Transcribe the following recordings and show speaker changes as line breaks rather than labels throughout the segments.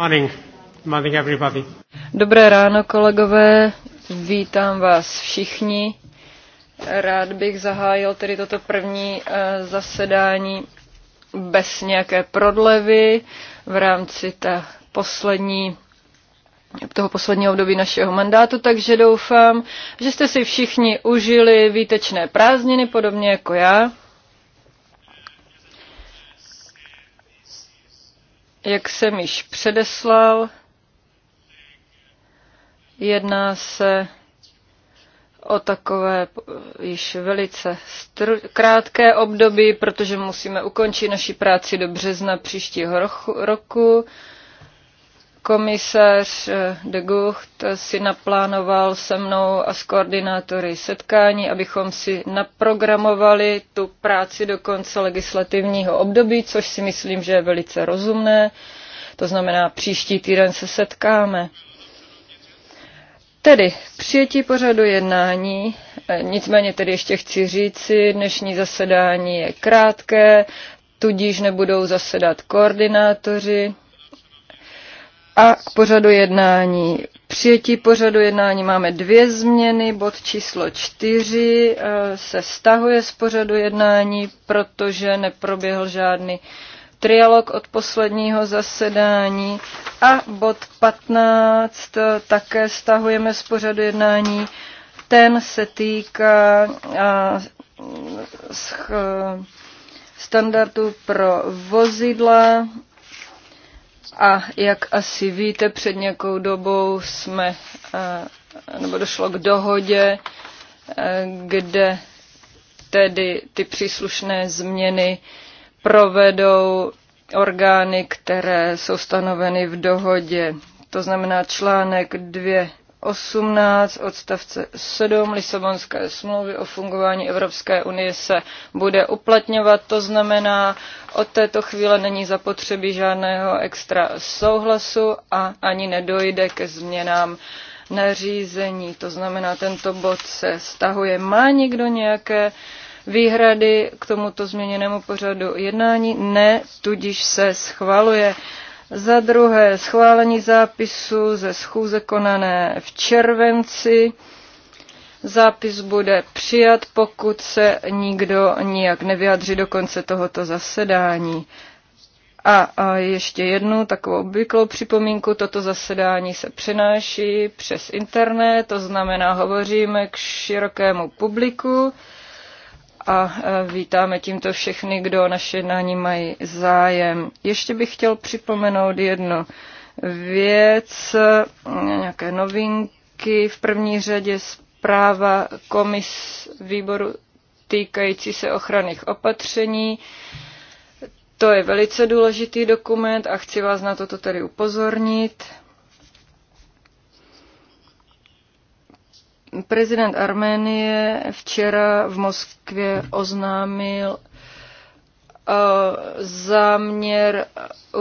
Morning. Morning everybody.
Dobré ráno, kolegové. Vítám vás všichni. Rád bych zahájil tedy toto první eh, zasedání bez nějaké prodlevy v rámci té poslední toho posledního období našeho mandátu, takže doufám, že jste si všichni užili výtečné prázdniny, podobně jako já. Jak jsem již předeslal, jedná se o takové již velice krátké období, protože musíme ukončit naši práci do března příštího roku. Komisař eh, de Gucht si naplánoval se mnou a s koordinátory setkání, abychom si naprogramovali tu práci do konce legislativního období, což si myslím, že je velice rozumné. To znamená, příští týden se setkáme. Tedy přijetí pořadu jednání, eh, nicméně tedy ještě chci říci, dnešní zasedání je krátké, tudíž nebudou zasedat koordinátoři a k pořadu jednání. Přijetí pořadu jednání máme dvě změny. Bod číslo čtyři eh, se stahuje z pořadu jednání, protože neproběhl žádný trialog od posledního zasedání. A bod 15 eh, také stahujeme z pořadu jednání. Ten se týká eh, standardů pro vozidla a jak asi víte, před nějakou dobou jsme, eh, nebo došlo k dohodě, eh, kde tedy ty příslušné změny provedou orgány, které jsou stanoveny v dohodě. To znamená článek 2 18 odstavce 7 Lisabonské smlouvy o fungování Evropské unie se bude uplatňovat. To znamená, od této chvíle není zapotřebí žádného extra souhlasu a ani nedojde ke změnám nařízení. To znamená, tento bod se stahuje. Má někdo nějaké výhrady k tomuto změněnému pořadu jednání? Ne, tudíž se schvaluje. Za druhé schválení zápisu ze schůze konané v červenci. Zápis bude přijat, pokud se nikdo nijak nevyjadří do konce tohoto zasedání. A, a ještě jednu takovou obvyklou připomínku, toto zasedání se přenáší přes internet, to znamená, hovoříme k širokému publiku a e, vítáme tímto všechny, kdo naše jednání mají zájem. Ještě bych chtěl připomenout jedno. věc, e, nějaké novinky. V první řadě zpráva komis výboru týkající se ochranných opatření. To je velice důležitý dokument a chci vás na toto tedy upozornit. Prezident Arménie včera v Moskvě oznámil eh, záměr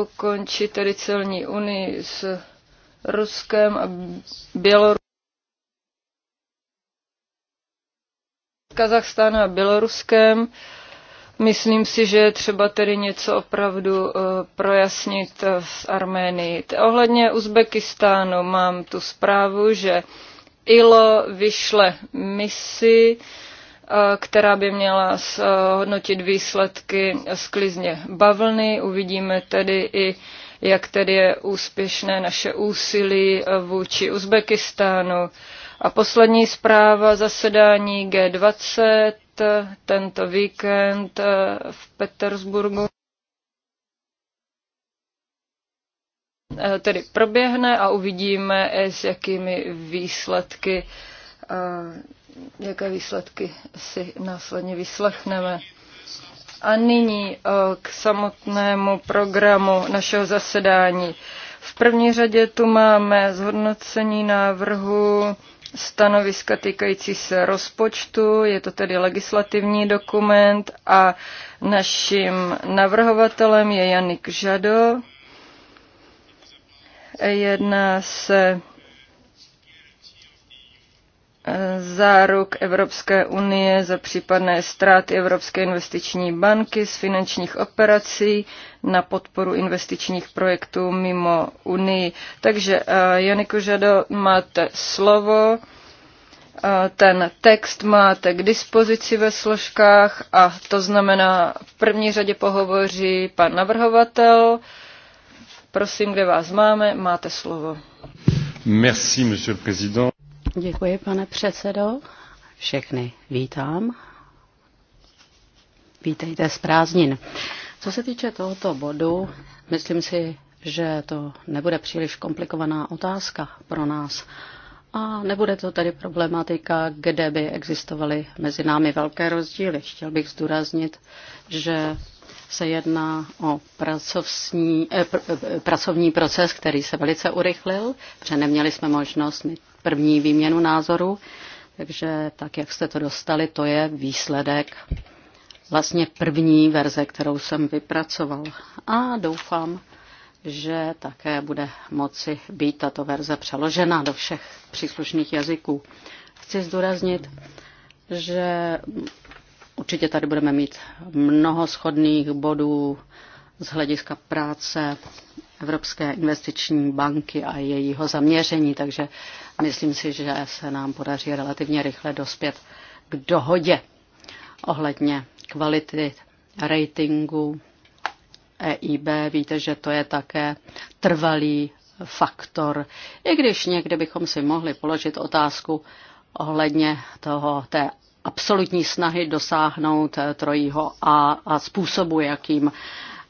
ukončit tedy celní unii s Ruskem a Běloruskem. Kazachstán a Běloruskem. Myslím si, že je třeba tedy něco opravdu eh, projasnit v eh, Arménii. Ohledně Uzbekistánu mám tu zprávu, že ILO vyšle misi, eh, která by měla eh, hodnotit výsledky sklizně bavlny. Uvidíme tedy i, jak tedy je úspěšné naše úsilí eh, vůči Uzbekistánu. A poslední zpráva zasedání G20 tento víkend v Petersburgu. Eh, tedy proběhne a uvidíme, eh, s jakými výsledky, eh, jaké výsledky si následně vyslechneme. A nyní k samotnému programu našeho zasedání. V první řadě tu máme zhodnocení návrhu stanoviska týkající se rozpočtu, je to tedy legislativní dokument a naším navrhovatelem je Janik Žado, jedna se eh, záruk Evropské unie za případné ztráty Evropské investiční banky z finančních operací na podporu investičních projektů mimo Unii. Takže, eh, Janiku Žado, máte slovo. Eh, ten text máte k dispozici ve složkách a to znamená v první řadě pohovoří pan navrhovatel,
Prosím, kde vás máme, máte slovo. Děkuji, pane předsedo. Všechny vítám. Vítejte z prázdnin. Co se týče tohoto bodu, myslím si, že to nebude příliš komplikovaná otázka pro nás. A nebude to tedy problematika, kde by existovaly mezi námi velké rozdíly. Chtěl bych zdůraznit, že se jedná o pracovní, eh, pr- eh, pracovní proces, který se velice urychlil, protože neměli jsme možnost mít první výměnu názoru, takže tak, jak jste to dostali, to je výsledek vlastně první verze, kterou jsem vypracoval. A doufám, že také bude moci být tato verze přeložena do všech příslušných jazyků. Chci zdůraznit, že Určitě tady budeme mít mnoho schodných bodů z hlediska práce Evropské investiční banky a jejího zaměření, takže myslím si, že se nám podaří relativně rychle dospět k dohodě ohledně kvality ratingu EIB. Víte, že to je také trvalý faktor, i když někde bychom si mohli položit otázku ohledně toho, té absolutní snahy dosáhnout eh, trojího a, a způsobu, jakým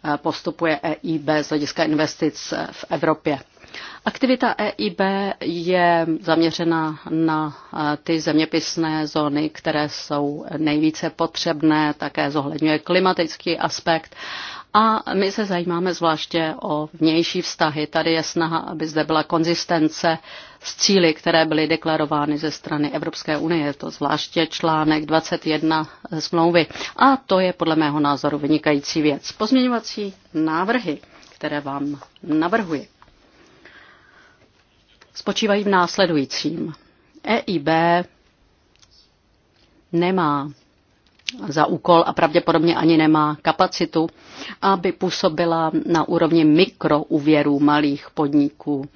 eh, postupuje EIB z hlediska investic eh, v Evropě. Aktivita EIB je zaměřena na ty zeměpisné zóny, které jsou nejvíce potřebné, také zohledňuje klimatický aspekt a my se zajímáme zvláště o vnější vztahy. Tady je snaha, aby zde byla konzistence s cíly, které byly deklarovány ze strany Evropské unie, je to zvláště článek 21 smlouvy. A to je podle mého názoru vynikající věc. Pozměňovací návrhy, které vám navrhuji, spočívají v následujícím. EIB nemá za úkol a pravděpodobně ani nemá kapacitu, aby působila na úrovni mikrouvěrů malých podniků.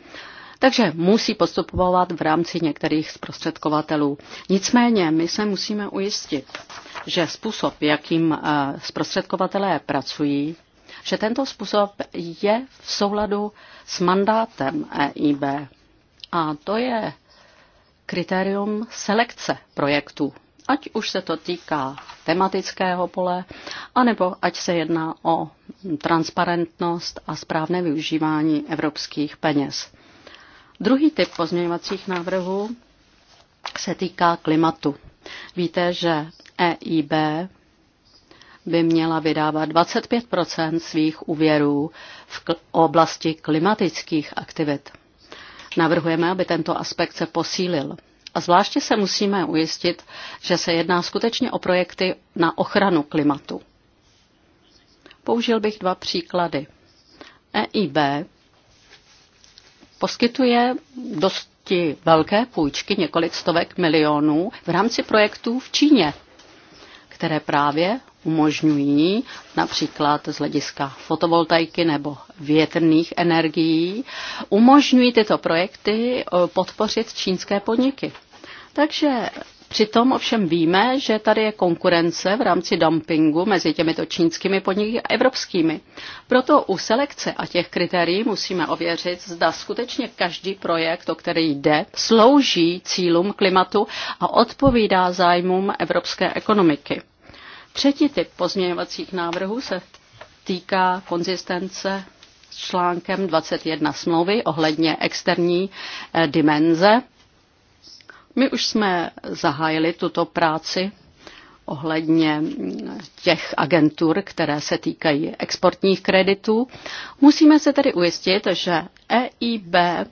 Takže musí postupovat v rámci některých zprostředkovatelů. Nicméně my se musíme ujistit, že způsob, jakým eh, zprostředkovatelé pracují, že tento způsob je v souladu s mandátem EIB. A to je kritérium selekce projektů ať už se to týká tematického pole, anebo ať se jedná o transparentnost a správné využívání evropských peněz. Druhý typ pozměňovacích návrhů se týká klimatu. Víte, že EIB by měla vydávat 25 svých úvěrů v oblasti klimatických aktivit. Navrhujeme, aby tento aspekt se posílil. A zvláště se musíme ujistit, že se jedná skutečně o projekty na ochranu klimatu. Použil bych dva příklady. EIB poskytuje dosti velké půjčky, několik stovek milionů, v rámci projektů v Číně, které právě umožňují například z hlediska fotovoltaiky nebo větrných energií, umožňují tyto projekty eh, podpořit čínské podniky. Takže Přitom ovšem víme, že tady je konkurence v rámci dumpingu mezi těmito čínskými podniky a evropskými. Proto u selekce a těch kritérií musíme ověřit, zda skutečně každý projekt, o který jde, slouží cílům klimatu a odpovídá zájmům evropské ekonomiky. Třetí typ pozměňovacích návrhů se týká konzistence s článkem 21 smlouvy ohledně externí eh, dimenze. My už jsme zahájili tuto práci ohledně mm, těch agentur, které se týkají exportních kreditů. Musíme se tedy ujistit, že EIB eh,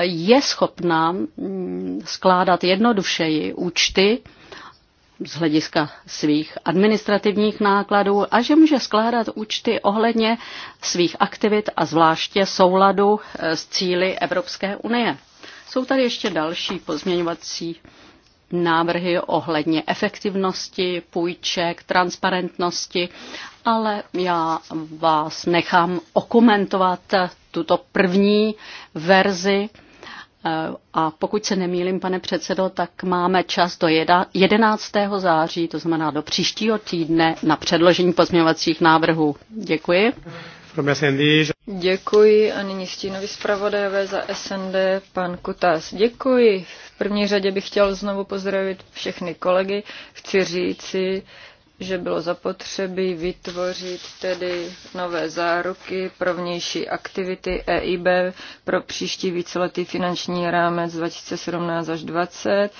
je schopná mm, skládat jednodušeji účty z hlediska svých administrativních nákladů a že může skládat účty ohledně svých aktivit a zvláště souladu eh, s cíly Evropské unie. Jsou tady ještě další pozměňovací návrhy ohledně efektivnosti půjček, transparentnosti, ale já vás nechám okomentovat tuto první verzi Eh, a pokud se nemýlím, pane předsedo, tak máme čas do 11. září, to znamená do příštího týdne, na předložení pozměňovacích návrhů. Děkuji. Děkuji
a nyní stínovi zpravodajové za SND, pan Kutas. Děkuji. V první řadě bych chtěl znovu pozdravit všechny kolegy. Chci říci, že bylo zapotřebí vytvořit tedy nové záruky pro vnější aktivity EIB pro příští víceletý finanční rámec 2017 až 2020.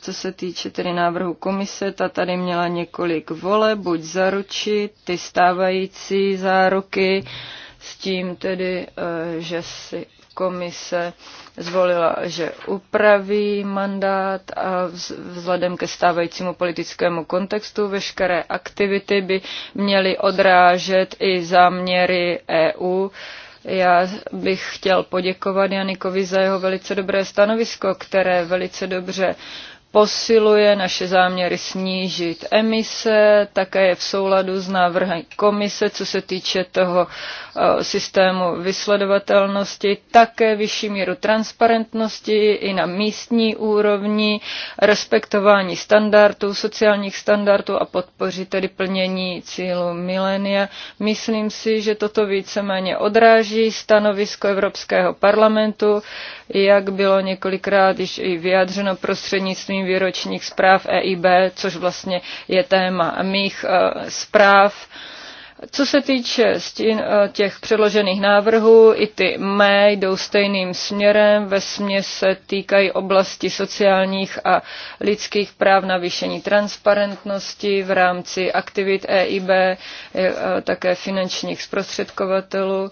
Co se týče tedy návrhu komise, ta tady měla několik vole, buď zaručit ty stávající záruky, s tím tedy, eh, že si komise zvolila, že upraví mandát a vzhledem ke stávajícímu politickému kontextu veškeré aktivity by měly odrážet i záměry EU. Já bych chtěl poděkovat Janikovi za jeho velice dobré stanovisko, které velice dobře posiluje naše záměry snížit emise, také je v souladu s návrhy komise, co se týče toho eh, systému vysledovatelnosti, také vyšší míru transparentnosti i na místní úrovni, respektování standardů, sociálních standardů a podpoří tedy plnění cílu milénia. Myslím si, že toto víceméně odráží stanovisko Evropského parlamentu, jak bylo několikrát již i vyjádřeno prostřednictvím zveřejnění výročních zpráv EIB, což vlastně je téma mých eh, zpráv. Co se týče stín eh, těch předložených návrhů, i ty mé jdou stejným směrem, ve směs se týkají oblasti sociálních a lidských práv, na vyšení transparentnosti v rámci aktivit EIB, eh, také finančních zprostředkovatelů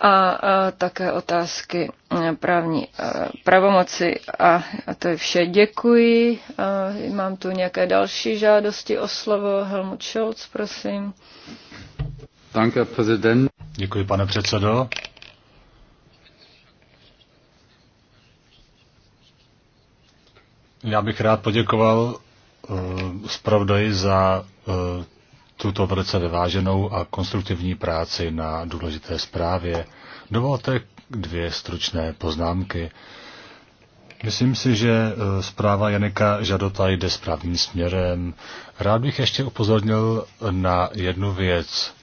a, a také otázky e, právní e, pravomoci. A, a to je vše. Děkuji. A, mám tu nějaké další žádosti o slovo. Helmut Scholz, prosím.
Danke, prezident. Děkuji, pane předsedo. Já bych rád poděkoval uh, zpravodaji za uh, tuto velice vyváženou a konstruktivní práci na důležité zprávě. Dovolte dvě stručné poznámky. Myslím si, že eh, zpráva Janika Žadota jde správným směrem. Rád bych ještě upozornil na jednu věc.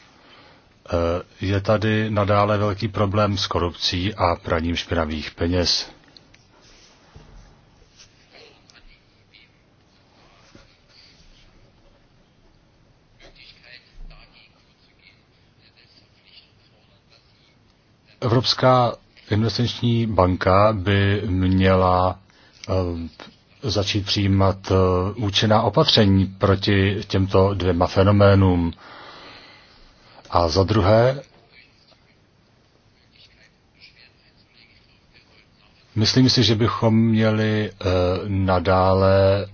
Eh, je tady nadále velký problém s korupcí a praním špinavých peněz. Evropská investiční banka by měla eh, začít přijímat eh, účinná opatření proti těmto dvěma fenoménům. A za druhé, myslím si, že bychom měli eh, nadále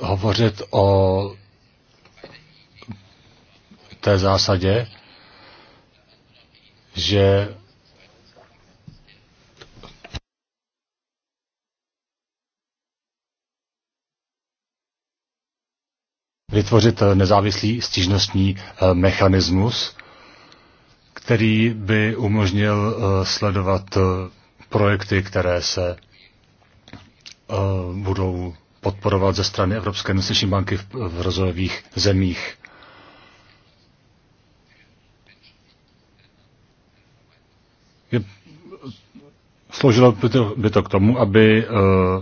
hovořit o té zásadě, že vytvořit eh, nezávislý stížnostní eh, mechanismus, který by umožnil eh, sledovat projekty, které se budou podporovat ze strany Evropské investiční banky v rozvojových zemích. Sloužilo by to, by to k tomu, aby eh,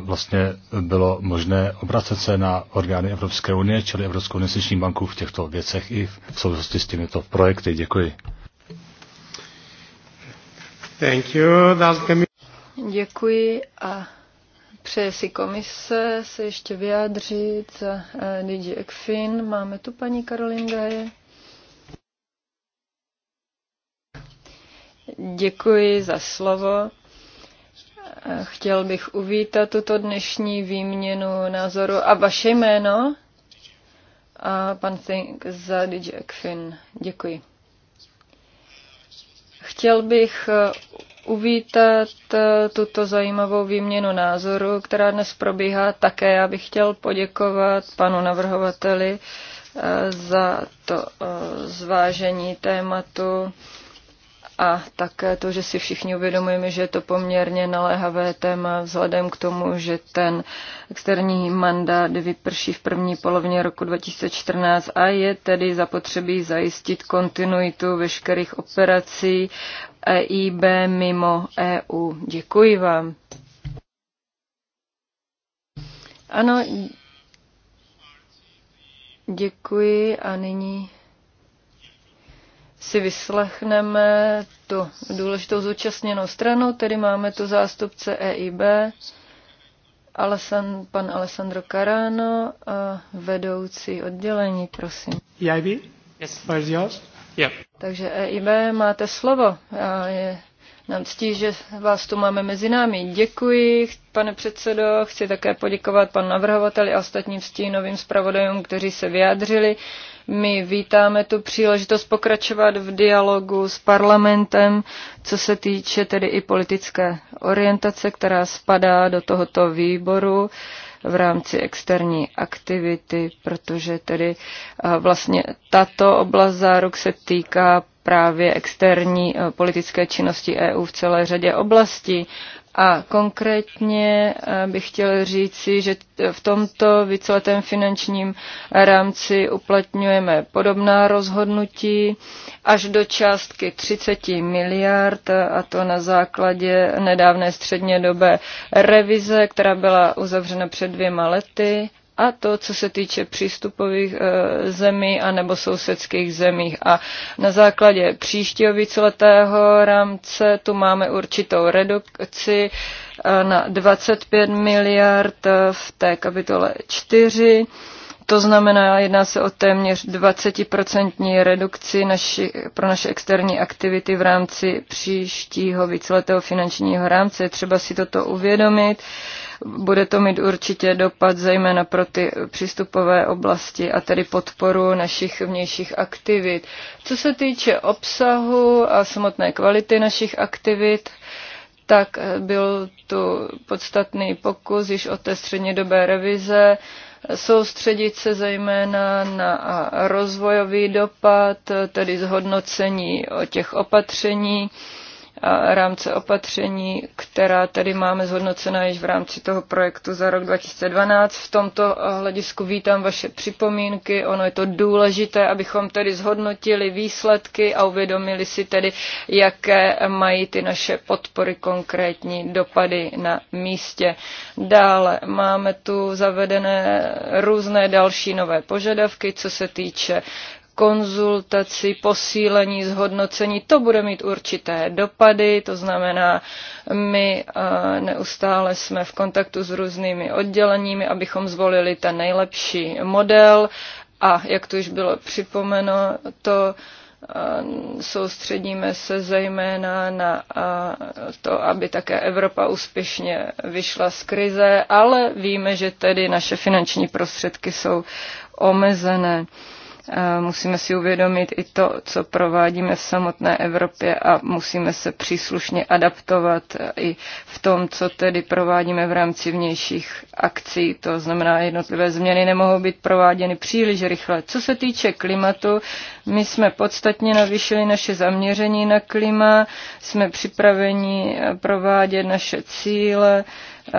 vlastně bylo možné obracet se na orgány Evropské unie, čili Evropskou investiční banku v těchto věcech i v souvislosti s těmito projekty. Děkuji. Thank you.
Děkuji a přeje si komise se ještě vyjádřit za eh, DG Máme tu paní Karolín Gaje. Děkuji za slovo. Chtěl bych uvítat tuto dnešní výměnu názoru. A vaše jméno? A pan Think za DJ Ekfin. Děkuji. Chtěl bych eh, uvítat eh, tuto zajímavou výměnu názoru, která dnes probíhá. Také já bych chtěl poděkovat panu navrhovateli eh, za to zvážení tématu a také to, že si všichni uvědomujeme, že je to poměrně naléhavé téma vzhledem k tomu, že ten externí mandát vyprší v první polovině roku 2014 a je tedy zapotřebí zajistit kontinuitu veškerých operací EIB mimo EU. Děkuji vám. Ano, děkuji a nyní si vyslechneme tu důležitou zúčastněnou stranu, tedy máme tu zástupce EIB, Alessand, pan Alessandro Carano, a vedoucí oddělení, prosím. EIB? Yes. Where's yours? Yeah. Takže EIB, máte slovo. A je nám ctí, že vás tu máme mezi námi. Děkuji, pane předsedo. Chci také poděkovat panu navrhovateli a ostatním stínovým zpravodajům, kteří se vyjádřili. My vítáme tu příležitost pokračovat v dialogu s parlamentem, co se týče tedy i politické orientace, která spadá do tohoto výboru v rámci externí aktivity, protože tedy eh, vlastně tato oblast záruk se týká právě externí eh, politické činnosti EU v celé řadě oblastí. A konkrétně eh, bych chtěl říci, že v tomto víceletém finančním rámci uplatňujeme podobná rozhodnutí až do částky 30 miliard, a to na základě nedávné střednědobé revize, která byla uzavřena před dvěma lety a to, co se týče přístupových e, zemí a nebo sousedských zemích. A na základě příštího víceletého rámce tu máme určitou redukci e, na 25 miliard e, v té kapitole 4. To znamená, jedná se o téměř 20% redukci naši, pro naše externí aktivity v rámci příštího víceletého finančního rámce. Třeba si toto uvědomit. Uh, bude to mít určitě dopad zejména pro ty přístupové oblasti a tedy podporu našich vnějších aktivit. Co se týče obsahu a samotné kvality našich aktivit, tak byl tu podstatný pokus již od té střednědobé revize soustředit se zejména na rozvojový dopad, tedy zhodnocení o těch opatření rámce opatření, která tady máme zhodnocena již v rámci toho projektu za rok 2012. V tomto hledisku vítám vaše připomínky. Ono je to důležité, abychom tedy zhodnotili výsledky a uvědomili si tedy, jaké mají ty naše podpory konkrétní dopady na místě. Dále máme tu zavedené různé další nové požadavky, co se týče konzultaci, posílení, zhodnocení, to bude mít určité dopady, to znamená, my eh, neustále jsme v kontaktu s různými odděleními, abychom zvolili ten nejlepší model a jak to už bylo připomeno, to eh, soustředíme se zejména na eh, to, aby také Evropa úspěšně vyšla z krize, ale víme, že tedy naše finanční prostředky jsou omezené. Musíme si uvědomit i to, co provádíme v samotné Evropě a musíme se příslušně adaptovat i v tom, co tedy provádíme v rámci vnějších akcí. To znamená, jednotlivé změny nemohou být prováděny příliš rychle. Co se týče klimatu, my jsme podstatně navýšili naše zaměření na klima, jsme připraveni provádět naše cíle,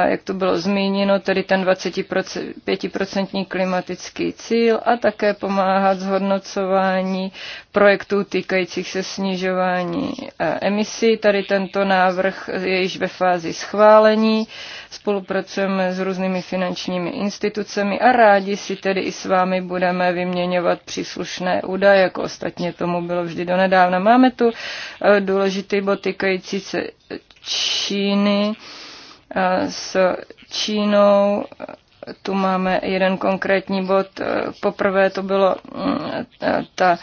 jak to bylo zmíněno, tedy ten 25% klimatický cíl a také pomáhat zhodnocování projektů týkajících se snižování e, emisí. Tady tento návrh je již ve fázi schválení. Spolupracujeme s různými finančními institucemi a rádi si tedy i s vámi budeme vyměňovat příslušné údaje, jako ostatně tomu bylo vždy donedávna. Máme tu e, důležitý bod týkající se Číny s Čínou. Tu máme jeden konkrétní bod. Poprvé to bylo mm, ta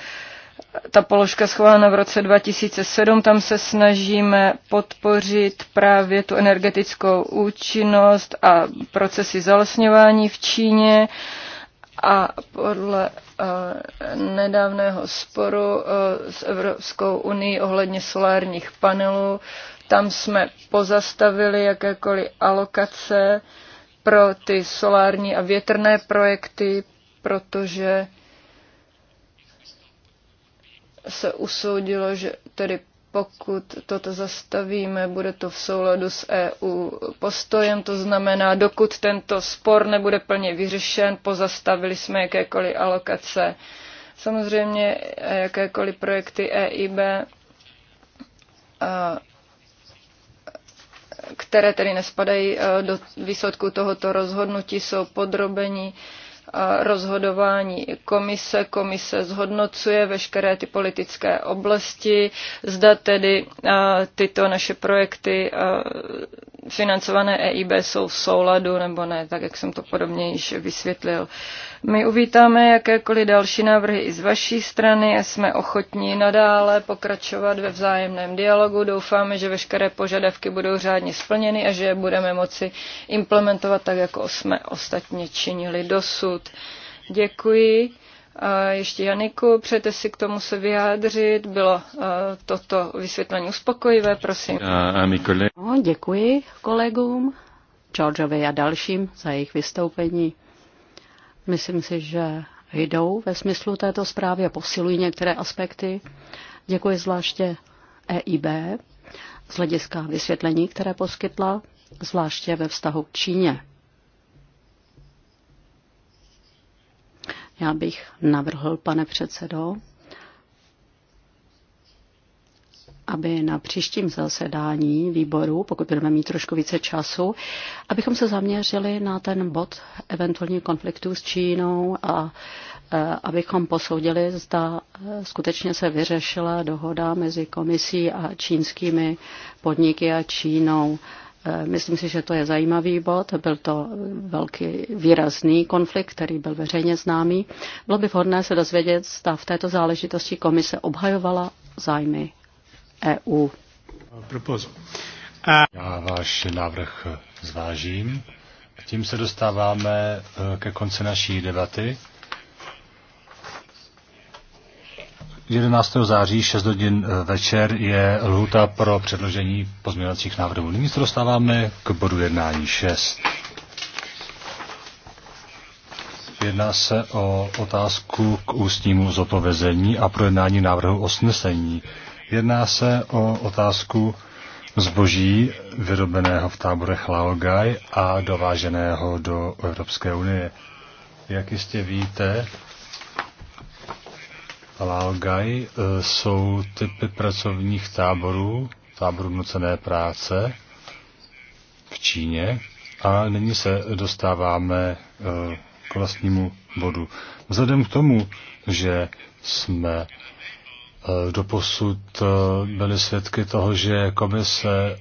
ta položka schválena v roce 2007, tam se snažíme podpořit právě tu energetickou účinnost a procesy zalesňování v Číně a podle eh, nedávného sporu eh, s Evropskou unii ohledně solárních panelů tam jsme pozastavili jakékoliv alokace pro ty solární a větrné projekty, protože se usoudilo, že tedy pokud toto zastavíme, bude to v souladu s EU postojem, to znamená, dokud tento spor nebude plně vyřešen, pozastavili jsme jakékoliv alokace. Samozřejmě jakékoliv projekty EIB které tedy nespadají eh, do výsledku tohoto rozhodnutí, jsou podrobeni eh, rozhodování komise. Komise zhodnocuje veškeré ty politické oblasti, zda tedy eh, tyto naše projekty financované EIB jsou v souladu nebo ne, tak jak jsem to podobně již vysvětlil. My uvítáme jakékoliv další návrhy i z vaší strany a jsme ochotní nadále pokračovat ve vzájemném dialogu. Doufáme, že veškeré požadavky budou řádně splněny a že je budeme moci implementovat tak, jako jsme ostatně činili dosud. Děkuji. Ještě Janiku, přejete si k tomu se vyjádřit, bylo
toto vysvětlení uspokojivé, prosím. No, děkuji kolegům, Georgeovi a dalším za jejich vystoupení. Myslím si, že jdou ve smyslu této zprávy a posilují některé aspekty. Děkuji zvláště EIB z hlediska vysvětlení, které poskytla, zvláště ve vztahu k Číně. Já bych navrhl, pane předsedo, aby na příštím zasedání výboru, pokud budeme mít trošku více času, abychom se zaměřili na ten bod eventuální konfliktu s Čínou a e, abychom posoudili, zda skutečně se vyřešila dohoda mezi komisí a čínskými podniky a Čínou. Eh, myslím si, že to je zajímavý bod. Byl to velký výrazný konflikt, který byl veřejně známý. Bylo by vhodné se dozvědět, zda v této záležitosti komise obhajovala zájmy
EU. Já váš návrh zvážím. Tím se dostáváme eh, ke konci naší debaty. 11. září 6 hodin eh, večer je lhuta pro předložení pozměňovacích návrhů. Nyní se dostáváme k bodu jednání 6. Jedná se o otázku k ústnímu zodpovězení a projednání návrhu osnesení. Jedná se o otázku zboží vyrobeného v táborech Laogaj a dováženého do Evropské unie. Jak jistě víte, Lalgai eh, jsou typy pracovních táborů, táborů nucené práce v Číně a nyní se dostáváme eh, k vlastnímu bodu. Vzhledem k tomu, že jsme eh, doposud byli svědky toho, že komise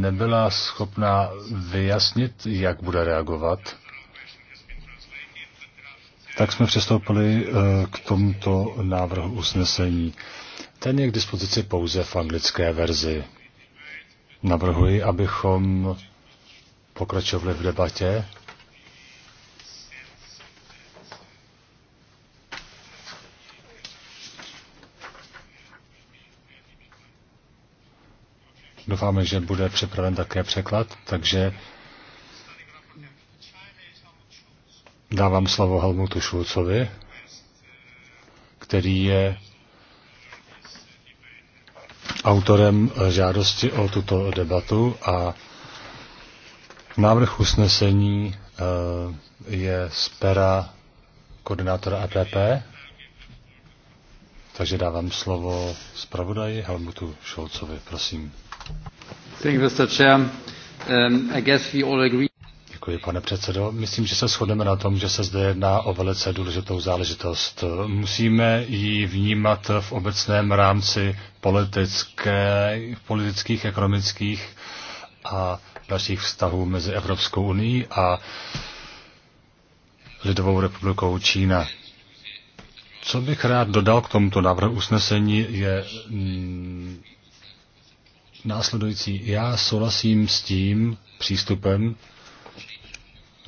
nebyla schopná vyjasnit, jak bude reagovat tak jsme přistoupili eh, k tomuto návrhu usnesení. Ten je k dispozici pouze v anglické verzi. Navrhuji, abychom pokračovali v debatě. Doufáme, že bude připraven také překlad, takže Dávám slovo Helmutu Šulcovi, který je autorem žádosti o tuto debatu a návrh usnesení eh, je z pera koordinátora APP, takže dávám slovo zpravodaji Helmutu Šulcovi, prosím. Thank you, Mr. Chair. Um, I guess we all agree Děkuji, pane předsedo. Myslím, že se shodneme na tom, že se zde jedná o velice důležitou záležitost. Musíme ji vnímat v obecném rámci politické, politických, ekonomických a dalších vztahů mezi Evropskou unii a Lidovou republikou Čína. Co bych rád dodal k tomuto návrhu usnesení je mm, následující. Já souhlasím s tím přístupem,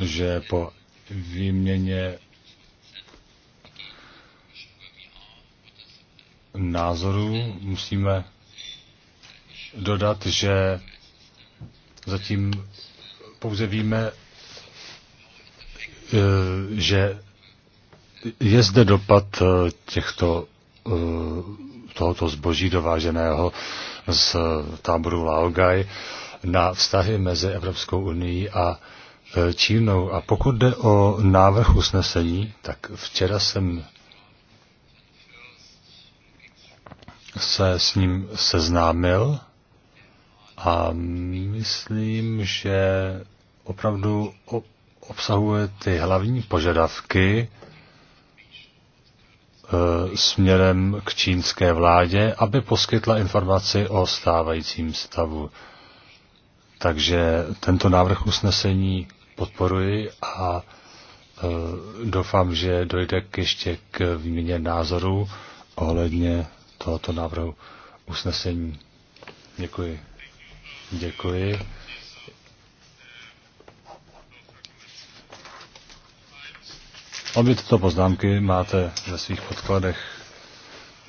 že po výměně názorů musíme dodat, že zatím pouze víme, e, že je zde dopad e, těchto, e, tohoto zboží dováženého z táboru Laogai na vztahy mezi Evropskou unii a E, čínou. A pokud jde o návrh usnesení, tak včera jsem se s ním seznámil a myslím, že opravdu obsahuje ty hlavní požadavky e, směrem k čínské vládě, aby poskytla informaci o stávajícím stavu. Takže tento návrh usnesení podporuji a e, doufám, že dojde k ještě k výměně názorů ohledně tohoto návrhu usnesení. Děkuji. Děkuji. Obě tyto poznámky máte ve svých podkladech.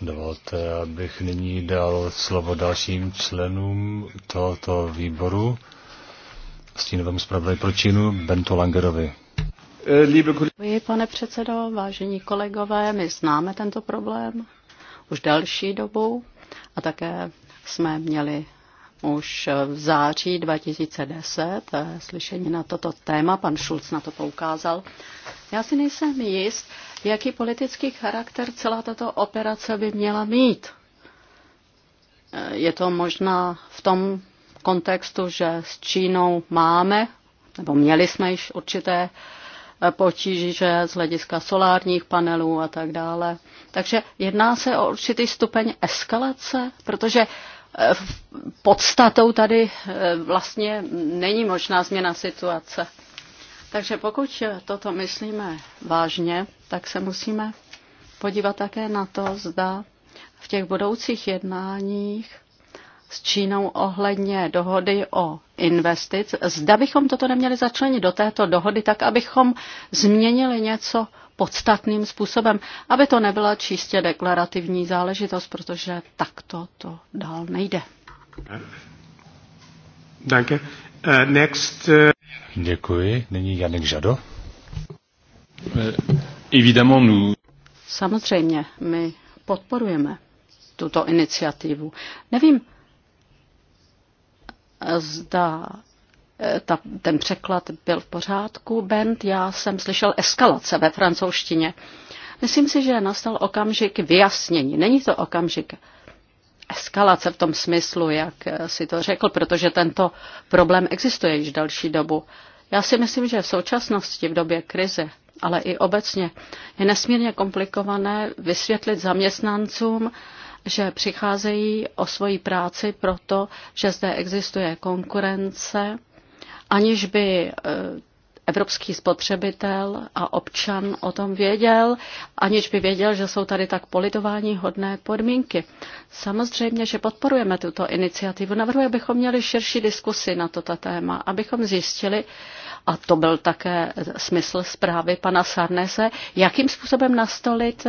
Dovolte, abych nyní dal slovo dalším členům tohoto výboru stínovému zpravodaji pro Čínu Bento Langerovi. Eh, Děkuji,
pane předsedo, vážení kolegové, my známe tento problém už další dobu a také jsme měli už v září 2010 eh, slyšení na toto téma, pan Schulz na to poukázal. Já si nejsem jist, jaký politický charakter celá tato operace by měla mít. Eh, je to možná v tom kontextu, že s Čínou máme, nebo měli jsme již určité eh, potíže z hlediska solárních panelů a tak dále. Takže jedná se o určitý stupeň eskalace, protože eh, podstatou tady eh, vlastně není možná změna situace. Takže pokud toto myslíme vážně, tak se musíme podívat také na to, zda v těch budoucích jednáních s Čínou ohledně dohody o investic. Zda bychom toto neměli začlenit do této dohody, tak abychom změnili něco podstatným způsobem, aby to nebyla čistě deklarativní záležitost, protože takto to dál nejde.
Danke. Uh, next. Uh... Děkuji. Nyní Janek Žado. Eh,
Samozřejmě, my podporujeme tuto iniciativu. Nevím, zda eh, ta, ten překlad byl v pořádku. Bent, já jsem slyšel eskalace ve francouzštině. Myslím si, že nastal okamžik vyjasnění. Není to okamžik eskalace v tom smyslu, jak eh, si to řekl, protože tento problém existuje již další dobu. Já si myslím, že v současnosti, v době krize, ale i obecně, je nesmírně komplikované vysvětlit zaměstnancům, že přicházejí o svoji práci proto, že zde existuje konkurence, aniž by e, evropský spotřebitel a občan o tom věděl, aniž by věděl, že jsou tady tak politování hodné podmínky. Samozřejmě, že podporujeme tuto iniciativu. Navrhuji, abychom měli širší diskusy na toto téma, abychom zjistili, a to byl také smysl zprávy pana Sarnese, jakým způsobem nastolit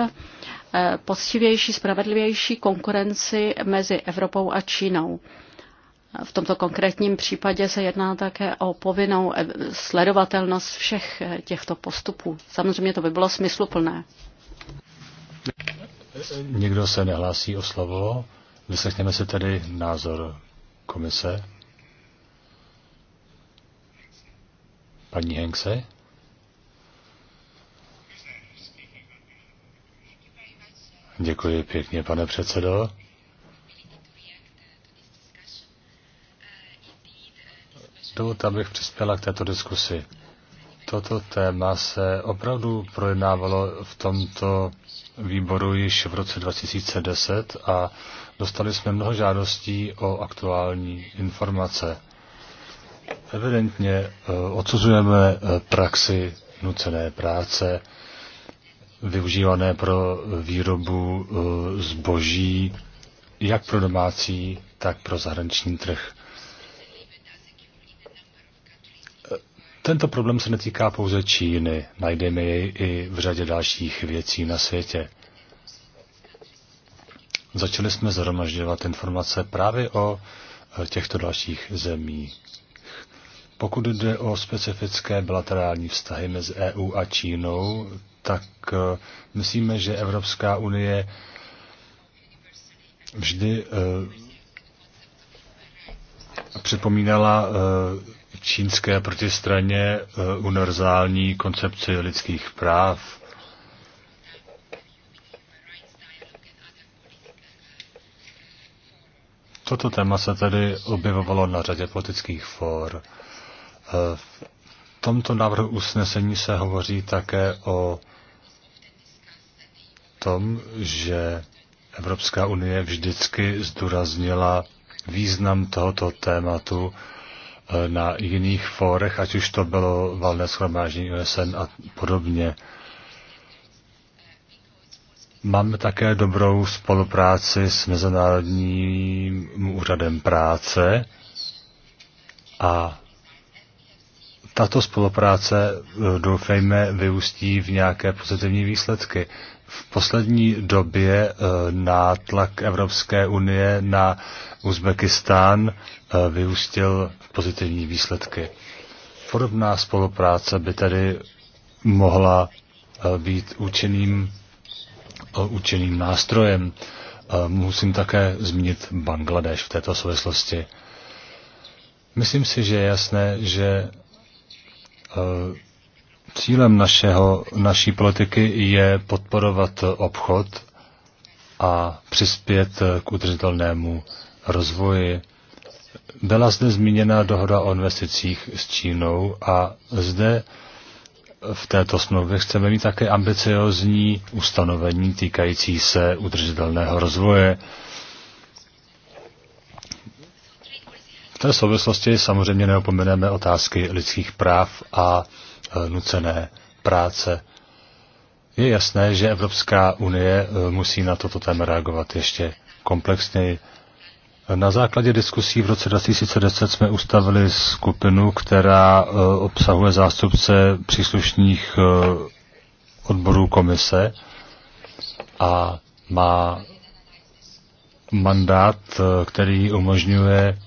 poctivější, spravedlivější konkurenci mezi Evropou a Čínou. V tomto konkrétním případě se jedná také o povinnou sledovatelnost všech eh, těchto postupů. Samozřejmě to by bylo smysluplné.
Nikdo se nehlásí o slovo. Vyslechněme si tedy názor komise. Paní Hengse? Děkuji pěkně, pane předsedo. Dovolte, abych přispěla k této diskusi. Toto téma se opravdu projednávalo v tomto výboru již v roce 2010 a dostali jsme mnoho žádostí o aktuální informace. Evidentně eh, odsuzujeme eh, praxi nucené práce, využívané pro výrobu eh, zboží, jak pro domácí, tak pro zahraniční trh. Eh, tento problém se netýká pouze Číny, najdeme jej i v řadě dalších věcí na světě. Začali jsme zhromažďovat informace právě o eh, těchto dalších zemích. Pokud jde o specifické bilaterální vztahy mezi EU a Čínou, tak eh, myslíme, že Evropská unie vždy eh, připomínala eh, čínské protistraně univerzální koncepci lidských práv. Toto téma se tedy objevovalo na řadě politických fór. V tomto návrhu usnesení se hovoří také o tom, že Evropská unie vždycky zdůraznila význam tohoto tématu eh, na jiných fórech, ať už to bylo valné schromáždění OSN a podobně. Máme také dobrou spolupráci s Mezinárodním úřadem práce a tato spolupráce, eh, doufejme, vyústí v nějaké pozitivní výsledky. V poslední době eh, nátlak Evropské unie na Uzbekistán eh, vyústil v pozitivní výsledky. Podobná spolupráce by tedy mohla eh, být účinným, účinným nástrojem. Musím také zmínit Bangladeš v této souvislosti. Myslím si, že je jasné, že Cílem našeho, naší politiky je podporovat obchod a přispět k udržitelnému rozvoji. Byla zde zmíněna dohoda o investicích s Čínou a zde v této smlouvě chceme mít také ambiciozní ustanovení týkající se udržitelného rozvoje. V té souvislosti samozřejmě neopomeneme otázky lidských práv a Eh, nucené práce. Je jasné, že Evropská unie eh, musí na toto téma reagovat ještě komplexněji. Na základě diskusí v roce 2010 jsme ustavili skupinu, která eh, obsahuje zástupce příslušných odborů komise a má mandát, který umožňuje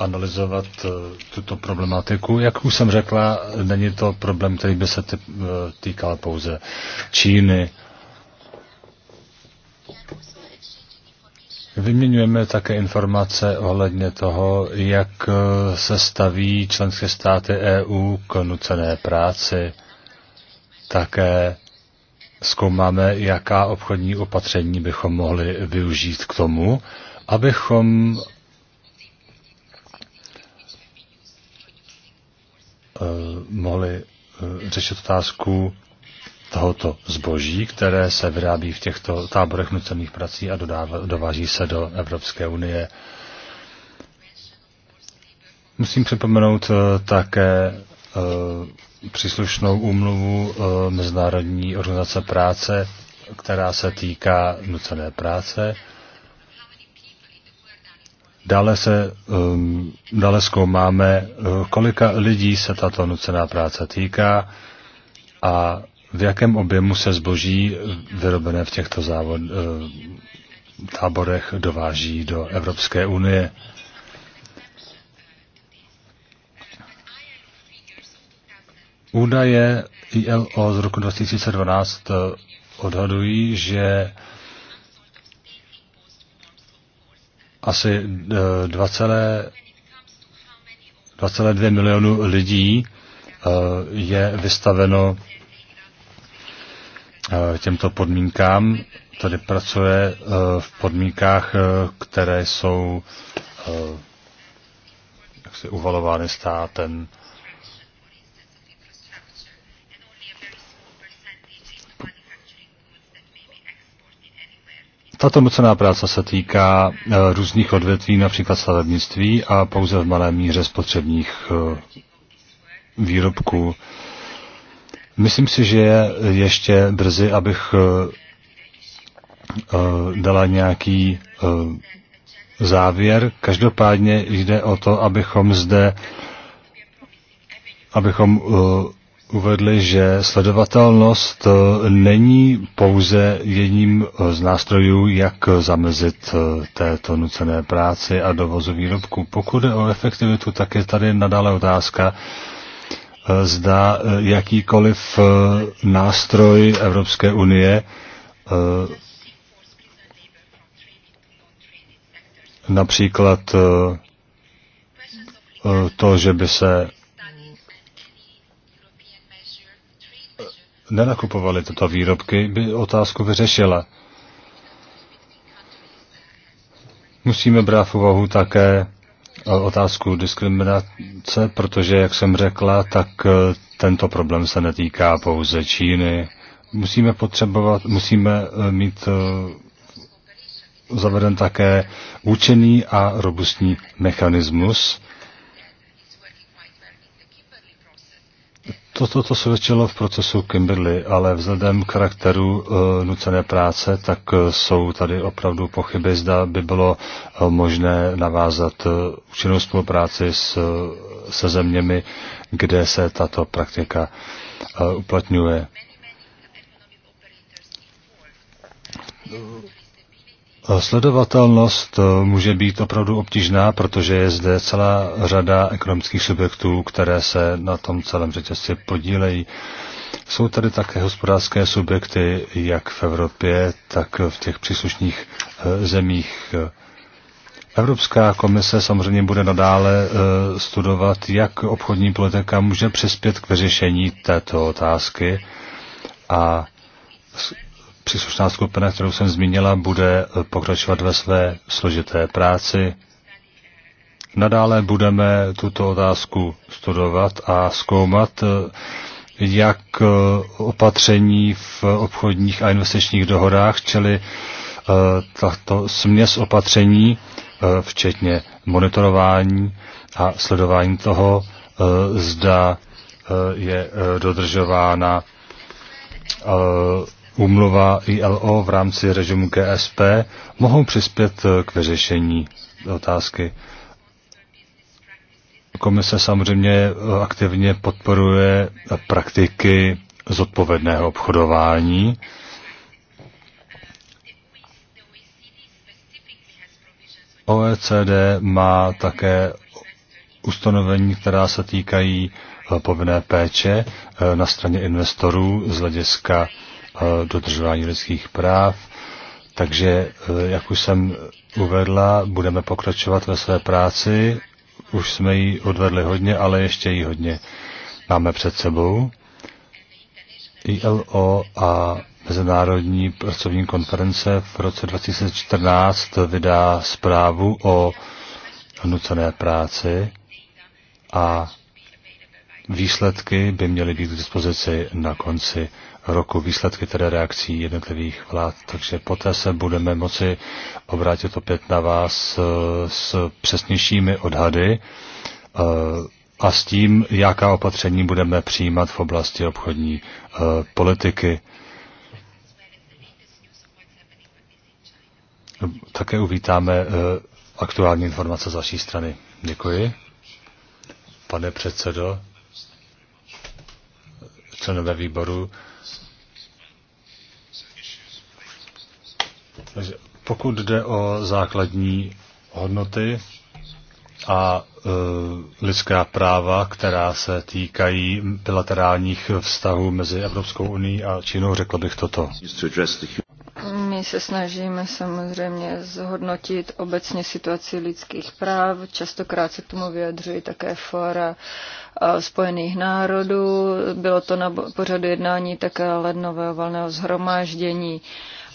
analyzovat eh, tuto problematiku. Jak už jsem řekla, není to problém, který by se eh, týkal pouze Číny. Vyměňujeme také informace ohledně toho, jak eh, se staví členské státy EU k nucené práci. Také zkoumáme, jaká obchodní opatření bychom mohli využít k tomu, abychom Eh, mohli eh, řešit otázku tohoto zboží, které se vyrábí v těchto táborech nucených prací a dodává, dováží se do Evropské unie. Musím připomenout eh, také příslušnou úmluvu Mezinárodní organizace práce, která se týká nucené práce. Dále, se, um, dále zkoumáme, uh, kolika lidí se tato nucená práce týká a v jakém objemu se zboží vyrobené v těchto závod, uh, táborech dováží do Evropské unie. Údaje ILO z roku 2012 uh, odhadují, že asi 2,2 eh, milionu lidí eh, je vystaveno eh, těmto podmínkám, tedy pracuje v podmínkách, které jsou jak se uvalovány státem. Tato nucená práce se týká eh, různých odvětví, například stavebnictví a pouze v malé míře spotřebních eh, výrobků. Myslím si, že je ještě brzy, abych eh, dala nějaký závěr. Každopádně jde o to, abychom zde abychom uvedli, že sledovatelnost eh, není pouze jedním eh, z nástrojů, jak eh, zamezit této nucené práci a dovozu výrobku. Pokud je o efektivitu, tak je tady nadále otázka, zda jakýkoliv nástroj Evropské unie například to, že by se nenakupovali tyto výrobky, by otázku vyřešila. Musíme brát v úvahu také eh, otázku diskriminace, protože, jak jsem řekla, tak eh, tento problém se netýká pouze Číny. Musíme potřebovat, musíme eh, mít zaveden také účinný a robustní mechanismus, to, to to svědčilo v procesu Kimberly, ale vzhledem k charakteru e, nucené práce, tak e, jsou tady opravdu pochyby, zda by bylo e, možné navázat e, účinnou spolupráci s, se zeměmi, kde se tato praktika e, uplatňuje. Sledovatelnost eh, může být opravdu obtížná, protože je zde celá řada ekonomických subjektů, které se na tom celém řetězci podílejí. Jsou tady také hospodářské subjekty, jak v Evropě, tak v těch příslušných eh, zemích. Evropská komise samozřejmě bude nadále eh, studovat, jak obchodní politika může přispět k vyřešení této otázky a Příslušná skupina, kterou jsem zmínila, bude eh, pokračovat ve své složité práci. Nadále budeme tuto otázku studovat a zkoumat, eh, jak eh, opatření v obchodních a investičních dohodách, čili tato směs opatření, včetně monitorování a sledování toho, zda je dodržována Umluva ILO v rámci režimu GSP mohou přispět k vyřešení otázky. Komise samozřejmě aktivně podporuje praktiky zodpovědného obchodování. OECD má také ustanovení, která se týkají povinné péče na straně investorů z hlediska dodržování lidských práv. Takže, e, jak už jsem uvedla, budeme pokračovat ve své práci. Už jsme ji odvedli hodně, ale ještě ji hodně máme před sebou. ILO a Mezinárodní pracovní konference v roce 2014 vydá zprávu o nucené práci a výsledky by měly být k dispozici na konci roku výsledky tedy reakcí jednotlivých vlád, takže poté se budeme moci obrátit opět na vás eh, s přesnějšími odhady eh, a s tím, jaká opatření budeme přijímat v oblasti obchodní eh, politiky. Také uvítáme aktuální informace z vaší strany. Děkuji. Pane předsedo, členové výboru, Takže pokud jde o základní hodnoty a e, lidská práva, která se týkají bilaterálních vztahů mezi Evropskou unii a Čínou, řekl bych toto.
My se snažíme samozřejmě zhodnotit obecně situaci lidských práv. Častokrát se k tomu vyjadřují také fora e, Spojených národů. Bylo to na pořadu jednání také lednového valného zhromáždění. E,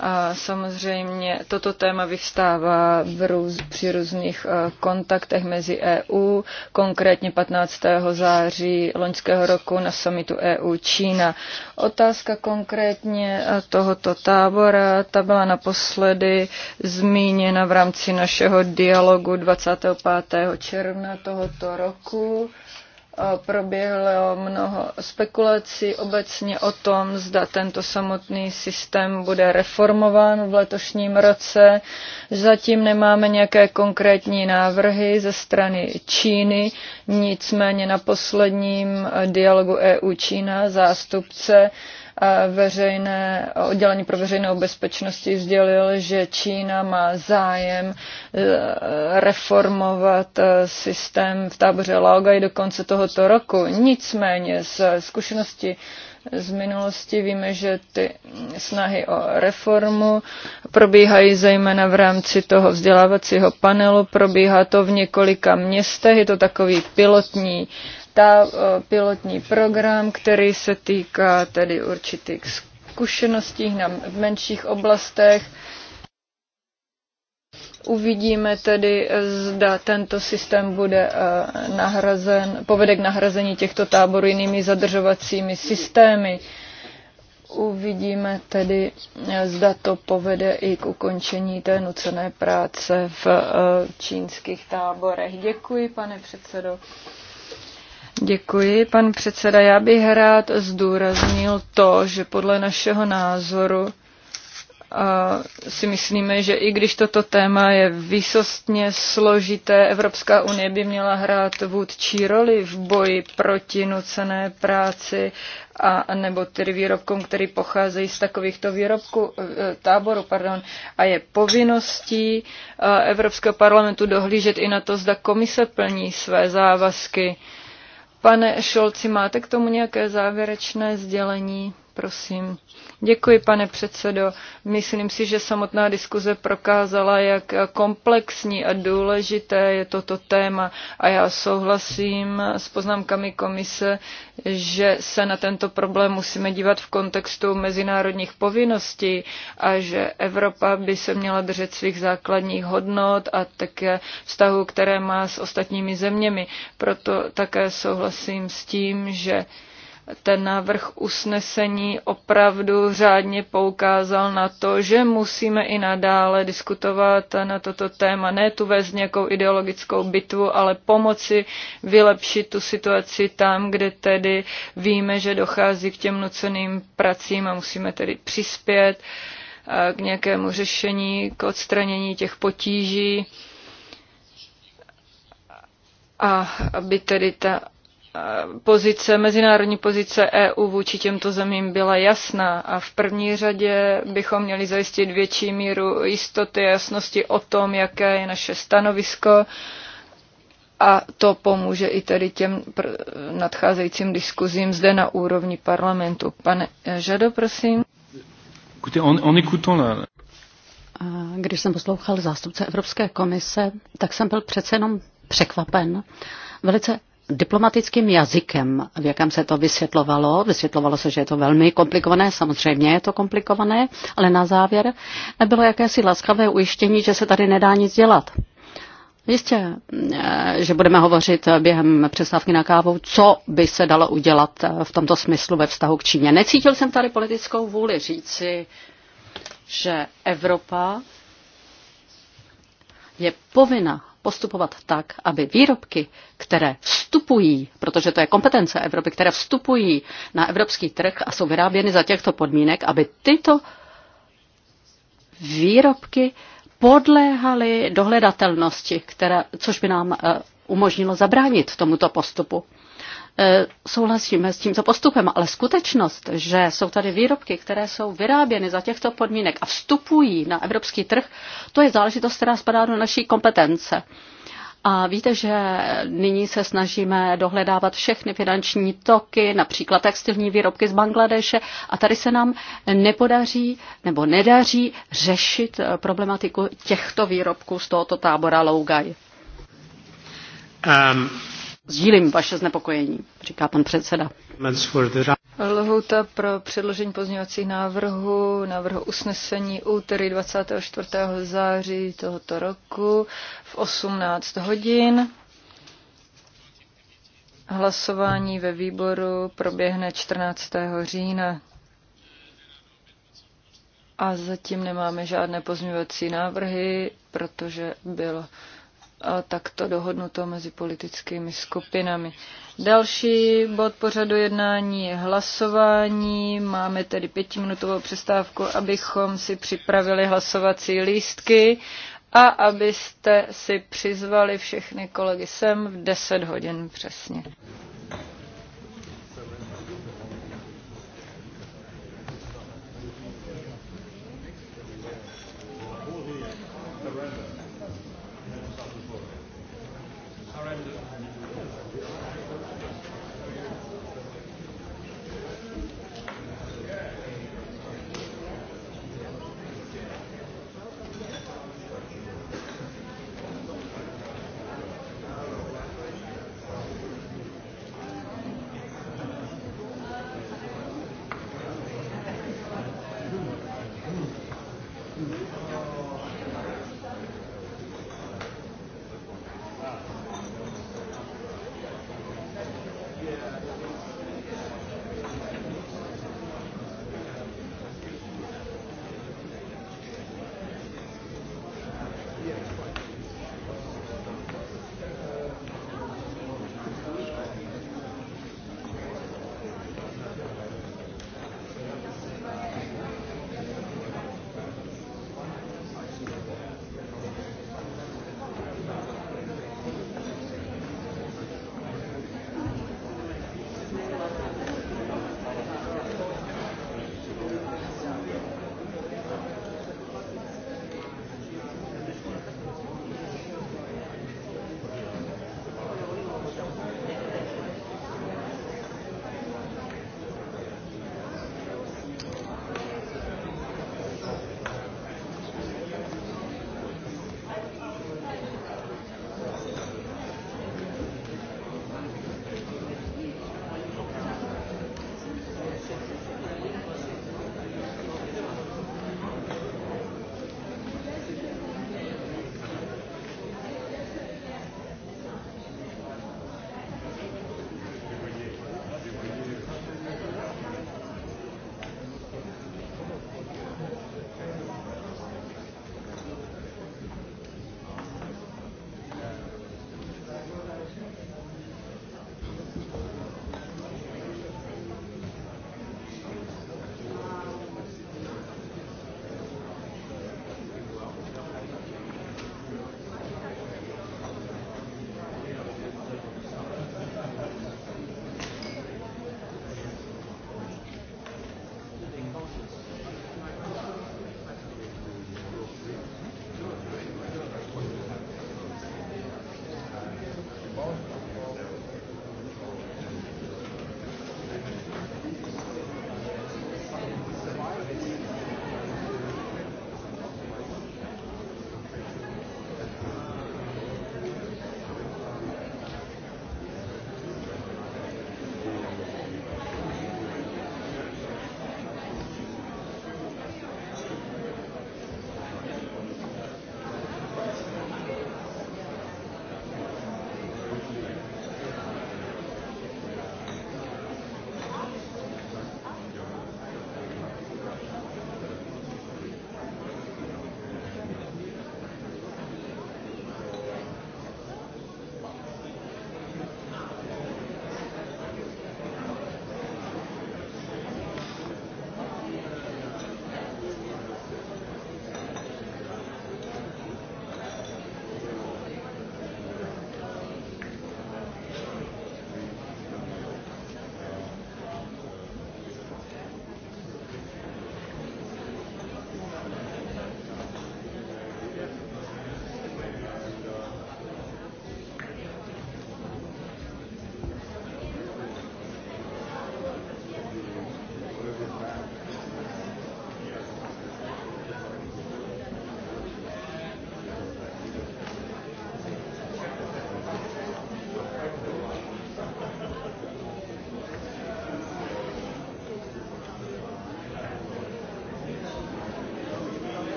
a samozřejmě toto téma vyvstává v růz, při různých e, kontaktech mezi EU, konkrétně 15. září loňského roku na summitu EU-Čína. Otázka konkrétně e, tohoto tábora, ta byla naposledy zmíněna v rámci našeho dialogu 25. června tohoto roku proběhlo mnoho spekulací obecně o tom, zda tento samotný systém bude reformován v letošním roce. Zatím nemáme nějaké konkrétní návrhy ze strany Číny, nicméně na posledním dialogu EU-Čína zástupce veřejné, oddělení pro veřejnou bezpečnosti sdělil, že Čína má zájem e, reformovat e, systém v táboře Laogai do konce tohoto roku. Nicméně z zkušenosti z minulosti víme, že ty snahy o reformu probíhají zejména v rámci toho vzdělávacího panelu. Probíhá to v několika městech, je to takový pilotní ta eh, pilotní program, který se týká tedy určitých zkušeností na, v menších oblastech. Uvidíme tedy, eh, zda tento systém bude eh, nahrazen, povede k nahrazení těchto táborů jinými zadržovacími systémy. Uvidíme tedy, zda to povede i k ukončení té nucené práce v čínských táborech. Děkuji, pane předsedo. Děkuji, pan předseda. Já bych rád zdůraznil to, že podle našeho názoru si myslíme, že i když toto téma je výsostně složité, Evropská unie by měla hrát vůdčí roli v boji proti nucené práci a nebo tedy výrobkům, který pocházejí z takovýchto výrobků, eh, táboru, pardon, a je povinností eh, Evropského parlamentu dohlížet i na to, zda komise plní své závazky Pane scholzi máte k tomu nějaké závěrečné sdělení? Prosím. Děkuji, pane předsedo. Myslím si, že samotná diskuze prokázala, jak komplexní a důležité je toto téma. A já souhlasím s poznámkami komise, že se na tento problém musíme dívat v kontextu mezinárodních povinností a že Evropa by se měla držet svých základních hodnot a také vztahu, které má s ostatními zeměmi. Proto také souhlasím s tím, že ten návrh usnesení opravdu řádně poukázal na to, že musíme i nadále diskutovat na toto téma, ne tu vést nějakou ideologickou bitvu, ale pomoci vylepšit tu situaci tam, kde tedy víme, že dochází k těm nuceným pracím a musíme tedy přispět k nějakému řešení, k odstranění těch potíží a aby tedy ta pozice, mezinárodní pozice EU vůči těmto zemím byla jasná a v první řadě bychom měli zajistit větší míru jistoty a jasnosti o tom, jaké je naše stanovisko a to pomůže i tedy těm nadcházejícím diskuzím zde na úrovni parlamentu. Pane Žado, prosím.
Když jsem poslouchal zástupce Evropské komise, tak jsem byl přece jenom překvapen velice diplomatickým jazykem, v jakém se to vysvětlovalo. Vysvětlovalo se, že je to velmi komplikované, samozřejmě je to komplikované, ale na závěr bylo jakési laskavé ujištění, že se tady nedá nic dělat. Jistě, eh, že budeme hovořit během přestávky na kávu, co by se dalo udělat eh, v tomto smyslu ve vztahu k Číně. Necítil jsem tady politickou vůli říci, že Evropa je povinna postupovat tak, aby výrobky, které vstupují, protože to je kompetence Evropy, které vstupují na evropský trh a jsou vyráběny za těchto podmínek, aby tyto výrobky podléhaly dohledatelnosti, které, což by nám eh, umožnilo zabránit tomuto postupu. Eh, souhlasíme s tímto postupem, ale skutečnost, že jsou tady výrobky, které jsou vyráběny za těchto podmínek a vstupují na evropský trh, to je záležitost, která spadá do naší kompetence. A víte, že nyní se snažíme dohledávat všechny finanční toky, například textilní výrobky z Bangladeše a tady se nám nepodaří nebo nedaří řešit problematiku těchto výrobků z tohoto tábora Lougaj. Um. Sdílím vaše znepokojení, říká pan předseda.
Lhouta pro předložení pozměňovacích návrhů, návrhu usnesení úterý 24. září tohoto roku v 18 hodin. Hlasování ve výboru proběhne 14. října. A zatím nemáme žádné pozměňovací návrhy, protože bylo takto dohodnuto mezi politickými skupinami. Další bod pořadu jednání je hlasování. Máme tedy pětiminutovou přestávku, abychom si připravili hlasovací lístky a abyste si přizvali všechny kolegy sem v 10 hodin přesně.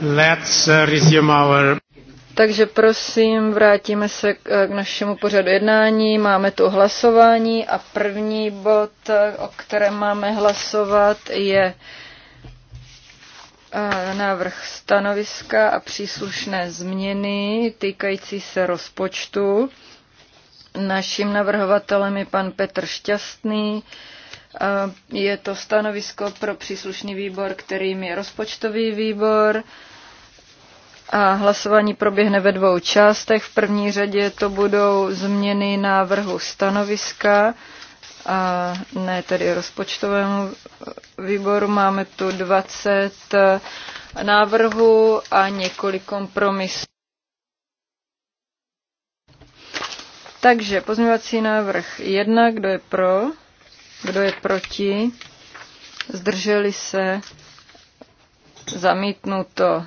Let's uh, resume our...
Takže prosím, vrátíme se k našemu pořadu jednání. Máme tu hlasování a první bod, o kterém máme hlasovat, je eh, návrh stanoviska a příslušné změny týkající se rozpočtu. Naším navrhovatelem je pan Petr Šťastný. Je to stanovisko pro příslušný výbor, kterým je rozpočtový výbor. A hlasování proběhne ve dvou částech. V první řadě to budou změny návrhu stanoviska, a ne tedy rozpočtovému výboru. Máme tu 20 návrhů a několik kompromisů. Takže pozměňovací návrh 1, kdo je pro, kdo je proti, zdrželi se, zamítnuto.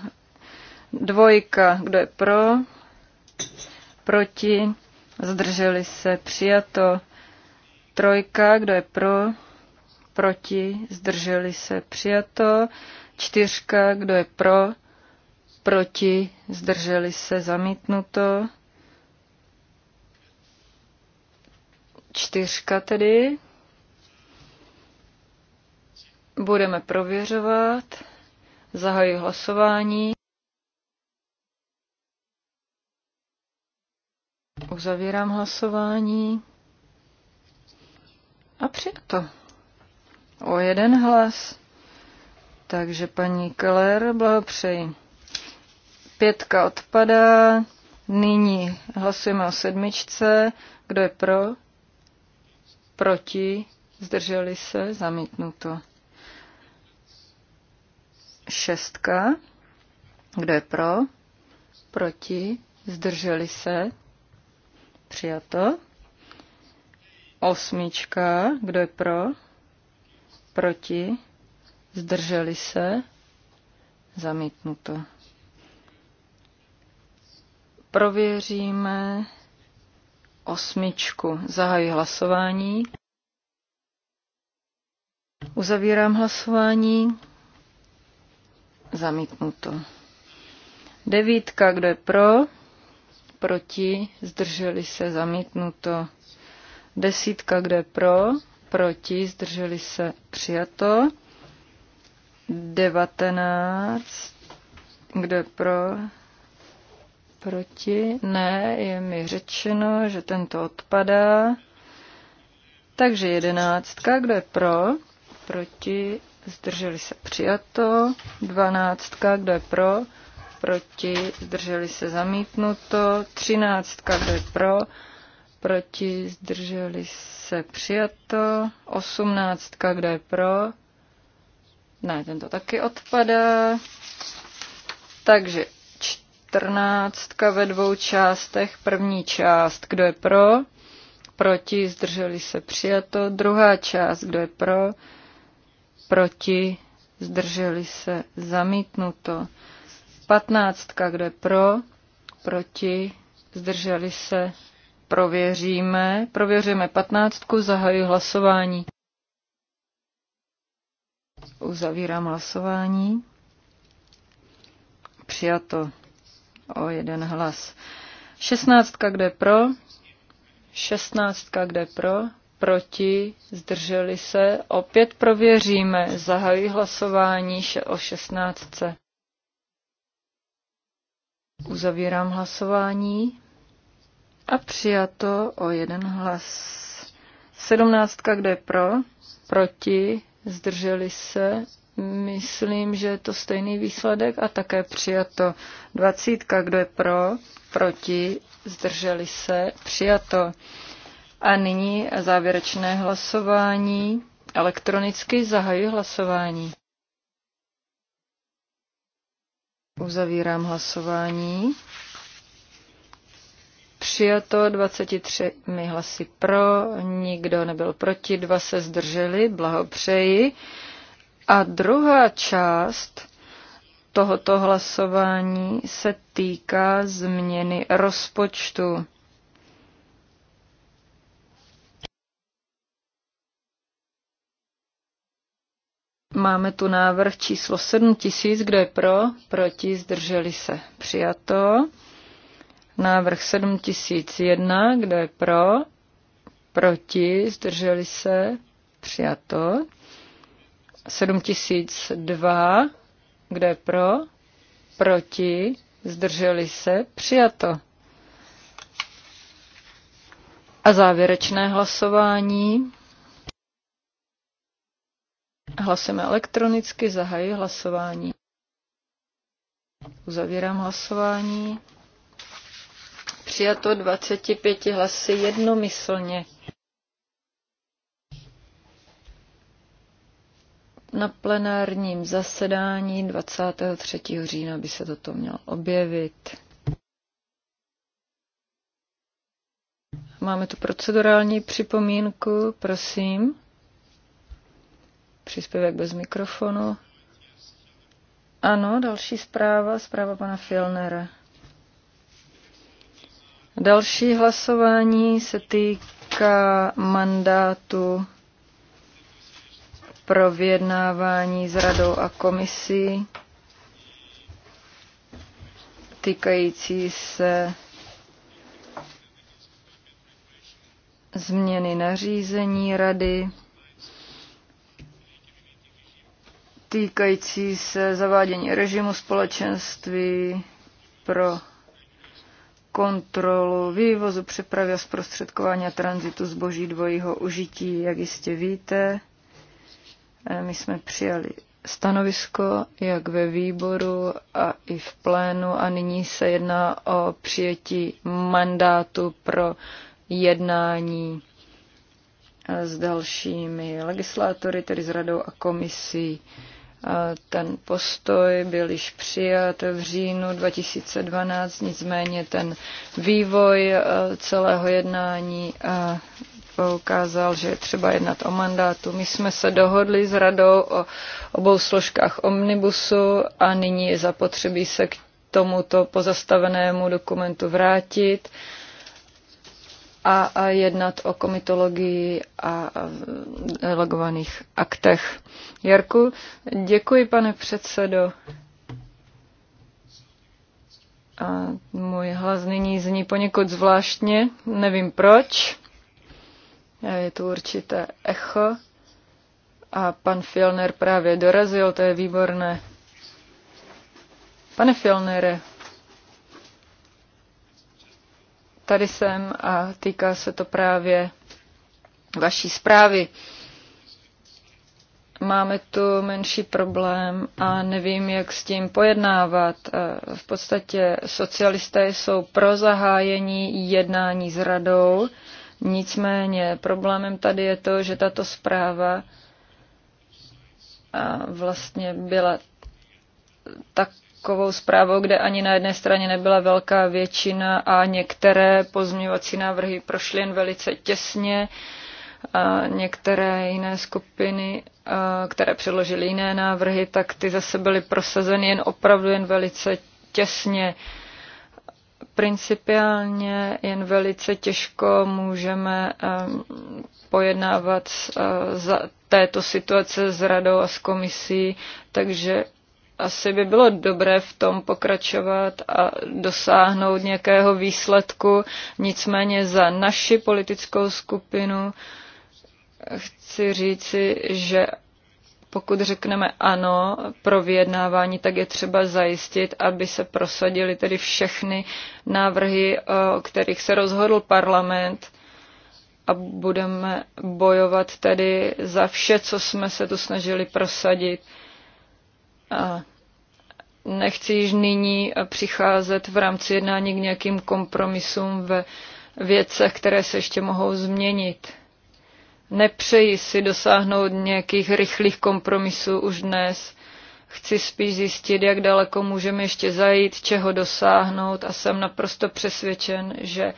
Dvojka, kdo je pro, proti, zdrželi se, přijato. Trojka, kdo je pro, proti, zdrželi se, přijato. Čtyřka, kdo je pro, proti, zdrželi se, zamítnuto. čtyřka tedy. Budeme prověřovat. Zahajuji hlasování. Uzavírám hlasování. A přijato. O jeden hlas. Takže paní Keller, blahopřeji. Pětka odpadá. Nyní hlasujeme o sedmičce. Kdo je pro? proti, zdrželi se, zamítnuto. Šestka, kdo je pro, proti, zdrželi se, přijato. Osmička, kdo je pro, proti, zdrželi se, zamítnuto. Prověříme osmičku. Zahajuji hlasování. Uzavírám hlasování. Zamítnuto. Devítka, kdo je pro? Proti. Zdrželi se. Zamítnuto. Desítka, kdo je pro? Proti. Zdrželi se. Přijato. Devatenáct. Kdo je pro? Proti? Ne, je mi řečeno, že tento odpadá. Takže jedenáctka, kdo je pro? Proti? Zdrželi se přijato. Dvanáctka, kdo je pro? Proti? Zdrželi se zamítnuto. Třináctka, kdo je pro? Proti? Zdrželi se přijato. Osmnáctka, kdo je pro? Ne, tento taky odpadá. Takže 14 ve dvou částech. První část, kdo je pro, proti, zdrželi se přijato. Druhá část, kdo je pro, proti, zdrželi se zamítnuto. 15, kdo je pro, proti, zdrželi se prověříme. Prověříme 15, zahajuji hlasování. Uzavírám hlasování. Přijato o jeden hlas. Šestnáctka, kde pro? Šestnáctka, kde pro? Proti? Zdrželi se? Opět prověříme. zahají hlasování o šestnáctce. Uzavírám hlasování a přijato o jeden hlas. Sedmnáctka, kde pro? Proti? Zdrželi se? Myslím, že je to stejný výsledek a také přijato. Dvacítka, kdo je pro, proti, zdrželi se, přijato. A nyní závěrečné hlasování. Elektronicky zahajuji hlasování. Uzavírám hlasování. Přijato 23 hlasy pro, nikdo nebyl proti, dva se zdrželi, blahopřeji. A druhá část tohoto hlasování se týká změny rozpočtu. Máme tu návrh číslo 7000, kdo je pro, proti, zdrželi se, přijato. Návrh 7001, kdo je pro, proti, zdrželi se, přijato. 7002, kde pro, proti, zdrželi se, přijato. A závěrečné hlasování. Hlasujeme elektronicky, zahají hlasování. Uzavírám hlasování. Přijato 25 hlasy jednomyslně. Na plenárním zasedání 23. října by se toto mělo objevit. Máme tu procedurální připomínku, prosím. Příspěvek bez mikrofonu. Ano, další zpráva, zpráva pana Filnera. Další hlasování se týká mandátu pro vyjednávání s radou a komisí týkající se změny nařízení rady, týkající se zavádění režimu společenství pro kontrolu vývozu, přepravy a zprostředkování a tranzitu zboží dvojího užití, jak jistě víte. Eh, my jsme přijali stanovisko, jak ve výboru a i v plénu a nyní se jedná o přijetí mandátu pro jednání eh, s dalšími legislátory, tedy s radou a komisí. Eh, ten postoj byl již přijat v říjnu 2012, nicméně ten vývoj celého jednání ukázal, že je třeba jednat o mandátu. My jsme se dohodli s radou o obou složkách omnibusu a nyní je zapotřebí se k tomuto pozastavenému dokumentu vrátit a, a jednat o komitologii a delegovaných aktech. Jarku, děkuji, pane předsedo. A můj hlas nyní zní poněkud zvláštně, nevím proč. Je tu určité echo a pan Filner právě dorazil, to je výborné. Pane Filnere, tady jsem a týká se to právě vaší zprávy. Máme tu menší problém a nevím, jak s tím pojednávat. E, v podstatě socialisté jsou pro zahájení jednání s radou Nicméně problémem tady je to, že tato zpráva vlastně byla tak takovou zprávou, kde ani na jedné straně nebyla velká většina a některé pozměňovací návrhy prošly jen velice těsně. A některé jiné skupiny, které předložily jiné návrhy, tak ty zase byly prosazeny jen opravdu jen velice těsně principiálně jen velice těžko můžeme pojednávat e, za této situace s radou a s komisí, takže asi by bylo dobré v tom pokračovat a dosáhnout nějakého výsledku. Nicméně za naši politickou skupinu chci říci, že pokud řekneme ano pro vyjednávání, tak je třeba zajistit, aby se prosadily tedy všechny návrhy, eh, o kterých se rozhodl parlament a budeme bojovat tedy za vše, co jsme se tu snažili prosadit. A nechci již nyní eh, přicházet v rámci jednání k nějakým kompromisům ve věcech, které se ještě mohou změnit. Nepřeji si dosáhnout nějakých rychlých kompromisů už dnes. Chci spíš zjistit, jak daleko můžeme ještě zajít, čeho dosáhnout a jsem naprosto přesvědčen, že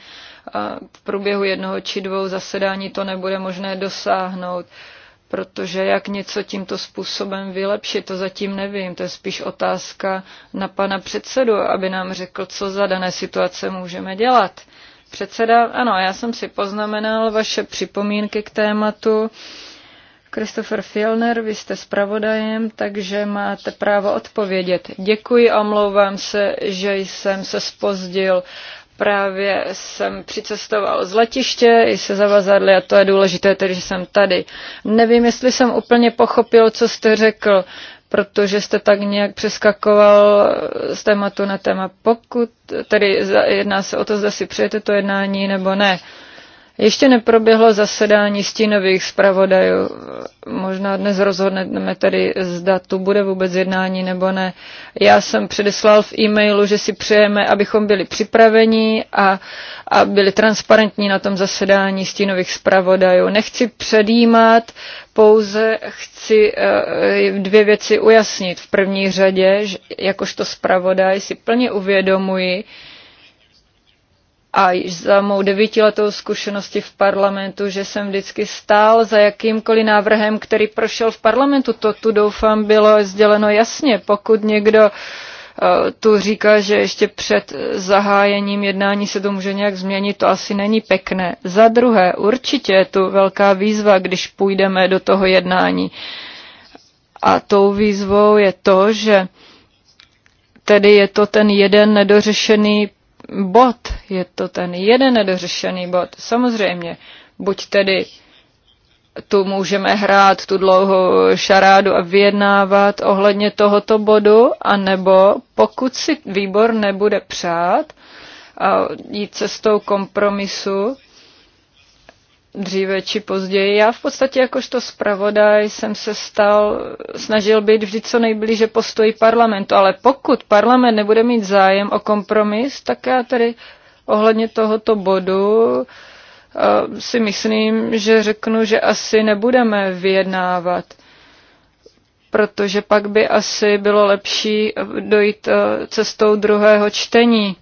v průběhu jednoho či dvou zasedání to nebude možné dosáhnout, protože jak něco tímto způsobem vylepšit, to zatím nevím. To je spíš otázka na pana předsedu, aby nám řekl, co za dané situace můžeme dělat. Předseda, ano, já jsem si poznamenal vaše připomínky k tématu. Christopher Filner, vy jste zpravodajem, takže máte právo odpovědět. Děkuji, omlouvám se, že jsem se spozdil. Právě jsem přicestoval z letiště i se zavazadly a to je důležité, takže jsem tady. Nevím, jestli jsem úplně pochopil, co jste řekl protože jste tak nějak přeskakoval z tématu na téma, pokud tedy jedná se o to, zda si přejete to jednání nebo ne. Uh, ještě neproběhlo zasedání stínových zpravodajů. Možná dnes rozhodneme tedy, zda tu bude vůbec jednání nebo ne. Já jsem předeslal v e-mailu, že si přejeme, abychom byli připraveni a, a byli transparentní na tom zasedání stínových zpravodajů. Nechci předjímat, pouze chci eh, dvě věci ujasnit. V první řadě, jakožto zpravodaj si plně uvědomuji, a za mou devítiletou zkušenosti v parlamentu, že jsem vždycky stál za jakýmkoliv návrhem, který prošel v parlamentu. To tu doufám bylo sděleno jasně. Pokud někdo eh, tu říká, že ještě před zahájením jednání se to může nějak změnit, to asi není pěkné. Za druhé, určitě je tu velká výzva, když půjdeme do toho jednání. A tou výzvou je to, že tedy je to ten jeden nedořešený bod, je to ten jeden nedořešený bod. Samozřejmě, buď tedy tu můžeme hrát tu dlouhou šarádu a vyjednávat ohledně tohoto bodu, anebo pokud si výbor nebude přát a jít cestou kompromisu, dříve či později. Já v podstatě jakožto zpravodaj jsem se stal, snažil být vždy co nejblíže postoji parlamentu, ale pokud parlament nebude mít zájem o kompromis, tak já tedy ohledně tohoto bodu eh, si myslím, že řeknu, že asi nebudeme vyjednávat, protože pak by asi bylo lepší dojít eh, cestou druhého čtení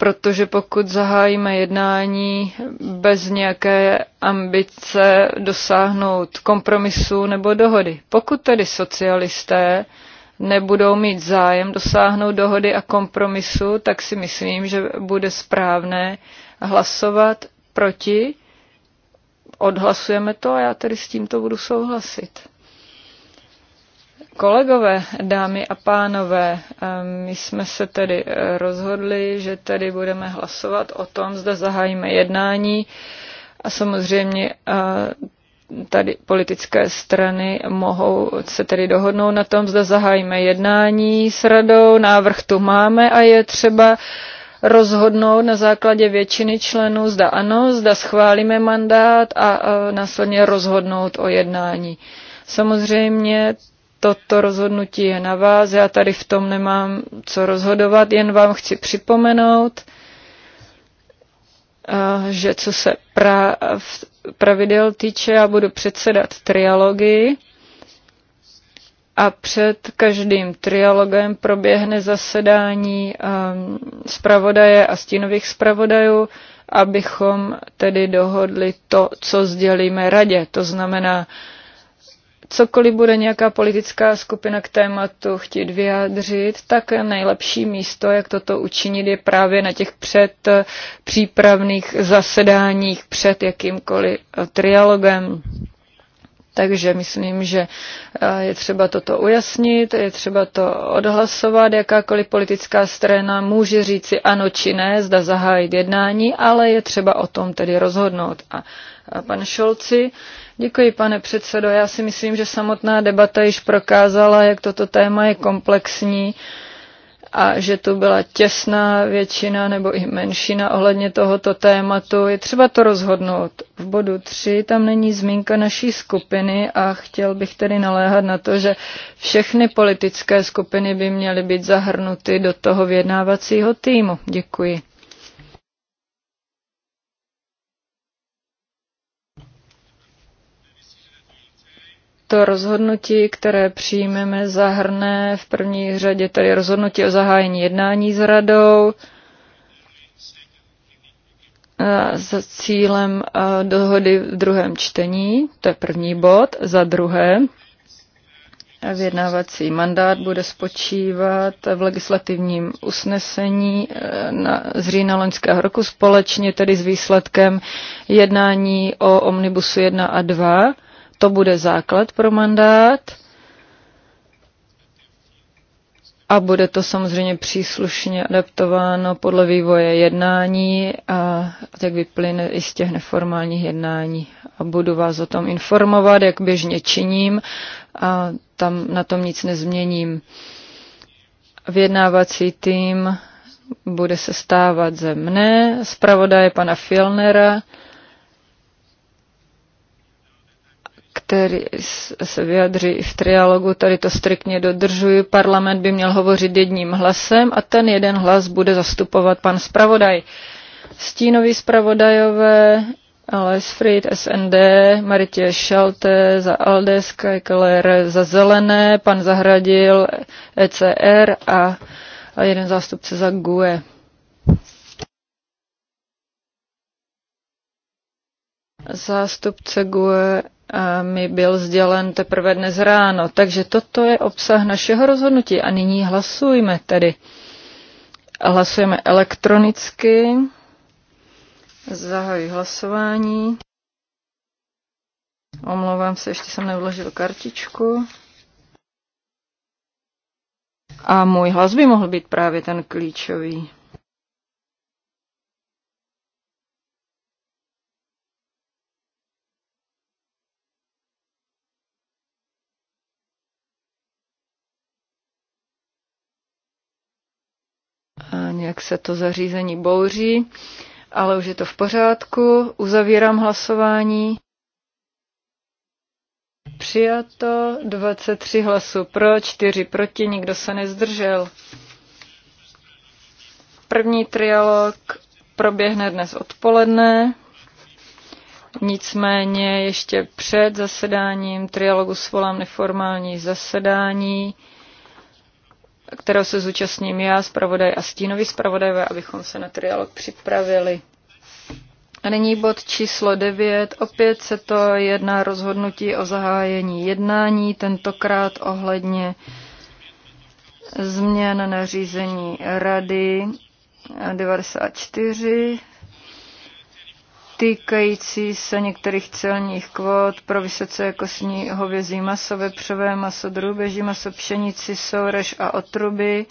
protože pokud zahájíme jednání bez nějaké ambice dosáhnout kompromisu nebo dohody, pokud tedy socialisté nebudou mít zájem dosáhnout dohody a kompromisu, tak si myslím, že bude správné hlasovat proti. Odhlasujeme to a já tedy s tímto budu souhlasit. Kolegové, dámy a pánové, eh, my jsme se tedy eh, rozhodli, že tedy budeme hlasovat o tom, zda zahájíme jednání a samozřejmě eh, tady politické strany mohou se tedy dohodnout na tom, zda zahájíme jednání s radou, návrh tu máme a je třeba rozhodnout na základě většiny členů, zda ano, zda schválíme mandát a, a následně rozhodnout o jednání. Samozřejmě Toto rozhodnutí je na vás, já tady v tom nemám co rozhodovat, jen vám chci připomenout, eh, že co se pra, pravidel týče, já budu předsedat trialogii a před každým trialogem proběhne zasedání eh, zpravodaje a stínových zpravodajů, abychom tedy dohodli to, co sdělíme radě. To znamená, cokoliv bude nějaká politická skupina k tématu chtít vyjádřit, tak nejlepší místo, jak toto učinit, je právě na těch předpřípravných zasedáních před jakýmkoliv eh, trialogem. Takže myslím, že eh, je třeba toto ujasnit, je třeba to odhlasovat. Jakákoliv politická strana může říci ano či ne, zda zahájit jednání, ale je třeba o tom tedy rozhodnout. A pan Šolci, Děkuji, pane předsedo. Já si myslím, že samotná debata již prokázala, jak toto téma je komplexní a že tu byla těsná většina nebo i menšina ohledně tohoto tématu. Je třeba to rozhodnout. V bodu 3 tam není zmínka naší skupiny a chtěl bych tedy naléhat na to, že všechny politické skupiny by měly být zahrnuty do toho vyjednávacího týmu. Děkuji. to rozhodnutí, které přijmeme, zahrne v první řadě tedy rozhodnutí o zahájení jednání s radou za cílem dohody v druhém čtení, to je první bod. Za druhé, vyjednávací mandát bude spočívat v legislativním usnesení e, na, z října loňského roku společně tedy s výsledkem jednání o Omnibusu 1 a 2 to bude základ pro mandát. A bude to samozřejmě příslušně adaptováno podle vývoje jednání a tak vyplyne i z těch neformálních jednání. A budu vás o tom informovat, jak běžně činím a tam na tom nic nezměním. Vyjednávací tým bude se stávat ze mne, zpravodaje pana Filnera, který se vyjadří i v trialogu, tady to striktně dodržuji, parlament by měl hovořit jedním hlasem a ten jeden hlas bude zastupovat pan zpravodaj. Stínoví zpravodajové Alois Fried, SND, Maritě Šalte za Aldes, Kajkeler za Zelené, pan Zahradil, ECR a jeden zástupce za GUE. Zástupce GUE mi byl sdělen teprve dnes ráno. Takže toto je obsah našeho rozhodnutí a nyní hlasujme tedy. Hlasujeme elektronicky. Zahajuji hlasování. Omlouvám se, ještě jsem nevložil kartičku. A můj hlas by mohl být právě ten klíčový. jak se to zařízení bouří, ale už je to v pořádku. Uzavírám hlasování. Přijato 23 hlasů pro, 4 proti, nikdo se nezdržel. První trialog proběhne dnes odpoledne. Nicméně ještě před zasedáním trialogu svolám neformální zasedání kterého se zúčastním já, zpravodaj a stínový zpravodajové, abychom se na trialog připravili. A nyní bod číslo 9. Opět se to jedná rozhodnutí o zahájení jednání, tentokrát ohledně změn nařízení Rady 94 týkající se některých celních kvót pro vysoce jakostní hovězí maso, vepřové maso, drůbeží maso, pšenici, sourež a otruby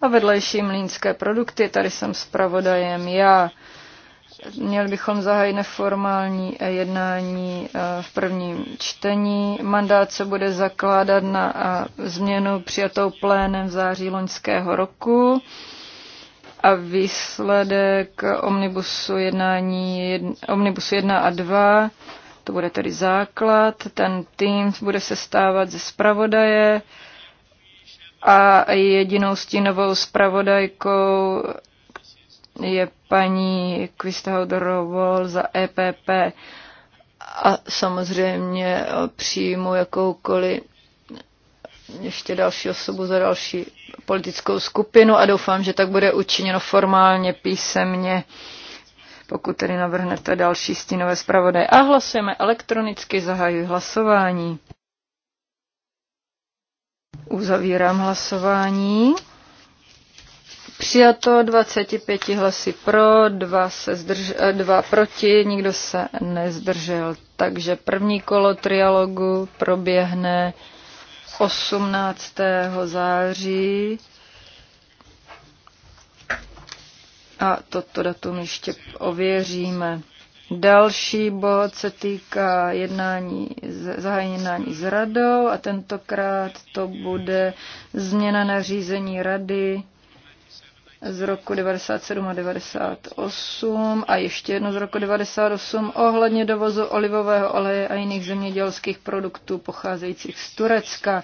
a vedlejší mlínské produkty. Tady jsem pravodajem já. Měli bychom zahájit neformální jednání eh, v prvním čtení. Mandát se bude zakládat na eh, změnu přijatou plénem v září loňského roku a výsledek omnibusu, jednání, jedn, omnibusu 1 a 2, to bude tedy základ, ten tým bude sestávat ze zpravodaje a jedinou stínovou zpravodajkou je paní Quistahoudorovol za EPP a samozřejmě přijmu jakoukoliv ještě další osobu za další politickou skupinu a doufám, že tak bude učiněno formálně písemně, pokud tedy navrhnete další stínové zpravodaj. A hlasujeme elektronicky, zahajuji hlasování. Uzavírám hlasování. Přijato 25 hlasy pro, 2, se zdrž, 2 eh, proti, nikdo se nezdržel. Takže první kolo trialogu proběhne 18. září a toto datum ještě ověříme. Další bod se týká jednání, zahájení jednání s radou a tentokrát to bude změna nařízení rady z roku 97 a 98 a ještě jedno z roku 98 ohledně dovozu olivového oleje a jiných zemědělských produktů pocházejících z Turecka.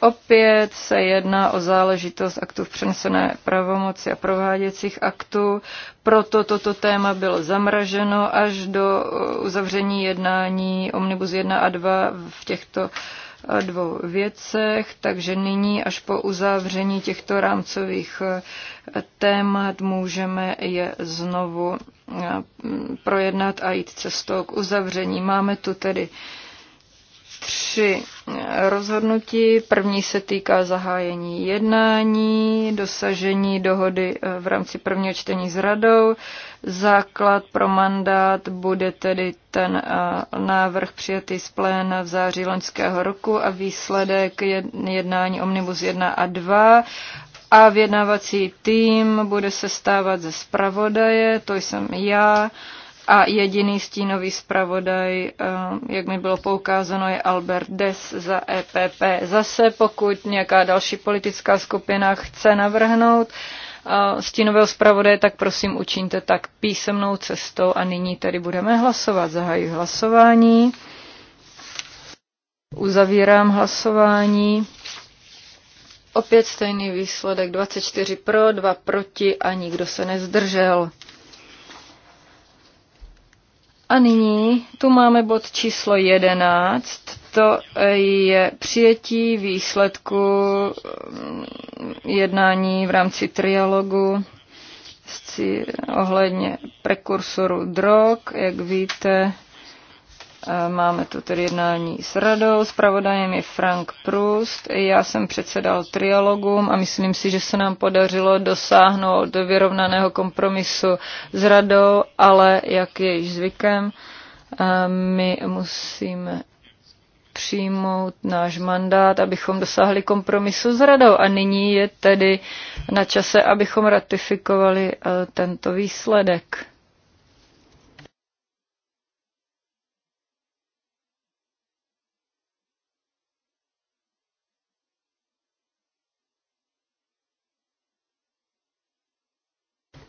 Opět se jedná o záležitost aktů v přenesené pravomoci a prováděcích aktů, proto toto téma bylo zamraženo až do uzavření jednání Omnibus 1 a 2 v těchto uh, dvou věcech, takže nyní až po uzavření těchto rámcových eh, témat můžeme je znovu eh, projednat a jít cestou k uzavření. Máme tu tedy tři rozhodnutí. První se týká zahájení jednání, dosažení dohody eh, v rámci prvního čtení s radou. Základ pro mandát bude tedy ten eh, návrh přijatý z pléna v září loňského roku a výsledek jednání Omnibus 1 a 2 a vyjednávací tým bude se stávat ze zpravodaje, to jsem já, a jediný stínový zpravodaj, eh, jak mi bylo poukázáno, je Albert Des za EPP. Zase, pokud nějaká další politická skupina chce navrhnout eh, stínového zpravodaje, tak prosím učiňte tak písemnou cestou a nyní tedy budeme hlasovat. Zahajuji hlasování. Uzavírám hlasování. Opět stejný výsledek 24 pro, 2 proti a nikdo se nezdržel. A nyní tu máme bod číslo 11, to je přijetí výsledku mm, jednání v rámci trialogu ohledně prekursoru drog. Jak víte, Máme tu tedy jednání s radou, zpravodajem je Frank Prust, já jsem předsedal trialogům a myslím si, že se nám podařilo dosáhnout do vyrovnaného kompromisu s radou, ale jak je již zvykem, my musíme přijmout náš mandát, abychom dosáhli kompromisu s radou. A nyní je tedy na čase, abychom ratifikovali tento výsledek.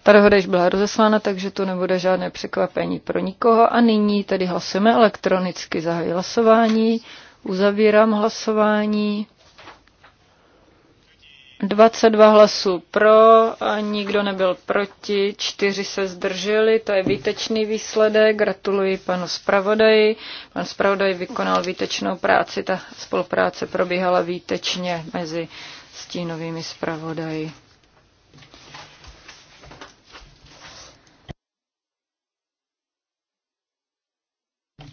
Ta dohoda již byla rozeslána, takže to nebude žádné překvapení pro nikoho. A nyní tedy hlasujeme elektronicky. za hlasování, uzavírám hlasování. 22 hlasů pro, a nikdo nebyl proti, čtyři se zdrželi, to je výtečný výsledek. Gratuluji panu zpravodaji. Pan zpravodaj vykonal výtečnou práci, ta spolupráce probíhala výtečně mezi stínovými zpravodaji.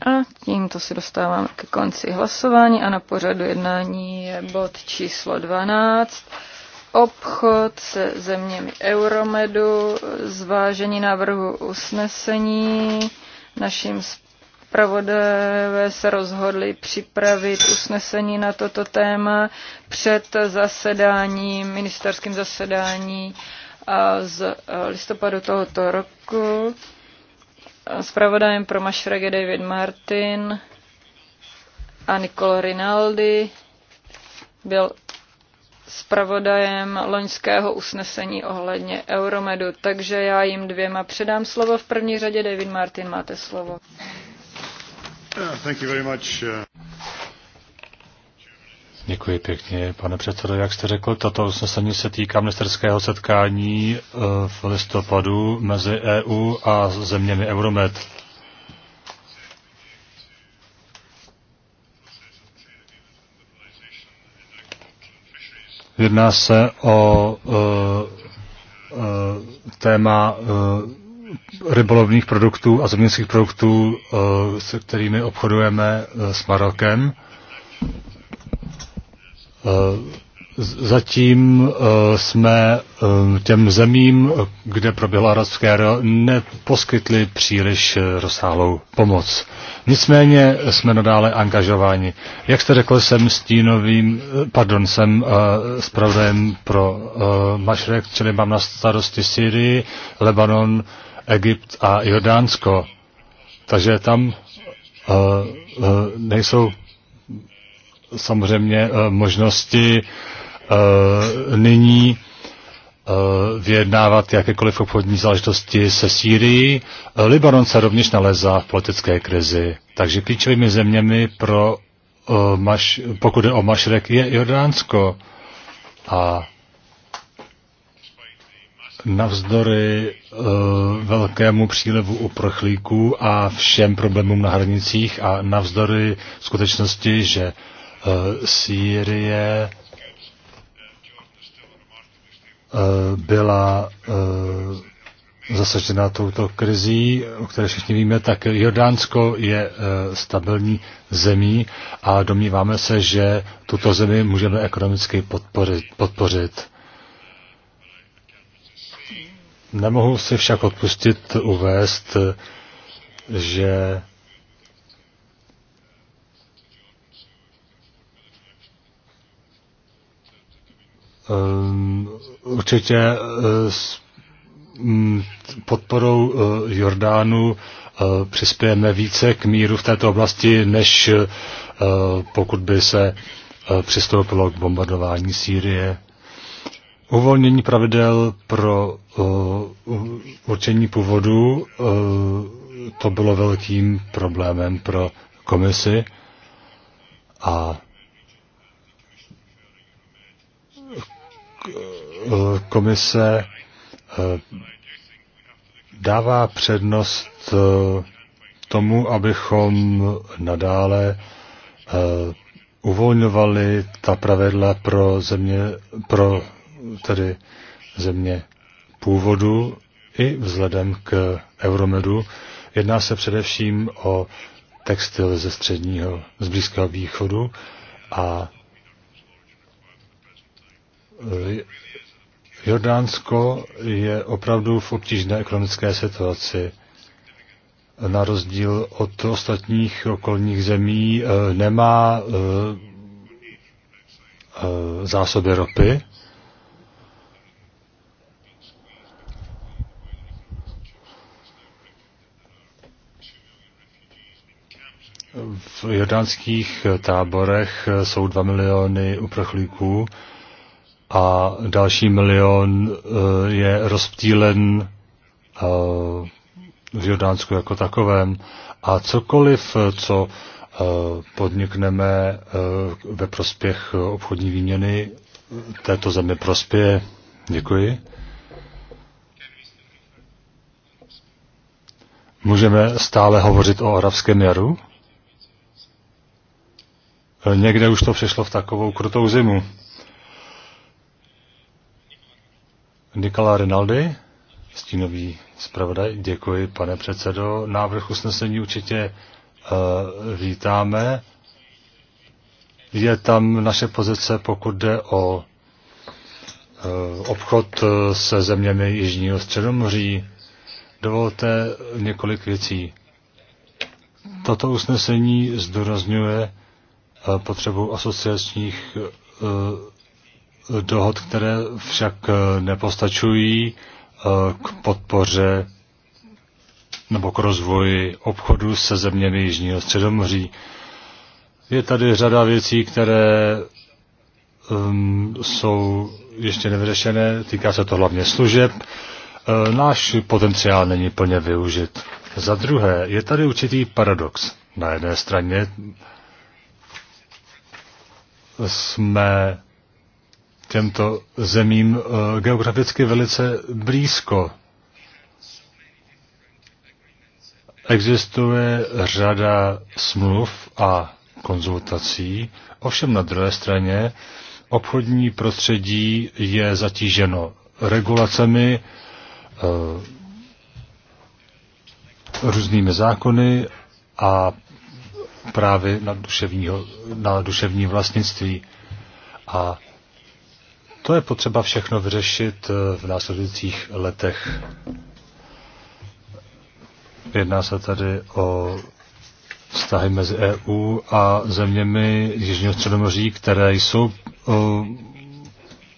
A tímto se dostáváme ke konci hlasování a na pořadu jednání je bod číslo 12. Obchod se zeměmi Euromedu, zvážení návrhu usnesení. Naším zpravodajové se rozhodli připravit usnesení na toto téma před zasedáním, ministerským zasedání z listopadu tohoto roku. Spravodajem pro Mašrage David Martin a Nicolo Rinaldi byl zpravodajem loňského usnesení ohledně Euromedu, takže já jim dvěma předám slovo. V první řadě David Martin, máte slovo.
Uh, thank you very much. Uh, Děkuji pěkně, pane předsedo. Jak jste řekl, toto usnesení se týká ministerského setkání eh, v listopadu mezi EU a zeměmi Euromed. Jedná se o uh, uh, téma uh, rybolovných produktů a zeměnských produktů, uh, se kterými obchodujeme uh, s Marokem. Eh, zatím eh, jsme eh, těm zemím, kde proběhla arabské jaro, neposkytli příliš rozsáhlou pomoc. Nicméně jsme nadále angažováni. Jak jste řekl, jsem stínovým, pardon, jsem zpravodajem pro Mašrek, čili mám na starosti Syrii, Lebanon, Egypt a Jordánsko. Takže tam nejsou samozřejmě eh, možnosti eh, nyní eh, vyjednávat jakékoliv obchodní záležitosti se Sýrií. Libanon se rovněž nalezá v politické krizi, takže klíčovými zeměmi pro maš, pokud je o Mašrek, je Jordánsko. A navzdory uh, velkému přílevu uprchlíků a všem problémům na hranicích a navzdory skutečnosti, že Eh, Sýrie eh, byla eh, zasažena touto krizí, o které všichni víme, tak Jordánsko je stabilní zemí a domníváme se, že tuto zemi můžeme ekonomicky podporit. podpořit. Nemohu si však odpustit uvést, že Ehm, určitě eh, s mm, podporou eh, Jordánu eh, přispějeme více k míru v této oblasti, než pokud by se přistoupilo k bombardování Sýrie. Uvolnění pravidel pro určení původu to bylo velkým problémem pro komisi a Eh, komise eh, dává přednost eh, tomu, abychom nadále uvolňovali ta pravidla pro země, pro tedy země původu i vzhledem k Euromedu. Jedná se především o textil ze středního, z Blízkého východu a Jordánsko je opravdu v obtížné ekonomické situaci. Na rozdíl od ostatních okolních zemí eh, nemá eh, eh, zásoby ropy. V jordánských táborech jsou 2 miliony uprchlíků a další milion eh, je rozptýlen eh, v Jordánsku jako takovém. A cokoliv, eh, co podnikneme ve prospěch obchodní výměny, této země prospěje. Děkuji. Můžeme stále hovořit o arabském jaru? Někde už to přišlo v takovou krutou zimu. Nikola Rinaldi, stínový zpravodaj, děkuji, pane předsedo. Návrh usnesení určitě uh, vítáme. Je tam naše pozice, pokud jde o uh, obchod eh, se zeměmi Jižního středomoří. Dovolte několik věcí. Toto usnesení zdůrazňuje potřebu asociačních dohod, které však eh, nepostačují eh, k podpoře nebo k rozvoji obchodu se zeměmi Jižního středomoří. Je tady řada věcí, které um, jsou ještě nevyřešené, týká se to hlavně služeb. E, náš potenciál není plně využit. Za druhé, je tady určitý paradox. Na jedné straně jsme těmto zemím eh, geograficky velice blízko. Existuje řada smluv a konzultací, ovšem na druhé straně obchodní prostředí je zatíženo regulacemi, eh, různými zákony a právě na, duševního, na duševní vlastnictví. A to je potřeba všechno vyřešit eh, v následujících letech. Jedná se tady o vztahy mezi EU a zeměmi Jižního středomoří, které jsou o, eh,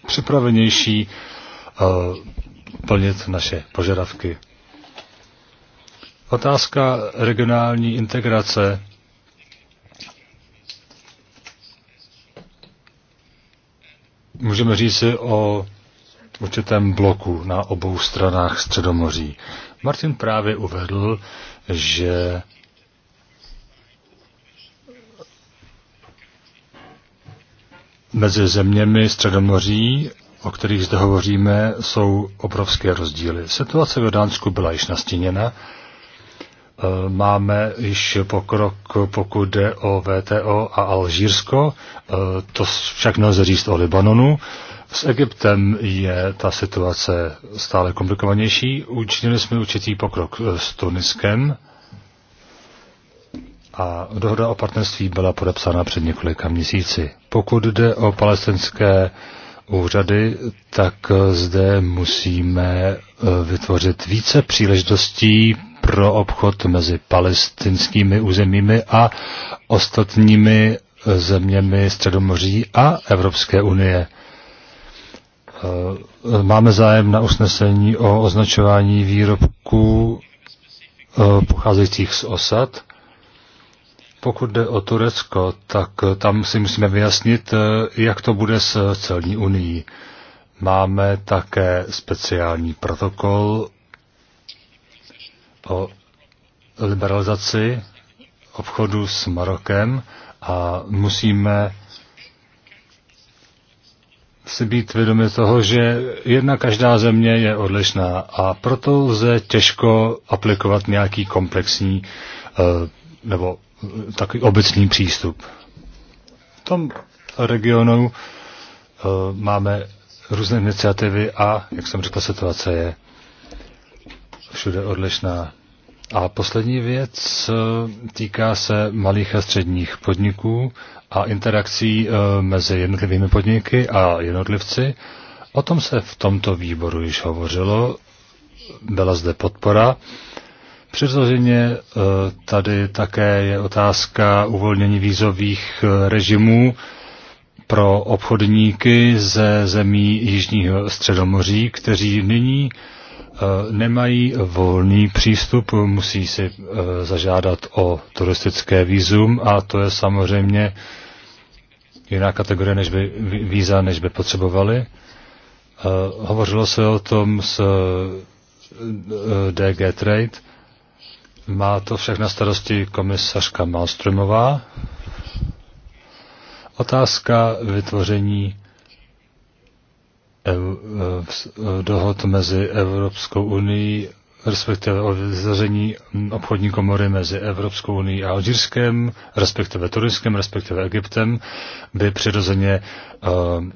připravenější eh, plnit naše požadavky. Otázka regionální integrace můžeme říci o určitém bloku na obou stranách Středomoří. Martin právě uvedl, že mezi zeměmi Středomoří, o kterých zde hovoříme, jsou obrovské rozdíly. Situace v Dánsku byla již nastíněna Eh, máme již pokrok, pokud jde o VTO a Alžírsko, eh, to však nelze říct o Libanonu. S Egyptem je ta situace stále komplikovanější. Učinili jsme určitý pokrok eh, s Tuniskem a dohoda o partnerství byla podepsána před několika měsíci. Pokud jde o palestinské úřady, tak zde musíme vytvořit více příležitostí pro obchod mezi palestinskými územími a ostatními eh, zeměmi Středomoří a Evropské unie. Eh, máme zájem na usnesení o označování výrobků eh, pocházejících z osad. Pokud jde o Turecko, tak tam si musíme vyjasnit, jak to bude s celní unii. Máme také speciální protokol o liberalizaci obchodu s Marokem a musíme si být vědomi toho, že jedna každá země je odlišná a proto lze těžko aplikovat nějaký komplexní eh, nebo takový obecný přístup. V tom regionu eh, máme různé iniciativy a, jak jsem řekl, situace je všude odlišná. A poslední věc eh, týká se malých a středních podniků a interakcí eh, mezi jednotlivými podniky a jednotlivci. O tom se v tomto výboru již hovořilo, byla zde podpora. Přirozeně eh, tady také je otázka uvolnění vízových režimů pro obchodníky ze zemí Jižního středomoří, kteří nyní Eh, nemají volný přístup, musí si eh, zažádat o turistické výzum a to je samozřejmě jiná kategorie než by, víza, než by potřebovali. Eh, hovořilo se o tom s DG Trade. Má to však na starosti komisařka Malstromová. Otázka vytvoření Eh, eh, dohod mezi Evropskou unii, respektive o vyzaření obchodní komory mezi Evropskou unii a Alžírskem, respektive Turiskem, respektive Egyptem, by přirozeně eh,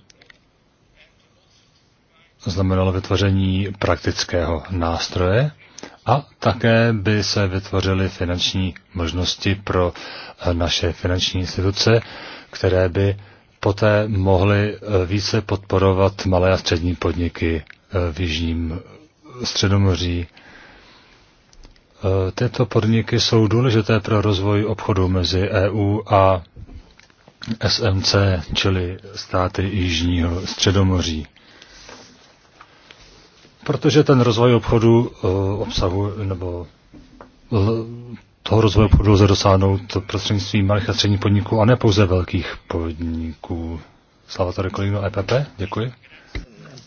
znamenalo vytvoření praktického nástroje a také by se vytvořily finanční možnosti pro naše finanční instituce, které by poté mohli eh, více podporovat malé a střední podniky eh, v Jižním Středomoří. Eh, tyto podniky jsou důležité pro rozvoj obchodu mezi EU a SMC, čili státy Jižního Středomoří. Protože ten rozvoj obchodu obsahu nebo toho rozvoje obchodu lze dosáhnout prostřednictvím malých a středních podniků a ne pouze velkých podniků. Slava tady kolíno EPP, děkuji.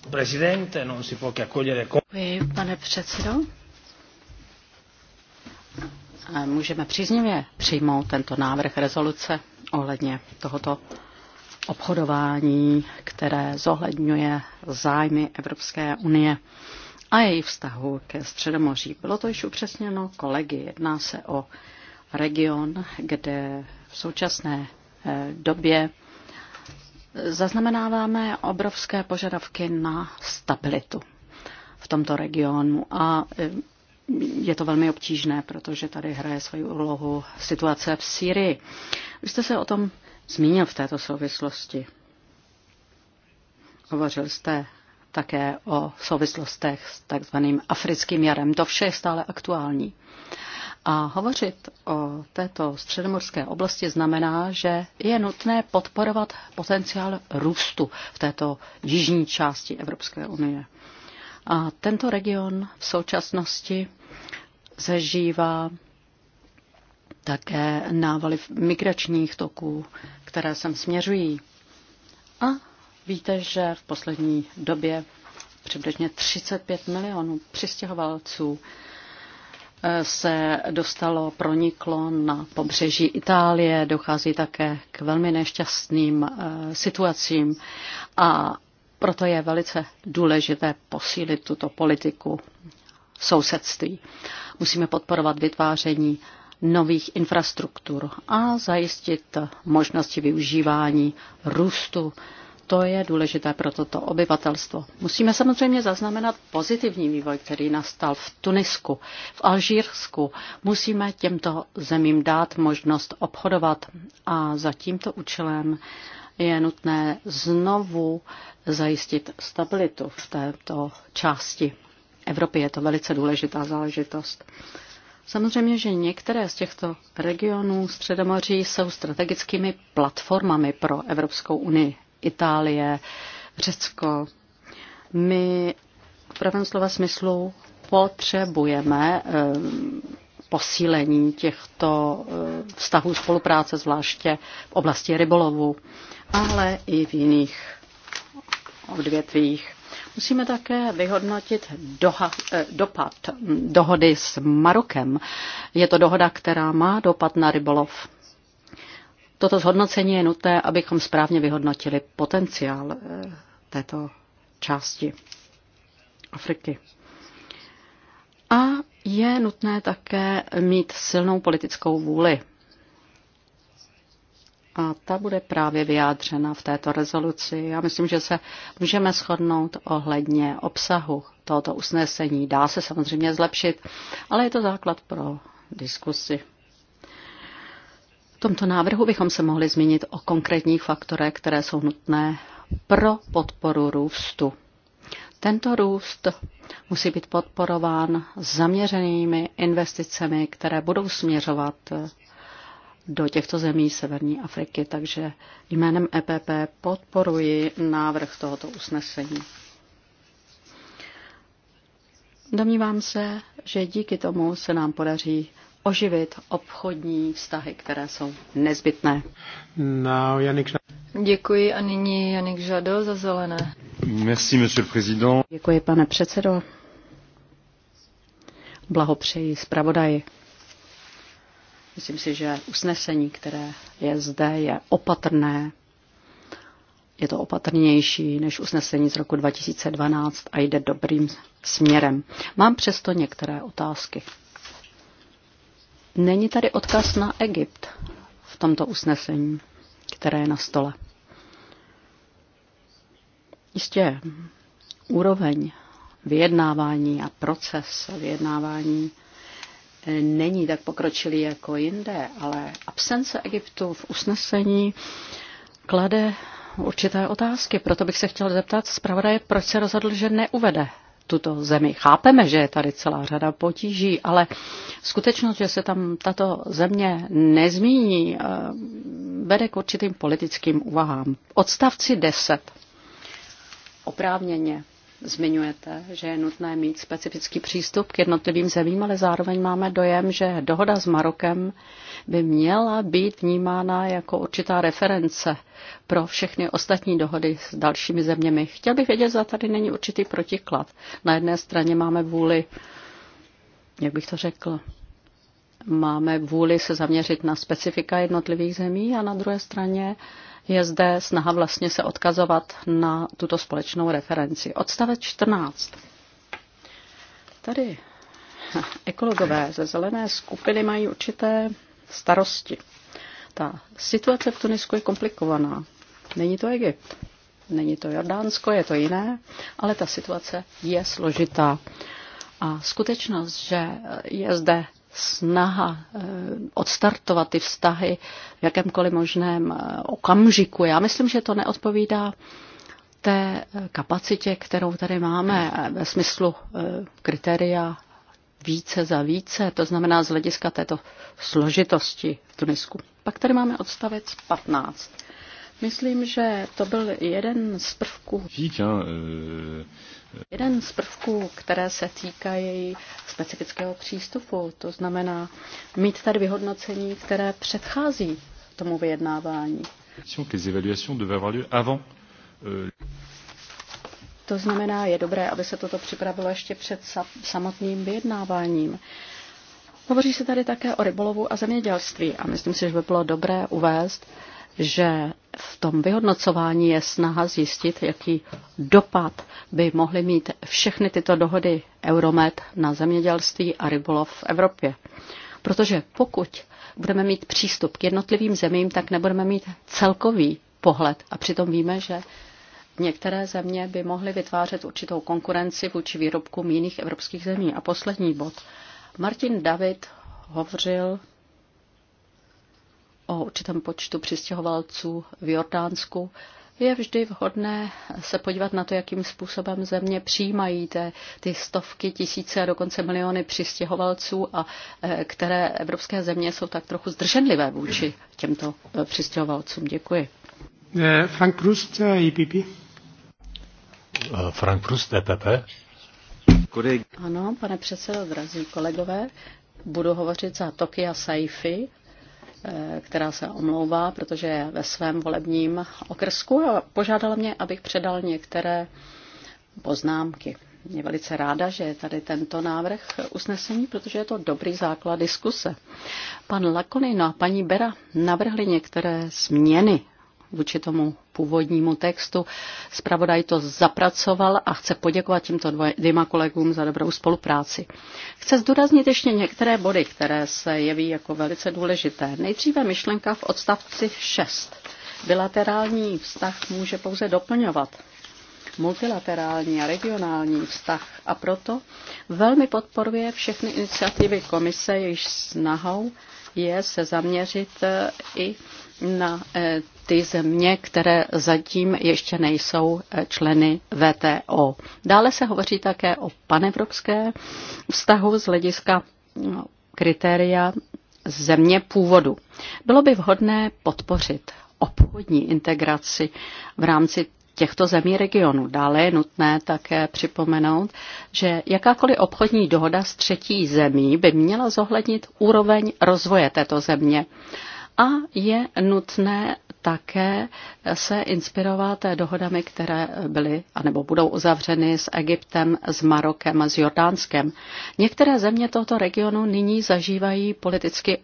Presidente, non si può che accogliere... Děkuji, pane předsedo.
Můžeme příznivě přijmout tento návrh rezoluce ohledně tohoto obchodování, které zohledňuje zájmy Evropské unie a její vztahu ke Středomoří. Bylo to již upřesněno kolegy. Jedná se o region, kde v současné eh, době zaznamenáváme obrovské požadavky na stabilitu v tomto regionu a eh, je to velmi obtížné, protože tady hraje svoji úlohu situace v Syrii. Vy jste se o tom zmínil v této souvislosti. Hovořil jste také o souvislostech s takzvaným africkým jarem. To vše je stále aktuální. A hovořit o této středomorské oblasti znamená, že je nutné podporovat potenciál růstu v této jižní části Evropské unie. A tento region v současnosti zažívá také návaly migračních toků, které sem směřují. A Víte, že v poslední době přibližně 35 milionů přistěhovalců eh, se dostalo, proniklo na pobřeží Itálie, dochází také k velmi nešťastným eh, situacím a proto je velice důležité posílit tuto politiku sousedství. Musíme podporovat vytváření nových infrastruktur a zajistit možnosti využívání růstu to je důležité pro toto obyvatelstvo. Musíme samozřejmě zaznamenat pozitivní vývoj, který nastal v Tunisku, v Alžírsku. Musíme těmto zemím dát možnost obchodovat a za tímto účelem je nutné znovu zajistit stabilitu v této části Evropy. Je to velice důležitá záležitost. Samozřejmě, že některé z těchto regionů Středomoří jsou strategickými platformami pro Evropskou unii. Itálie, Řecko. My v pravém slova smyslu potřebujeme eh, posílení těchto eh, vztahů spolupráce, zvláště v oblasti rybolovu, ale i v jiných odvětvích. Musíme také vyhodnotit doha, eh, dopad hm, dohody s Marokem. Je to dohoda, která má dopad na rybolov. Toto zhodnocení je nutné, abychom správně vyhodnotili potenciál eh, této části Afriky. A je nutné také mít silnou politickou vůli. A ta bude právě vyjádřena v této rezoluci. Já myslím, že se můžeme shodnout ohledně obsahu tohoto usnesení. Dá se samozřejmě zlepšit, ale je to základ pro diskusi. V tomto návrhu bychom se mohli zmínit o konkrétních faktorech, které jsou nutné pro podporu růstu. Tento růst musí být podporován zaměřenými investicemi, které budou směřovat do těchto zemí Severní Afriky. Takže jménem EPP podporuji návrh tohoto usnesení. Domnívám se, že díky tomu se nám podaří oživit obchodní vztahy, které jsou nezbytné. No, Janik... Děkuji a
nyní Janik Žado za zelené.
Merci, monsieur le président. Děkuji, pane předsedo. Blahopřeji zpravodaji. Myslím si, že usnesení, které je zde, je opatrné. Je to opatrnější než usnesení z roku 2012 a jde dobrým směrem. Mám přesto některé otázky. Není tady odkaz na Egypt v tomto usnesení, které je na stole. Jistě úroveň vyjednávání a proces vyjednávání eh, není tak pokročilý jako jinde, ale absence Egyptu v usnesení klade určité otázky. Proto bych se chtěl zeptat zpravodaje, proč se rozhodl, že neuvede tuto zemi. Chápeme, že je tady celá řada potíží, ale skutečnost, že se tam tato země nezmíní, eh, vede k určitým politickým uvahám. Odstavci 10. Oprávněně Zmiňujete, že je nutné mít specifický přístup k jednotlivým zemím, ale zároveň máme dojem, že dohoda s Marokem by měla být vnímána jako určitá reference pro všechny ostatní dohody s dalšími zeměmi. Chtěl bych vědět, zda tady není určitý protiklad. Na jedné straně máme vůli, jak bych to řekl, máme vůli se zaměřit na specifika jednotlivých zemí a na druhé straně uh, je zde snaha vlastně se odkazovat na tuto společnou referenci. Odstavec 14. Tady ekologové ze zelené skupiny mají určité starosti. Ta situace v Tunisku je komplikovaná. Není to Egypt, není to Jordánsko, je to jiné, ale ta situace je složitá. A skutečnost, že je zde snaha eh, odstartovat ty vztahy v jakémkoliv možném eh, okamžiku. Já myslím, že to neodpovídá té eh, kapacitě, kterou tady máme ve smyslu kritéria více za více, to znamená z hlediska této složitosti v Tunisku. Pak tady máme odstavec 15. Myslím, že to byl jeden z prvků. Jeden z prvků, které se týkají specifického přístupu, to znamená mít tady vyhodnocení, které předchází tomu vyjednávání. Euh, to znamená, je dobré, aby se toto připravilo ještě před samotným vyjednáváním. Hovoří se tady také o rybolovu a zemědělství a myslím si, že by bylo dobré uvést, že v tom vyhodnocování je snaha zjistit, jaký dopad by mohly mít všechny tyto dohody Euromed na zemědělství a rybolov v Evropě. Protože pokud budeme mít přístup k jednotlivým zemím, tak nebudeme mít celkový pohled. A přitom víme, že některé země by mohly vytvářet určitou konkurenci vůči výrobkům jiných evropských zemí. A poslední bod. Martin David hovořil o určitém počtu přistěhovalců v Jordánsku, je vždy vhodné se podívat na to, jakým způsobem země přijímají te, ty stovky, tisíce a dokonce miliony přistěhovalců, a eh, které evropské země jsou tak trochu zdrženlivé vůči těmto eh, přistěhovalcům. Děkuji. Eh, Frank Prust,
EPP. Frank Prust, EPP.
Ano, pane předsedo, drazí kolegové, budu hovořit za Tokia Saifi, Eh, která se omlouvá, protože je ve svém volebním okrsku a požádala mě, abych předal některé poznámky. Mě velice ráda, že je tady tento návrh usnesení, protože je to dobrý základ diskuse. Pan Lakonina a paní Bera navrhli některé změny vůči tomu původnímu textu. Spravodaj to zapracoval a chce poděkovat tímto dvěma kolegům za dobrou spolupráci. Chce zdůraznit ještě některé body, které se jeví jako velice důležité. Nejdříve myšlenka v odstavci 6. Bilaterální vztah může pouze doplňovat multilaterální a regionální vztah a proto velmi podporuje všechny iniciativy komise, jejichž snahou je se zaměřit eh, i na eh, ty země, které zatím ještě nejsou eh, členy VTO. Dále se hovoří také o panevropské vztahu z hlediska mm, kritéria země původu. Bylo by vhodné podpořit obchodní integraci v rámci těchto zemí regionu. Dále je nutné také připomenout, že jakákoliv obchodní dohoda s třetí zemí by měla zohlednit úroveň rozvoje této země a je nutné také se inspirovat dohodami, které byly anebo budou uzavřeny s Egyptem, s Marokem a s Jordánskem. Některé země tohoto regionu nyní zažívají politicky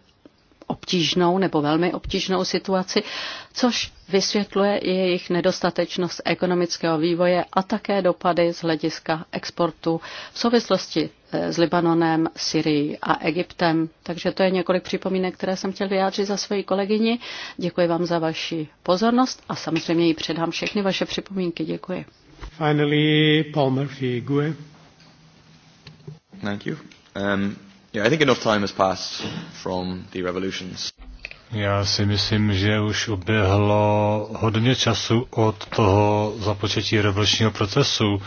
obtížnou nebo velmi obtížnou situaci, což vysvětluje i jejich nedostatečnost ekonomického vývoje a také dopady z hlediska exportu v souvislosti eh, s Libanonem, Syrií a Egyptem. Takže to je několik připomínek, které jsem chtěl vyjádřit za svoji kolegyni. Děkuji vám za vaši pozornost a samozřejmě jí předám všechny vaše připomínky. Děkuji.
Finally, Paul Murphy, GUE.
Thank you. Um, Yeah, I think enough time has passed from the revolutions.
Já si myslím, že už uběhlo hodně času od toho započetí revolučního procesu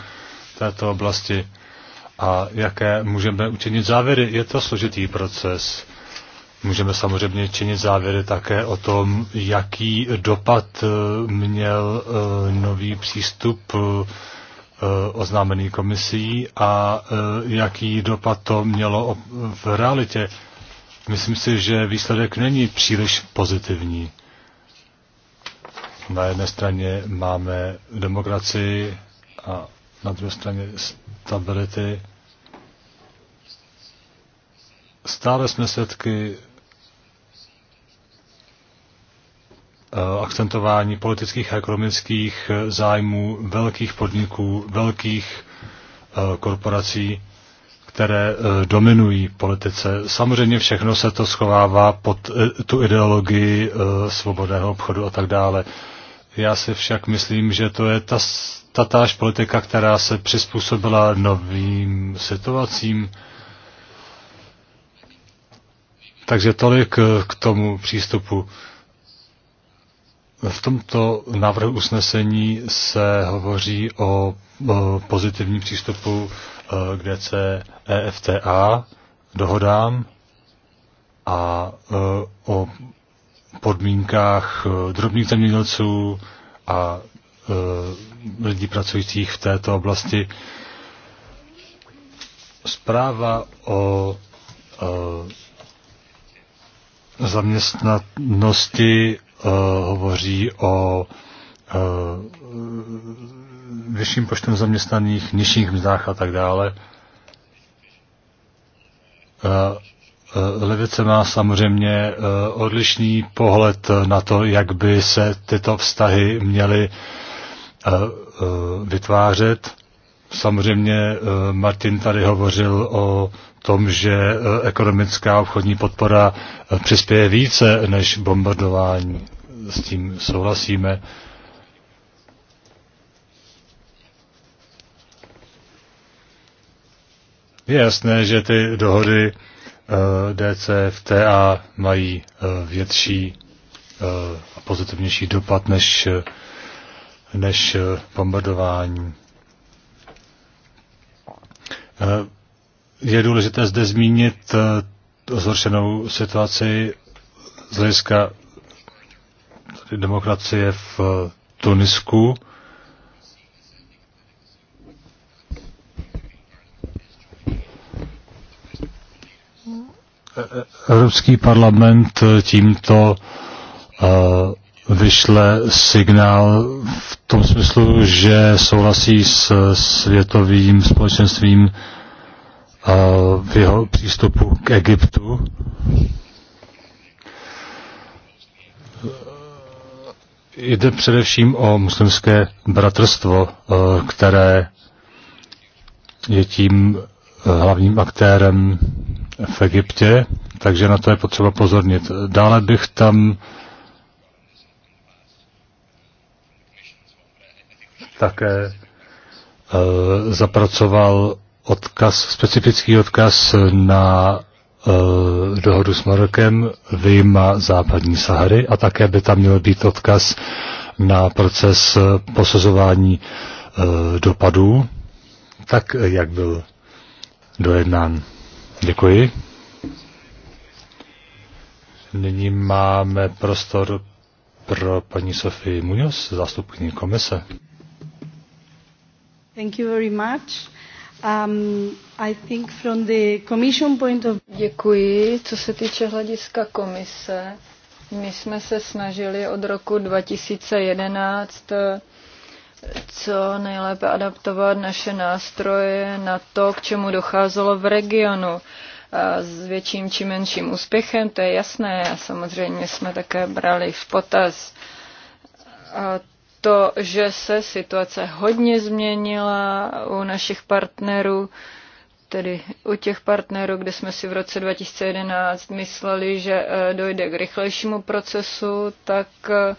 této oblasti. A jaké můžeme učinit závěry? Je to složitý proces. Můžeme samozřejmě činit závěry také o tom, jaký dopad eh, měl eh, nový přístup eh, Eh, oznámený komisí a eh, jaký dopad to mělo v realitě. Myslím si, že výsledek není příliš pozitivní. Na jedné straně máme demokracii a na druhé straně stability. Stále jsme svědky Eh, akcentování politických a ekonomických eh, zájmů velkých podniků, velkých eh, korporací, které dominují politice. Samozřejmě všechno se to schovává pod tu ideologii svobodného obchodu a tak dále. Já si však myslím, že to je ta, tatáž politika, která se přizpůsobila novým situacím. Takže tolik k tomu přístupu. V tomto návrhu usnesení se hovoří o pozitivním přístupu e, k DCEFTA, dohodám a e, o podmínkách e, drobných zemědělců a lidí pracujících v této oblasti. Zpráva o zaměstnanosti Eh, hovoří o eh, vyšším počtem zaměstnaných, nižších mzdách a tak dále. Eh, Levice má samozřejmě odlišný pohled na to, jak by se tyto vztahy měly vytvářet. Samozřejmě Martin tady hovořil o tom, že eh, ekonomická obchodní podpora eh, přispěje více než bombardování. S tím souhlasíme. Je jasné, že ty dohody eh, DCFTA mají větší a pozitivnější dopad než, než bombardování je důležité zde zmínit eh, zhoršenou situaci z hlediska demokracie v eh, Tunisku. Evropský parlament eh, tímto vyšle signál v tom smyslu, že souhlasí s světovým společenstvím v jeho přístupu k Egyptu. Jde především o muslimské bratrstvo, eh, které je tím eh, hlavním aktérem v Egyptě, takže na to je potřeba pozornit. Dále bych tam také eh, zapracoval odkaz, specifický odkaz na e, dohodu s Marokem vyjma západní Sahary a také by tam měl být odkaz na proces eh, posazování e, eh, dopadů, tak jak byl dojednán. Děkuji. Nyní máme prostor pro paní Sofii Munoz, zástupkyní komise.
Thank you very much. Um, I
think from the commission point of... Děkuji. Co se týče hlediska komise, my jsme se snažili od roku 2011 eh, co nejlépe adaptovat naše nástroje na to, k čemu docházelo v regionu. A s větším či menším úspěchem, to je jasné. A samozřejmě jsme také brali v potaz to, že se situace hodně změnila u našich partnerů, tedy u těch partnerů, kde jsme si v roce 2011 mysleli, že eh, dojde k rychlejšímu procesu, tak eh,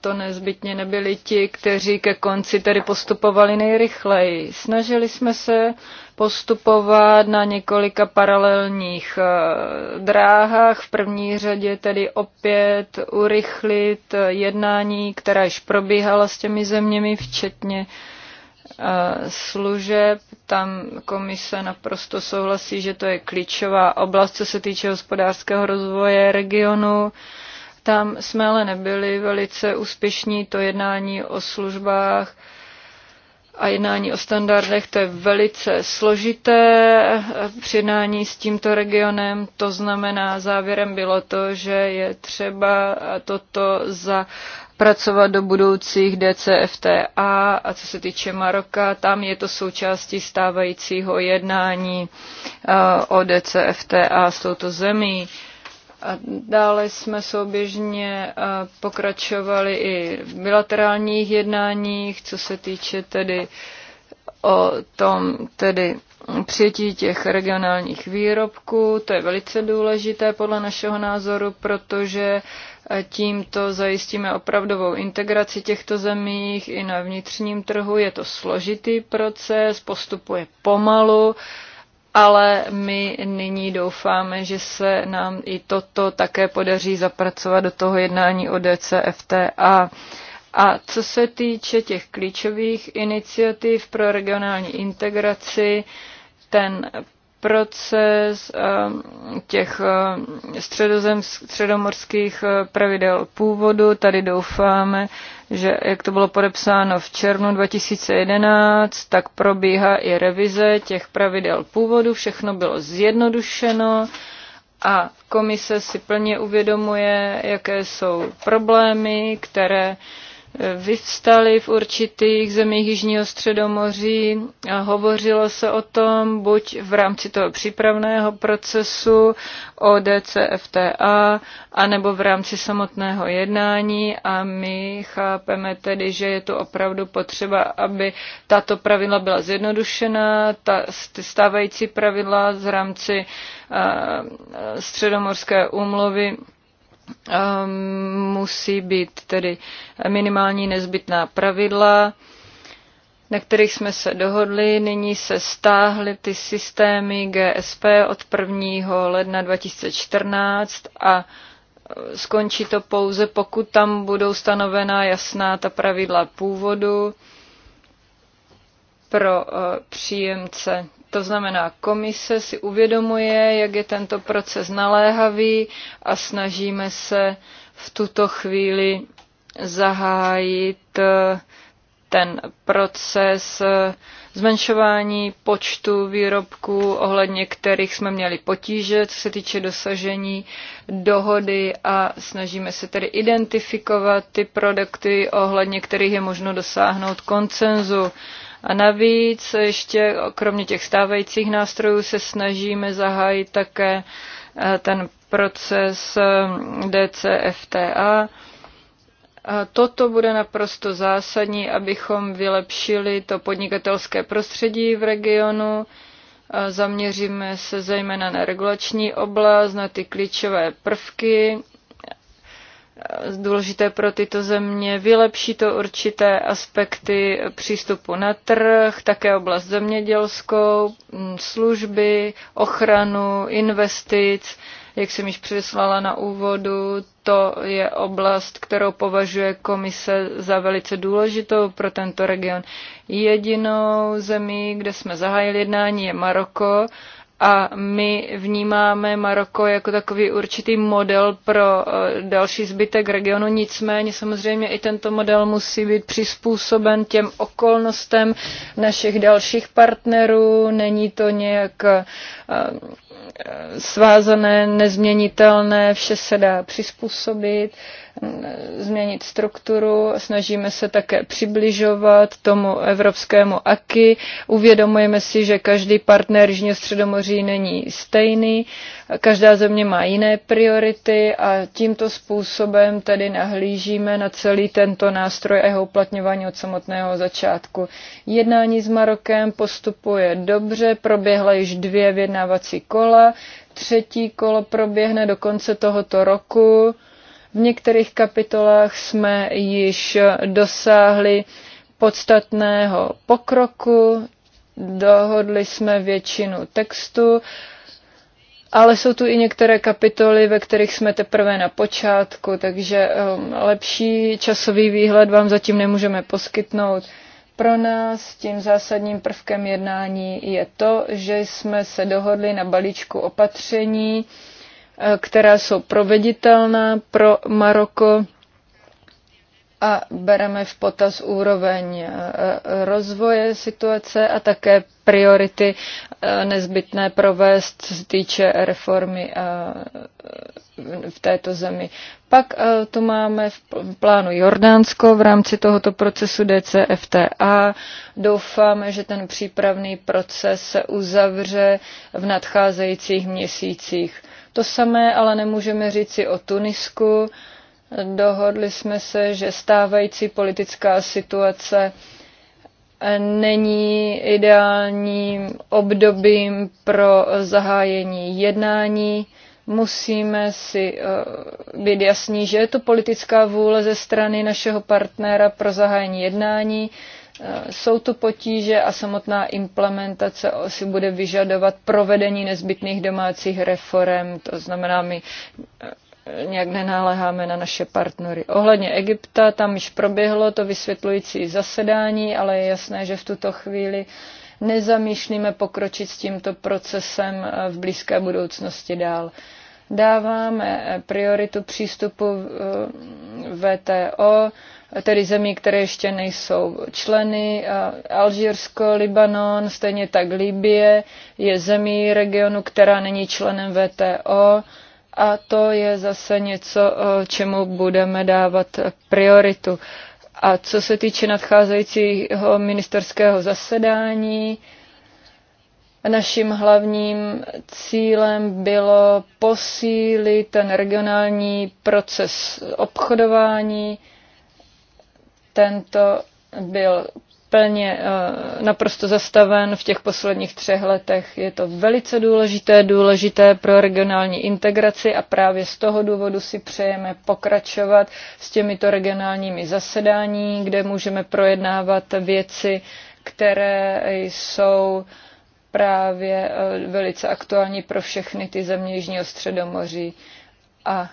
to nezbytně nebyli ti, kteří ke konci tedy postupovali nejrychleji. Snažili jsme se postupovat na několika paralelních eh, dráhách. V první řadě tedy opět urychlit eh, jednání, která již probíhala s těmi zeměmi, včetně eh, služeb. Tam komise naprosto souhlasí, že to je klíčová oblast, co se týče hospodářského rozvoje regionu. Tam jsme ale nebyli velice úspěšní, to jednání o službách a jednání o standardech, to je velice složité eh, přednání s tímto regionem. To znamená, závěrem bylo to, že je třeba toto za pracovat do budoucích DCFTA a co se týče Maroka, tam je to součástí stávajícího jednání eh, o DCFTA s touto zemí. A dále jsme souběžně pokračovali i v bilaterálních jednáních, co se týče tedy o tom tedy přijetí těch regionálních výrobků. To je velice důležité podle našeho názoru, protože tímto zajistíme opravdovou integraci těchto zemích i na vnitřním trhu. Je to složitý proces, postupuje pomalu ale my nyní doufáme, že se nám i toto také podaří zapracovat do toho jednání o DCFTA. A co se týče těch klíčových iniciativ pro regionální integraci, ten proces ehm, těch ehm, středozemských středomorských eh, pravidel původu. Tady doufáme, že jak to bylo podepsáno v červnu 2011, tak probíhá i revize těch pravidel původu, všechno bylo zjednodušeno a komise si plně uvědomuje, jaké jsou problémy, které uh, vyvstaly v určitých zemích Jižního středomoří a hovořilo se o tom buď v rámci toho přípravného procesu o DCFTA, anebo v rámci samotného jednání a my chápeme tedy, že je tu opravdu potřeba, aby tato pravidla byla zjednodušena, ta, ty stávající pravidla z rámci eh, středomorské úmluvy Ehm, musí být tedy minimální nezbytná pravidla, na kterých jsme se dohodli. Nyní se stáhly ty systémy GSP od 1. ledna 2014 a e, skončí to pouze, pokud tam budou stanovena jasná ta pravidla původu pro eh, příjemce. To znamená, komise si uvědomuje, jak je tento proces naléhavý a snažíme se v tuto chvíli zahájit eh, ten proces eh, zmenšování počtu výrobků, ohledně kterých jsme měli potíže, co se týče dosažení dohody a snažíme se tedy identifikovat ty produkty, ohledně kterých je možno dosáhnout koncenzu. A navíc ještě kromě těch stávajících nástrojů se snažíme zahájit také eh, ten proces eh, DCFTA. A toto bude naprosto zásadní, abychom vylepšili to podnikatelské prostředí v regionu. Zaměříme se zejména na regulační oblast, na ty klíčové prvky důležité pro tyto země. Vylepší to určité aspekty přístupu na trh, také oblast zemědělskou, mm, služby, ochranu, investic. Jak jsem již přeslala na úvodu, to je oblast, kterou považuje komise za velice důležitou pro tento region. Jedinou zemí, kde jsme zahájili jednání, je Maroko a my vnímáme Maroko jako takový určitý model pro eh, další zbytek regionu, nicméně samozřejmě i tento model musí být přizpůsoben těm okolnostem našich dalších partnerů, není to nějak eh, svázané, nezměnitelné, vše se dá přizpůsobit změnit strukturu, snažíme se také přibližovat tomu evropskému AKI, uvědomujeme si, že každý partner Jižního středomoří není stejný, každá země má jiné priority a tímto způsobem tedy nahlížíme na celý tento nástroj a jeho uplatňování od samotného začátku. Jednání s Marokem postupuje dobře, proběhla již dvě vyjednávací kola, třetí kolo proběhne do konce tohoto roku v některých kapitolách jsme již dosáhli podstatného pokroku, dohodli jsme většinu textu, ale jsou tu i některé kapitoly, ve kterých jsme teprve na počátku, takže um, lepší časový výhled vám zatím nemůžeme poskytnout. Pro nás tím zásadním prvkem jednání je to, že jsme se dohodli na balíčku opatření, Eh, která jsou proveditelná pro Maroko a bereme v potaz úroveň eh, rozvoje situace a také priority eh, nezbytné provést, se týče reformy v této zemi. Pak tu máme v plánu Jordánsko v rámci tohoto procesu DCFTA. Doufáme, že ten přípravný proces se uzavře v nadcházejících měsících. To samé ale nemůžeme říci o Tunisku. Dohodli jsme se, že stávající politická situace není ideálním obdobím pro zahájení jednání. Musíme si eh, být jasní, že je to politická vůle ze strany našeho partnera pro zahájení jednání. Eh, jsou tu potíže a samotná implementace si bude vyžadovat provedení nezbytných domácích reform, to znamená, my eh, nějak nenáleháme na naše partnery. Ohledně Egypta, tam již proběhlo to vysvětlující zasedání, ale je jasné, že v tuto chvíli nezamýšlíme pokročit s tímto procesem eh, v blízké budoucnosti dál. Dáváme prioritu přístupu eh, VTO, tedy zemí, které ještě nejsou členy. Eh, Alžírsko, Libanon, stejně tak Libie je zemí regionu, která není členem VTO. A to je zase něco, eh, čemu budeme dávat prioritu. A co se týče nadcházejícího ministerského zasedání, Naším hlavním cílem bylo posílit ten regionální proces obchodování. Tento byl plně eh, naprosto zastaven v těch posledních třech letech. Je to velice důležité, důležité pro regionální integraci a právě z toho důvodu si přejeme pokračovat s těmito regionálními zasedání, kde můžeme projednávat věci, které jsou uh, právě eh, velice aktuální pro všechny ty země Jižního středomoří a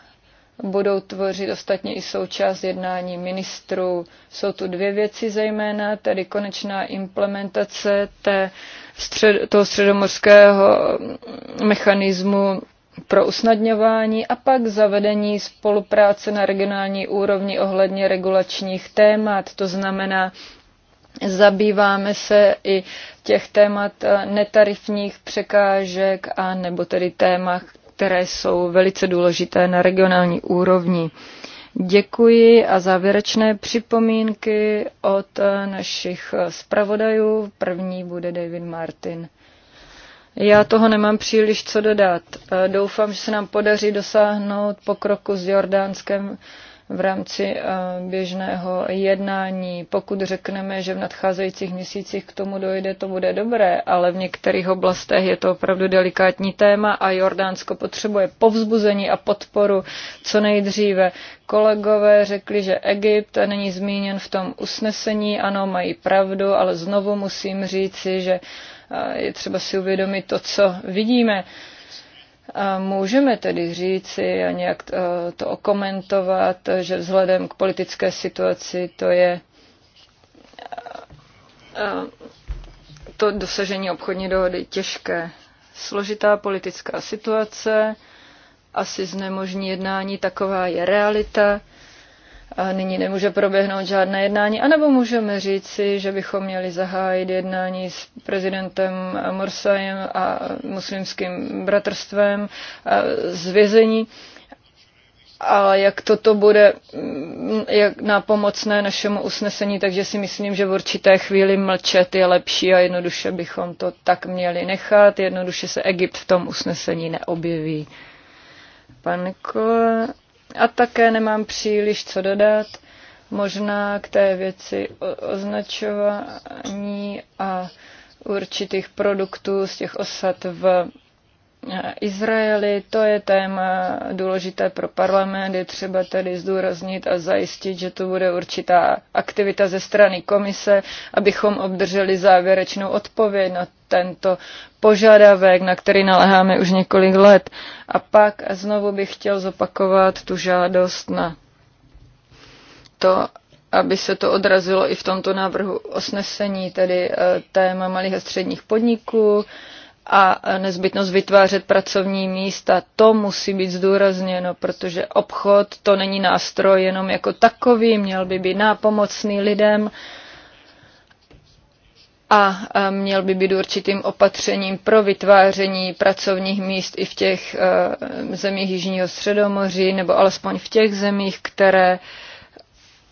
budou tvořit ostatně i součást jednání ministrů. Jsou tu dvě věci zejména, tedy konečná implementace té střed, toho středomorského mm, mechanismu pro usnadňování a pak zavedení spolupráce na regionální úrovni ohledně regulačních témat. To znamená, zabýváme se i těch témat eh, netarifních překážek a nebo tedy témat, které jsou velice důležité na regionální úrovni. Děkuji a závěrečné připomínky od eh, našich eh, zpravodajů. První bude David Martin. Já toho nemám příliš co dodat. Doufám, že se nám podaří dosáhnout pokroku s Jordánskem v rámci eh, běžného jednání. Pokud řekneme, že v nadcházejících měsících k tomu dojde, to bude dobré, ale v některých oblastech je to opravdu delikátní téma a Jordánsko potřebuje povzbuzení a podporu co nejdříve. Kolegové řekli, že Egypt není zmíněn v tom usnesení, ano, mají pravdu, ale znovu musím říci, že eh, je třeba si uvědomit to, co vidíme můžeme tedy říci a nějak e, to okomentovat, že vzhledem k politické situaci to je e, to dosažení obchodní dohody těžké. Složitá politická situace asi znemožní jednání, taková je realita nyní nemůže proběhnout žádné jednání, anebo můžeme říci, že bychom měli zahájit jednání s prezidentem Morsajem a muslimským bratrstvem z vězení. A jak toto bude mm, jak na pomocné našemu usnesení, takže si myslím, že v určité chvíli mlčet je lepší a jednoduše bychom to tak měli nechat. Jednoduše se Egypt v tom usnesení neobjeví. Pan Nikola a také nemám příliš co dodat, možná k té věci o- označování a určitých produktů z těch osad v Izraeli, to je téma důležité pro parlament, je třeba tedy zdůraznit a zajistit, že to bude určitá aktivita ze strany komise, abychom obdrželi závěrečnou odpověď na tento požadavek, na který naléháme už několik let. A pak znovu bych chtěl zopakovat tu žádost na to, aby se to odrazilo i v tomto návrhu osnesení, tedy eh, téma malých a středních podniků, a nezbytnost vytvářet pracovní místa. To musí být zdůrazněno, protože obchod to není nástroj jenom jako takový, měl by být nápomocný lidem a měl by být určitým opatřením pro vytváření pracovních míst i v těch e, zemích Jižního středomoří, nebo alespoň v těch zemích, které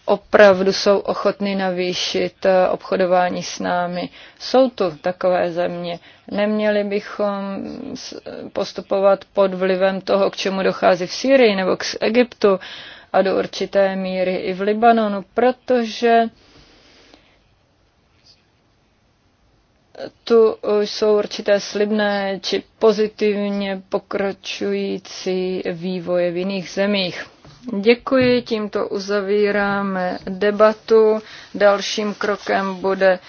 opravdu jsou ochotny navýšit eh, obchodování s námi. Jsou tu takové země. Neměli bychom postupovat pod vlivem toho, k čemu dochází v Syrii nebo k Egyptu a do určité míry i v Libanonu, protože tu jsou určité slibné či pozitivně pokračující vývoje v jiných zemích. Děkuji, tímto uzavíráme debatu. Dalším krokem bude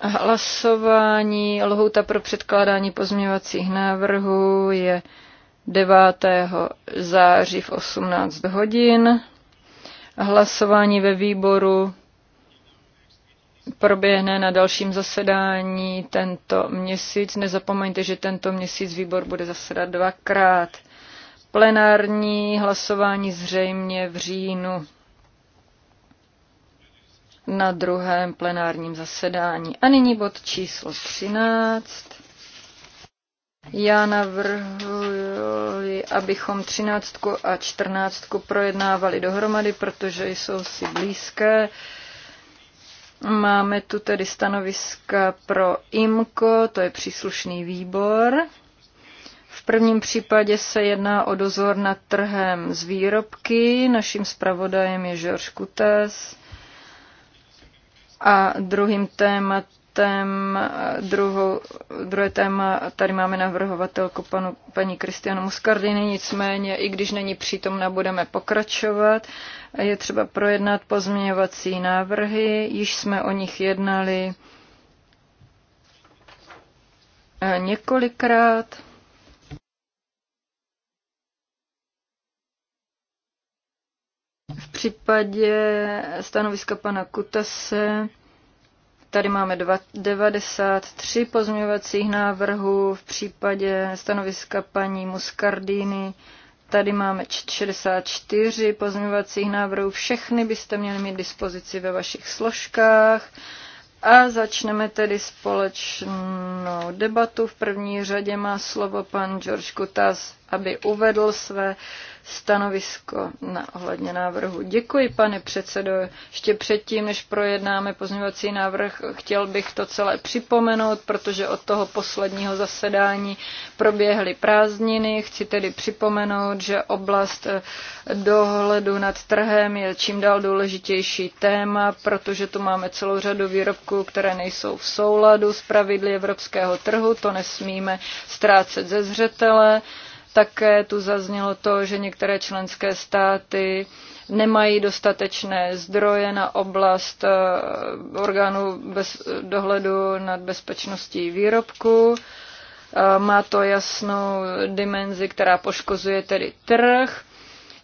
hlasování. Lhouta pro předkládání pozměňovacích návrhů je 9. září v 18 hodin. Hlasování ve výboru proběhne na dalším zasedání tento měsíc. Nezapomeňte, že tento měsíc výbor bude zasedat dvakrát. Plenární hlasování zřejmě v říjnu na druhém plenárním zasedání. A nyní bod číslo 13. Já navrhuji, abychom 13 a 14 projednávali dohromady, protože jsou si blízké. Máme tu tedy stanoviska pro IMKO, to je příslušný výbor prvním případě se jedná o dozor nad trhem z výrobky. Naším zpravodajem je George Kutes. A druhým tématem, druhou, druhé téma, tady máme navrhovatelku panu, paní Kristianu Muscardini, nicméně, i když není přítomna, budeme pokračovat. Je třeba projednat pozměňovací návrhy, již jsme o nich jednali eh, několikrát. V případě stanoviska pana Kutase tady máme 93 pozměňovacích návrhů. V případě stanoviska paní Muscardini tady máme 64 pozměňovacích návrhů. Všechny byste měli mít dispozici ve vašich složkách. A začneme tedy společnou debatu. V první řadě má slovo pan George Kutas, aby uvedl své stanovisko na ohledně návrhu. Děkuji, pane předsedo. Ještě předtím, než projednáme pozměňovací návrh, chtěl bych to celé připomenout, protože od toho posledního zasedání proběhly prázdniny. Chci tedy připomenout, že oblast eh, dohledu nad trhem je čím dál důležitější téma, protože tu máme celou řadu výrobků, které nejsou v souladu s pravidly evropského trhu. To nesmíme ztrácet ze zřetele. Také tu zaznělo to, že některé členské státy nemají dostatečné zdroje na oblast eh, orgánů bez dohledu nad bezpečností výrobku. Eh, má to jasnou dimenzi, která poškozuje tedy trh.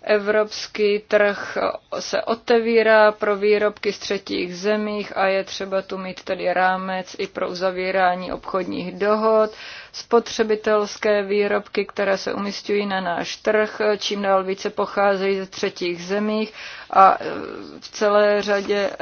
Evropský trh se otevírá pro výrobky z třetích zemích a je třeba tu mít tedy rámec i pro uzavírání obchodních dohod spotřebitelské výrobky, které se umistují na náš trh, čím dál více pocházejí ze třetích zemích a e, v celé řadě e,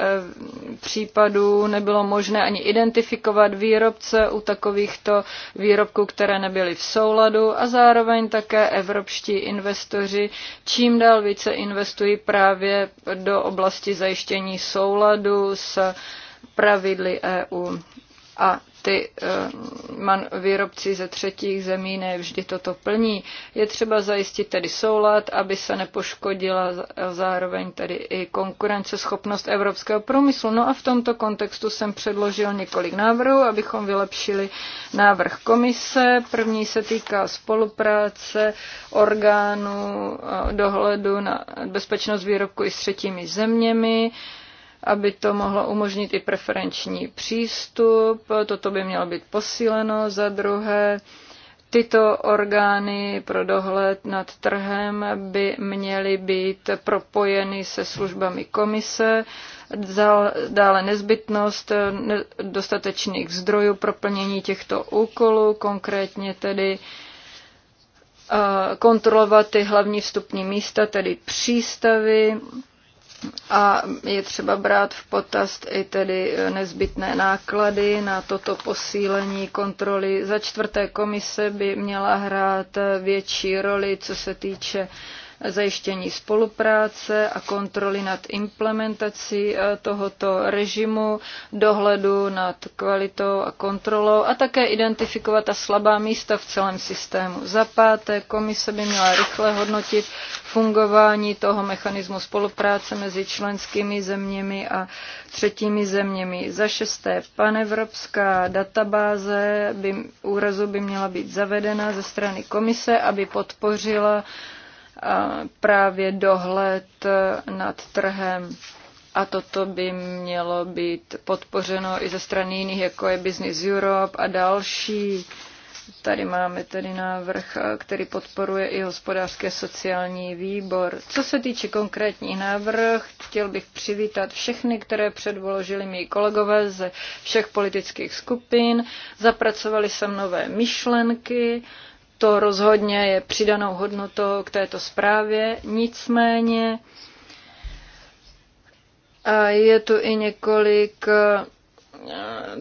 případů nebylo možné ani identifikovat výrobce u takovýchto výrobků, které nebyly v souladu a zároveň také evropští investoři čím dál více investují právě do oblasti zajištění souladu s pravidly EU a ty eh, man, výrobci ze třetích zemí ne vždy toto plní. Je třeba zajistit tedy soulad, aby se nepoškodila zároveň tedy i konkurenceschopnost evropského průmyslu. No a v tomto kontextu jsem předložil několik návrhů, abychom vylepšili návrh komise. První se týká spolupráce orgánů eh, dohledu na bezpečnost výrobku i s třetími zeměmi aby to mohlo umožnit i preferenční přístup. Toto by mělo být posíleno. Za druhé, tyto orgány pro dohled nad trhem by měly být propojeny se službami komise. Dále nezbytnost dostatečných zdrojů pro plnění těchto úkolů, konkrétně tedy eh, kontrolovat ty hlavní vstupní místa, tedy přístavy, a je třeba brát v potaz i tedy nezbytné náklady na toto posílení kontroly. Za čtvrté komise by měla hrát větší roli, co se týče zajištění spolupráce a kontroly nad implementací eh, tohoto režimu, dohledu nad kvalitou a kontrolou a také identifikovat ta slabá místa v celém systému. Za páté, komise by měla rychle hodnotit fungování toho mechanismu spolupráce mezi členskými zeměmi a třetími zeměmi. Za šesté, panevropská databáze by, úrazu by měla být zavedena ze strany komise, aby podpořila právě dohled nad trhem. A toto by mělo být podpořeno i ze strany jiných, jako je Business Europe a další. Tady máme tedy návrh, který podporuje i hospodářské sociální výbor. Co se týče konkrétních návrh, chtěl bych přivítat všechny, které předvoložili mý kolegové ze všech politických skupin. Zapracovali jsem nové myšlenky, to rozhodně je přidanou hodnotou k této zprávě. Nicméně je tu i několik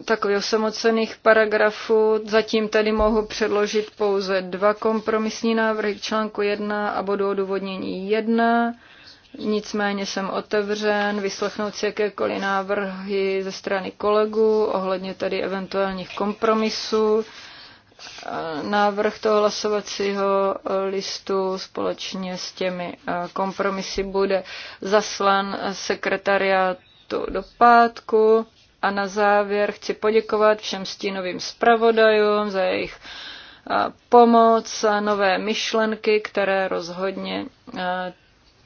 takových osamocených paragrafů. Zatím tedy mohu předložit pouze dva kompromisní návrhy k článku 1 a bodu odůvodnění 1. Nicméně jsem otevřen vyslechnout si jakékoliv návrhy ze strany kolegů ohledně tady eventuálních kompromisů. Eh, návrh toho hlasovacího listu společně s těmi eh, kompromisy bude zaslan sekretariátu do pátku. A na závěr chci poděkovat všem stínovým zpravodajům za jejich eh, pomoc a nové myšlenky, které rozhodně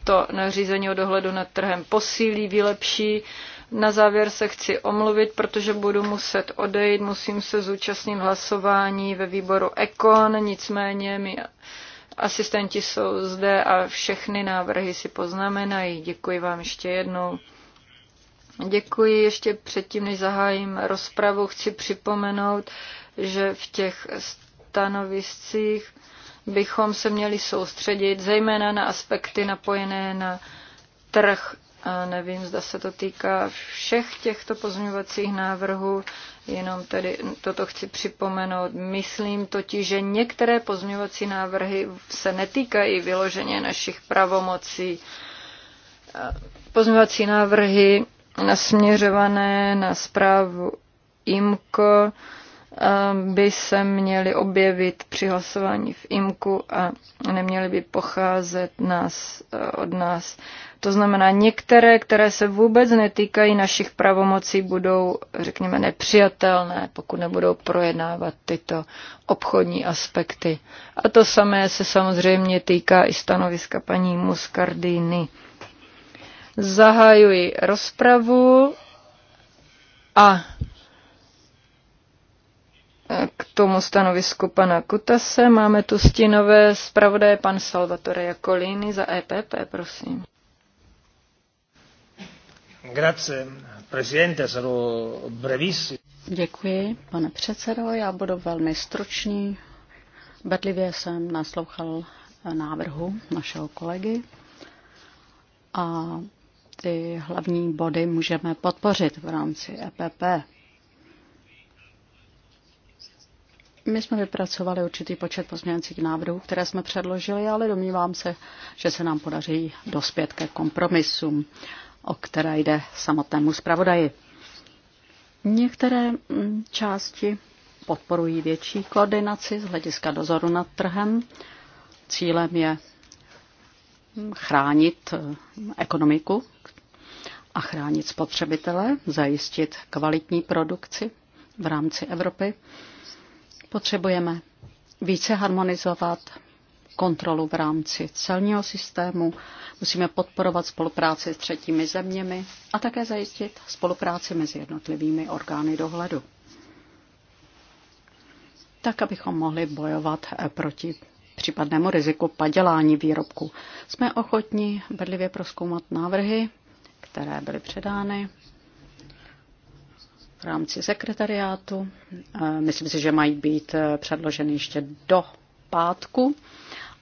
to nařízení o dohledu nad trhem posílí, vylepší. Na závěr se chci omluvit, protože budu muset odejít, musím se zúčastnit hlasování ve výboru Ekon, nicméně mi asistenti jsou zde a všechny návrhy si poznamenají. Děkuji vám ještě jednou. Děkuji. Ještě předtím, než zahájím rozpravu, chci připomenout, že v těch stanoviscích bychom se měli soustředit zejména na aspekty napojené na trh a nevím, zda se to týká všech těchto pozměňovacích návrhů, jenom tedy toto chci připomenout. Myslím totiž, že některé pozměňovací návrhy se netýkají vyloženě našich pravomocí. Pozměňovací návrhy nasměřované na zprávu IMCO Ehm, by se měly objevit při hlasování v IMKU a neměly by pocházet nás, eh, od nás. To znamená, některé, které se vůbec netýkají našich pravomocí, budou, řekněme, nepřijatelné, pokud nebudou projednávat tyto obchodní aspekty. A to samé se samozřejmě týká i stanoviska paní Muscardini. Zahajuji rozpravu a k tomu stanovisku pana Kutase máme tu stínové zpravodaje pan Salvatore Jakolini za EPP,
prosím.
Grazie, presidente, sarò brevissimo.
Děkuji, pane předsedo, já budu velmi stručný. Bedlivě jsem naslouchal návrhu našeho kolegy a ty hlavní body můžeme podpořit v rámci EPP. My jsme vypracovali určitý počet pozměňovacích návrhů, které jsme předložili, ale domnívám se, že se nám podaří dospět ke kompromisům, o které jde samotnému zpravodaji. Některé mm, části podporují větší koordinaci z hlediska dozoru nad trhem. Cílem je mm, chránit mm, ekonomiku a chránit spotřebitele, zajistit kvalitní produkci v rámci Evropy. Potřebujeme více harmonizovat kontrolu v rámci celního systému, musíme podporovat spolupráci s třetími zeměmi a také zajistit spolupráci mezi jednotlivými orgány dohledu. Tak, abychom mohli bojovat eh, proti případnému riziku padělání výrobku. Jsme ochotni bedlivě proskoumat návrhy, které byly předány v rámci sekretariátu. Myslím si, že mají být eh, předloženy ještě do pátku.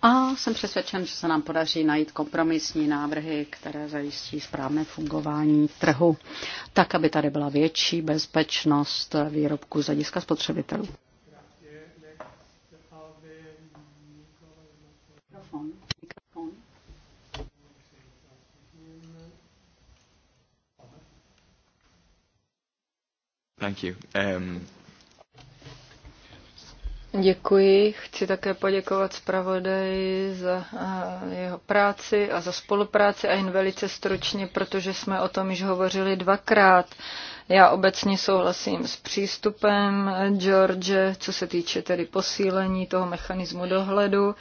A jsem přesvědčen, že se nám podaří najít kompromisní návrhy, které zajistí správné fungování trhu, tak aby tady byla větší bezpečnost výrobku z hlediska spotřebitelů. Thank you. Um...
Děkuji. Chci také poděkovat zpravodaji za eh, jeho práci a za spolupráci a jen velice stručně, protože jsme o tom již hovořili dvakrát. Já obecně souhlasím s přístupem eh, George, co se týče tedy posílení toho mechanismu dohledu.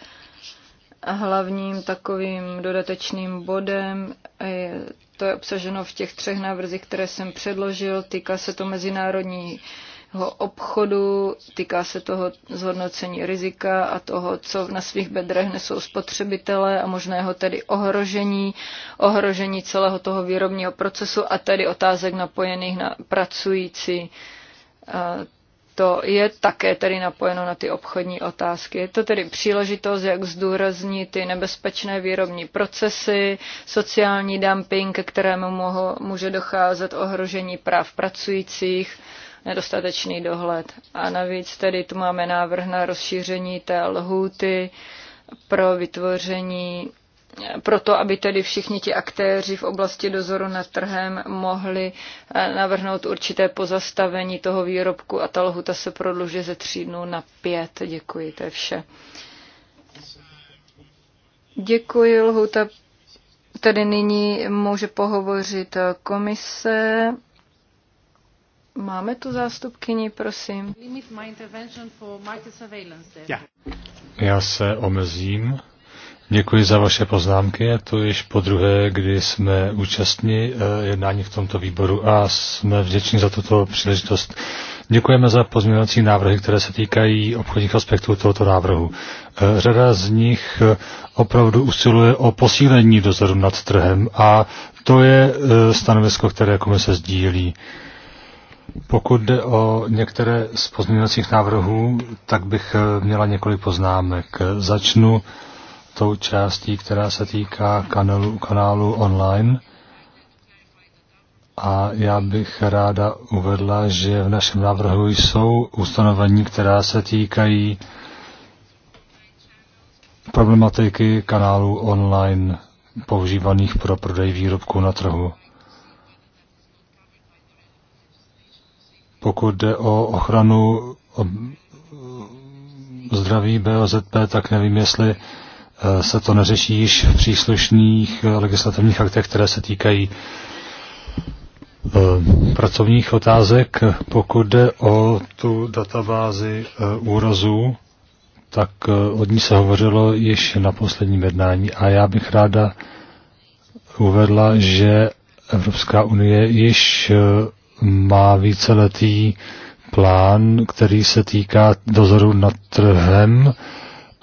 Hlavním takovým dodatečným bodem je to je obsaženo v těch třech návrzích, které jsem předložil. Týká se to mezinárodního obchodu, týká se toho zhodnocení rizika a toho, co na svých bedrech nesou spotřebitelé a možného tedy ohrožení, ohrožení celého toho výrobního procesu a tedy otázek napojených na pracující. A to je také tedy napojeno na ty obchodní otázky. Je to tedy příležitost, jak zdůraznit ty nebezpečné výrobní procesy, sociální dumping, ke kterému moho, může docházet ohrožení práv pracujících, nedostatečný dohled. A navíc tedy tu máme návrh na rozšíření té lhůty pro vytvoření proto, aby tedy všichni ti aktéři v oblasti dozoru nad trhem mohli eh, navrhnout určité pozastavení toho výrobku a ta lhuta se prodlužuje ze tří dnů na pět. Děkuji, to je vše. Děkuji, lhuta. Tedy nyní může pohovořit komise. Máme tu zástupkyni, prosím.
Já se omezím Děkuji za vaše poznámky. Je to již po druhé, kdy jsme účastní eh, jednání v tomto výboru a jsme vděční za tuto příležitost. Děkujeme za pozměňovací návrhy, které se týkají obchodních aspektů tohoto návrhu. Eh, řada z nich eh, opravdu usiluje o posílení dozoru nad trhem a to je stanovisko, které komise sdílí. Pokud jde o některé z pozměňovacích návrhů, tak bych měla několik poznámek. Začnu tou částí, která se týká kanálu, kanálu online. A já bych ráda uvedla, že v našem návrhu jsou ustanovení, která se týkají problematiky kanálů online používaných pro prodej výrobků na trhu. Pokud jde o ochranu zdraví BOZP, tak nevím, jestli Eh, se to neřeší již v příslušných eh, legislativních aktech, které se týkají eh, pracovních otázek. Pokud jde o tu databázi úrazů, tak od ní se hovořilo již na posledním jednání a já bych ráda uvedla, že Evropská unie již má víceletý plán, který se týká dozoru nad trhem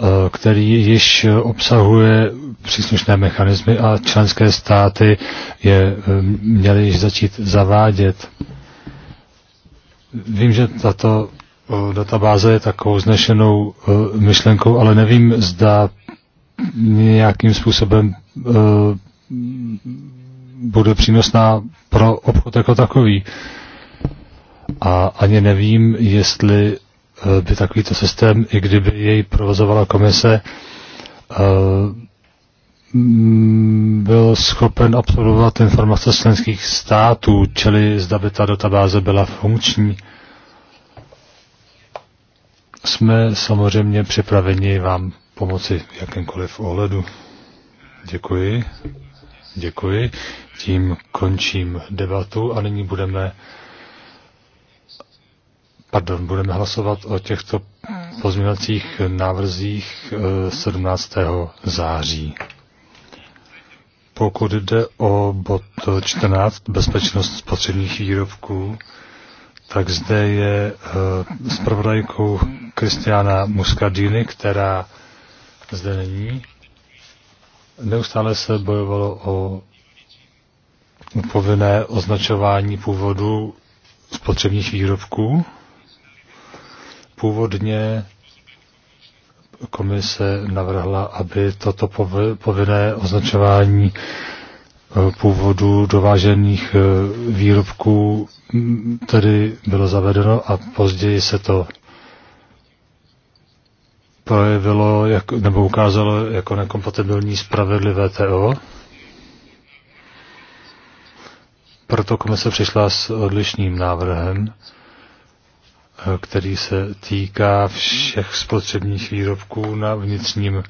Eh, který již obsahuje příslušné mechanismy a členské státy je eh, měly již začít zavádět. Vím, že tato eh, databáze je takovou znešenou myšlenkou, ale nevím, zda nějakým způsobem bude přínosná pro obchod jako takový. A ani nevím, jestli Eh, by takovýto systém, i kdyby jej provozovala komise, eh, byl schopen absorbovat informace členských států, čili zda by ta databáze byla funkční. Jsme samozřejmě připraveni vám pomoci v jakémkoliv ohledu. Děkuji. Děkuji. Tím končím debatu a nyní budeme Pardon, budeme hlasovat o těchto pozměňovacích návrzích 17. Eh, září. Pokud jde o bod 14, bezpečnost spotřebních výrobků, tak zde je s eh, Kristiana Muscadini, která zde není. Neustále se bojovalo o povinné označování původu spotřebních výrobků. Původně komise navrhla, aby toto povinné označování eh, původu dovážených eh, výrobků mm, tedy bylo zavedeno a později se to projevilo jak, nebo ukázalo jako nekompatibilní spravedlivé TO. Proto komise přišla s odlišným návrhem, který se týká všech spotřebních výrobků na vnitřním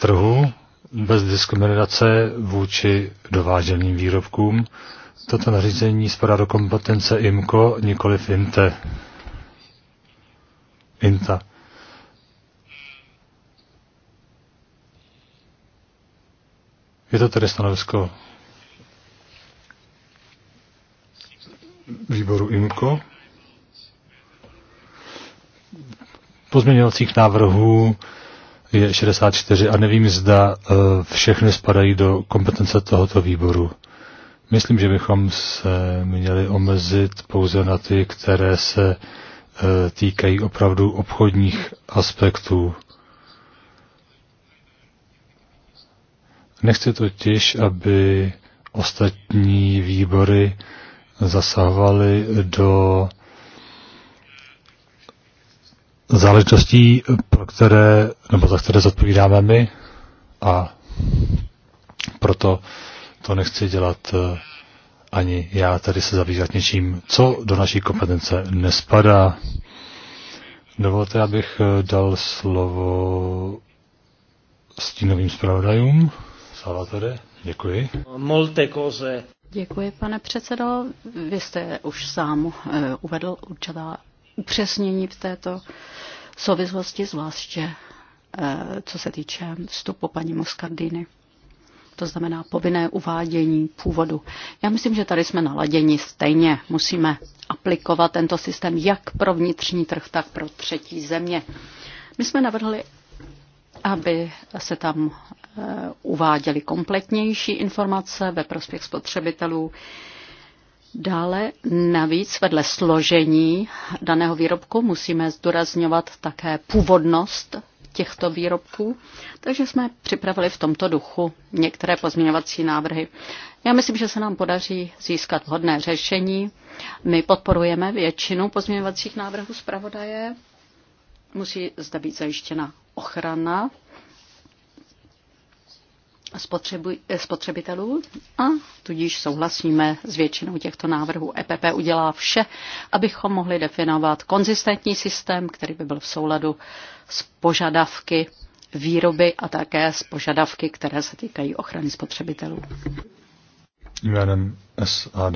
trhu bez diskriminace vůči dováženým výrobkům. Toto nařízení spadá do kompetence IMCO, v INTE. INTA. Je to tedy stanovisko výboru IMCO. pozměňovacích návrhů je 64 a nevím, zda eh, všechny spadají do kompetence tohoto výboru. Myslím, že bychom se měli omezit pouze na ty, které se eh, týkají opravdu obchodních aspektů. Nechci totiž, aby ostatní výbory zasahovaly do záležitostí, pro které, nebo za které zodpovídáme my a proto to nechci dělat eh, ani já tady se zabývat něčím, co do naší kompetence nespadá. Dovolte, abych eh, dal slovo stínovým zpravodajům. Salvatore, děkuji. Molte cose.
Děkuji, pane předsedo. Vy jste už sám eh, uvedl určitá upřesnění v této souvislosti, zvláště eh, co se týče vstupu paní Moskardiny. To znamená povinné uvádění původu. Já myslím, že tady jsme naladěni stejně. Musíme aplikovat tento systém jak pro vnitřní trh, tak pro třetí země. My jsme navrhli, aby se tam eh, uváděly kompletnější informace ve prospěch spotřebitelů. Dále navíc vedle složení daného výrobku musíme zdůrazňovat také původnost těchto výrobků, takže jsme připravili v tomto duchu některé pozměňovací návrhy. Já myslím, že se nám podaří získat hodné řešení. My podporujeme většinu pozměňovacích návrhů zpravodaje. Musí zde být zajištěna ochrana Eh, spotřebitelů a tudíž souhlasíme s většinou těchto návrhů. EPP udělá vše, abychom mohli definovat konzistentní systém, který by byl v souladu s požadavky výroby a také s požadavky, které se týkají ochrany
spotřebitelů. Jménem SAD,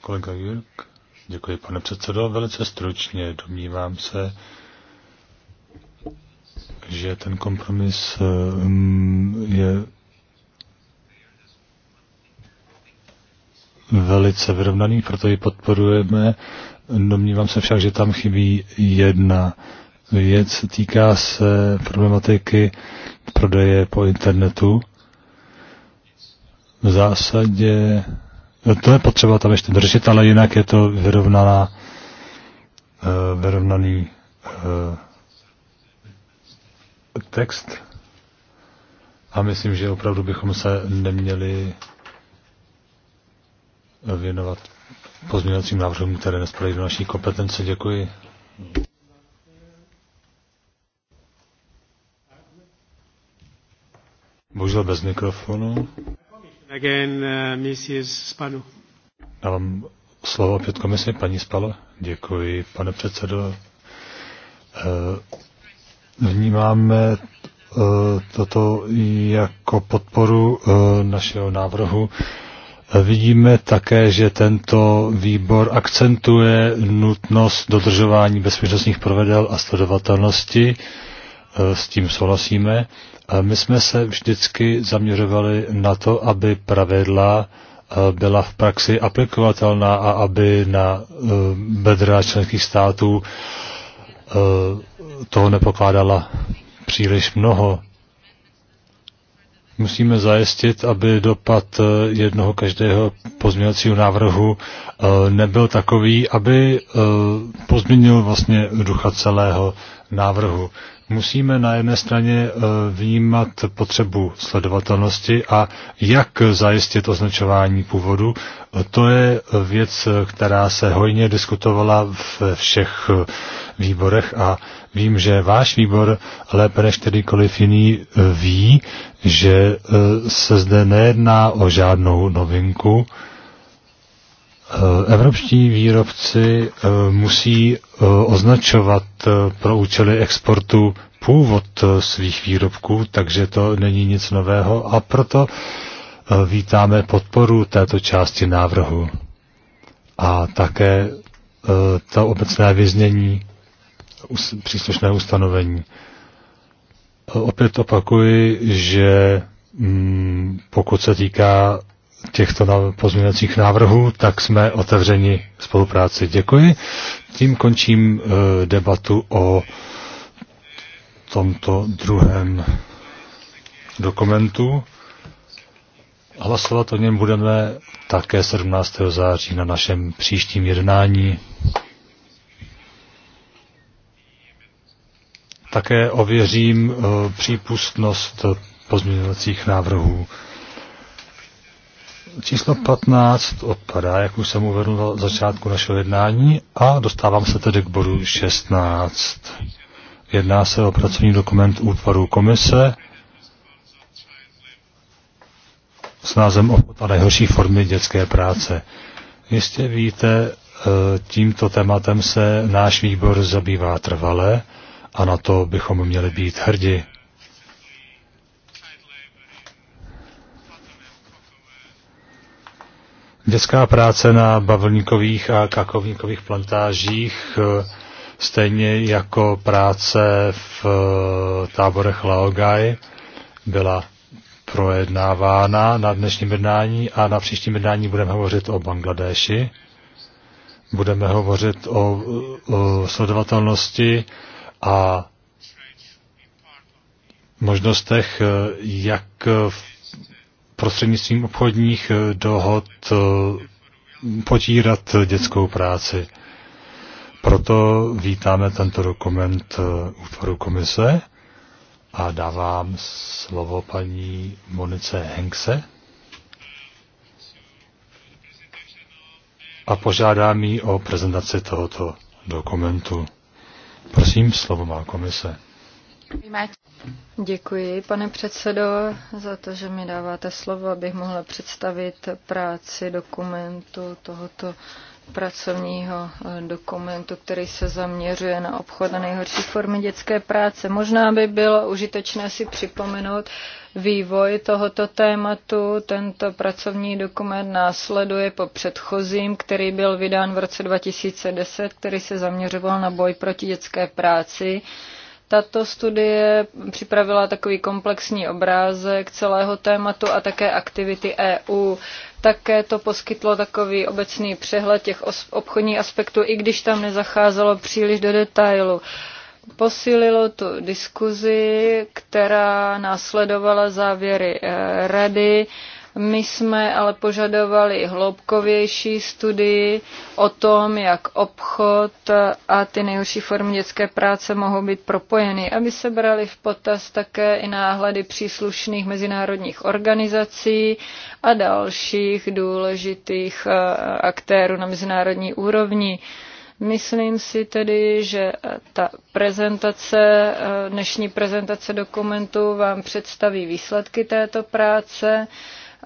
kolega Jurk. Děkuji, pane předsedo. Velice stručně domnívám se, že ten kompromis eh, mm, je velice vyrovnaný, proto ji podporujeme. Domnívám se však, že tam chybí jedna věc. Týká se problematiky prodeje po internetu. V zásadě eh, to je potřeba tam ještě držet, ale jinak je to vyrovnaná, eh, vyrovnaný text a myslím, že opravdu bychom se neměli věnovat pozměňovacím návrhům, které nespadají do naší kompetence. Děkuji. Bohužel bez mikrofonu.
Again, uh,
Dávám slovo opět komisi, paní Spalo. Děkuji, pane předsedo. Uh, Vnímáme eh, toto jako podporu eh, našeho návrhu. Vidíme také, že tento výbor akcentuje nutnost dodržování bezpečnostních provedel a sledovatelnosti. Eh, s tím souhlasíme. My jsme se vždycky zaměřovali na to, aby pravidla byla v praxi aplikovatelná a aby na bedra členských států Eh, toho nepokládala příliš mnoho. Musíme zajistit, aby dopad eh, jednoho každého pozměňovacího návrhu eh, nebyl takový, aby pozměnil vlastně ducha celého návrhu. Musíme na jedné straně eh, vnímat potřebu sledovatelnosti a jak zajistit označování původu. To je věc, která se hojně diskutovala ve všech eh, výborech a vím, že váš výbor lépe než kterýkoliv jiný eh, ví, že se zde nejedná o žádnou novinku, Eh, evropští výrobci eh, musí eh, označovat pro účely exportu původ svých výrobků, takže to není nic nového a proto vítáme podporu této části návrhu a také to obecné vyznění příslušné ustanovení. Opět opakuji, že mm, pokud se týká těchto pozměňovacích návrhů, tak jsme otevřeni spolupráci. Děkuji. Tím končím eh, debatu o tomto druhém dokumentu. Hlasovat o něm budeme také 17. září na našem příštím jednání. Také ověřím eh, přípustnost pozměňovacích návrhů. Číslo 15 odpadá, jak už jsem uvedl na začátku našeho jednání, a dostávám se tedy k bodu 16. Jedná se o pracovní dokument útvaru komise s názvem o nejhorší formy dětské práce. Jistě víte, e, tímto tématem se náš výbor zabývá trvale a na to bychom měli být hrdi. Dětská práce na bavlníkových a kakovníkových plantážích, e, stejně jako práce v e, táborech Laogai, byla projednávána na dnešním jednání a na příštím jednání budeme hovořit o Bangladeši. Budeme hovořit o, o sledovatelnosti a možnostech, e, jak v prostřednictvím obchodních eh, dohod eh, potírat dětskou práci. Proto vítáme tento dokument eh, útvaru komise a dávám slovo paní Monice Henkse a požádám ji o prezentaci tohoto dokumentu. Prosím, slovo má komise.
Děkuji, pane předsedo, za to, že mi dáváte slovo, abych mohla představit práci dokumentu tohoto pracovního eh, dokumentu, který se zaměřuje na obchod a nejhorší formy dětské práce. Možná by bylo užitečné si připomenout vývoj tohoto tématu. Tento pracovní dokument následuje po předchozím, který byl vydán v roce 2010, který se zaměřoval na boj proti dětské práci. Tato studie připravila takový komplexní obrázek celého tématu a také aktivity EU. Také to poskytlo takový obecný přehled těch obchodních aspektů, i když tam nezacházelo příliš do detailu. Posílilo tu diskuzi, která následovala závěry eh, rady my jsme ale požadovali hloubkovější studii o tom, jak obchod a ty nejhorší formy dětské práce mohou být propojeny, aby se brali v potaz také i náhledy příslušných mezinárodních organizací a dalších důležitých eh, aktérů na mezinárodní úrovni. Myslím si tedy, že ta prezentace, eh, dnešní prezentace dokumentu vám představí výsledky této práce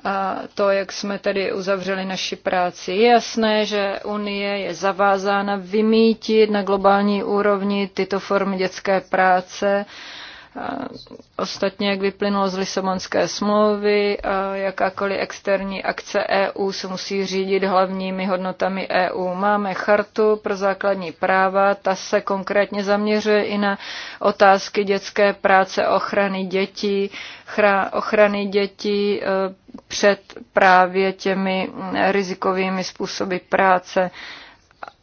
a to, jak jsme tedy uzavřeli naši práci. Je jasné, že Unie je zavázána vymítit na globální úrovni tyto formy dětské práce Eh, ostatně, jak vyplynulo z Lisabonské smlouvy, eh, jakákoliv externí akce EU se musí řídit hlavními hodnotami EU. Máme chartu pro základní práva, ta se konkrétně zaměřuje i na otázky dětské práce, ochrany dětí, ochrany dětí eh, před právě těmi mm, rizikovými způsoby práce.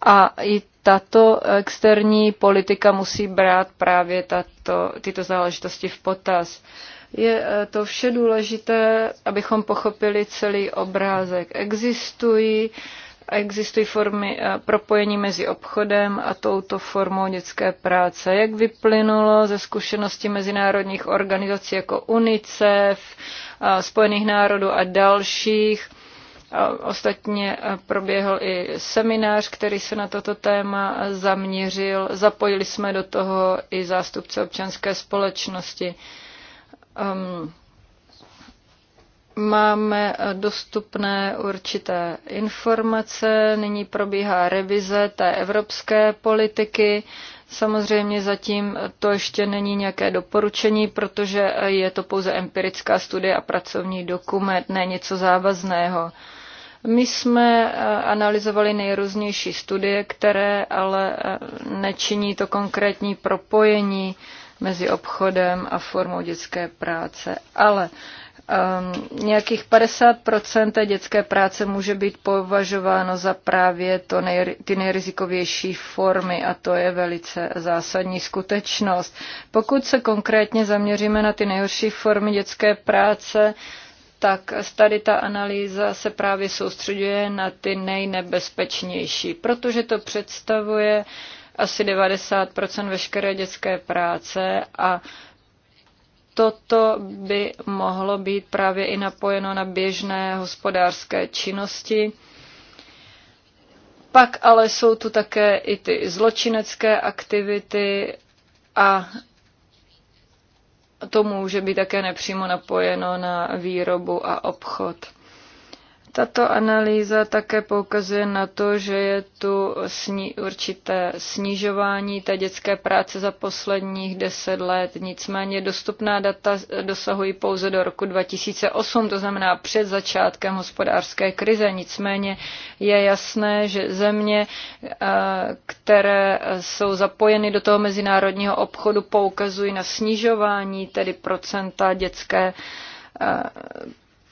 A i tato externí politika musí brát právě tato, tyto záležitosti v potaz. Je eh, to vše důležité, abychom pochopili celý obrázek. Existují, existují formy eh, propojení mezi obchodem a touto formou dětské práce. Jak vyplynulo ze zkušenosti mezinárodních organizací jako UNICEF, eh, Spojených národů a dalších, Ostatně proběhl i seminář, který se na toto téma zaměřil. Zapojili jsme do toho i zástupce občanské společnosti. Um, máme dostupné určité informace, nyní probíhá revize té evropské politiky. Samozřejmě zatím to ještě není nějaké doporučení, protože je to pouze empirická studie a pracovní dokument, ne něco závazného. My jsme eh, analyzovali nejrůznější studie, které ale eh, nečiní to konkrétní propojení mezi obchodem a formou dětské práce. Ale um, nějakých 50% té dětské práce může být považováno za právě to nej, ty nejrizikovější formy a to je velice zásadní skutečnost. Pokud se konkrétně zaměříme na ty nejhorší formy dětské práce, tak tady ta analýza se právě soustředuje na ty nejnebezpečnější, protože to představuje asi 90 veškeré dětské práce a toto by mohlo být právě i napojeno na běžné hospodářské činnosti. Pak ale jsou tu také i ty zločinecké aktivity a to může být také nepřímo napojeno na výrobu a obchod. Tato analýza také poukazuje na to, že je tu sni- určité snižování té dětské práce za posledních deset let. Nicméně dostupná data dosahují pouze do roku 2008, to znamená před začátkem hospodářské krize. Nicméně je jasné, že země, které jsou zapojeny do toho mezinárodního obchodu, poukazují na snižování tedy procenta dětské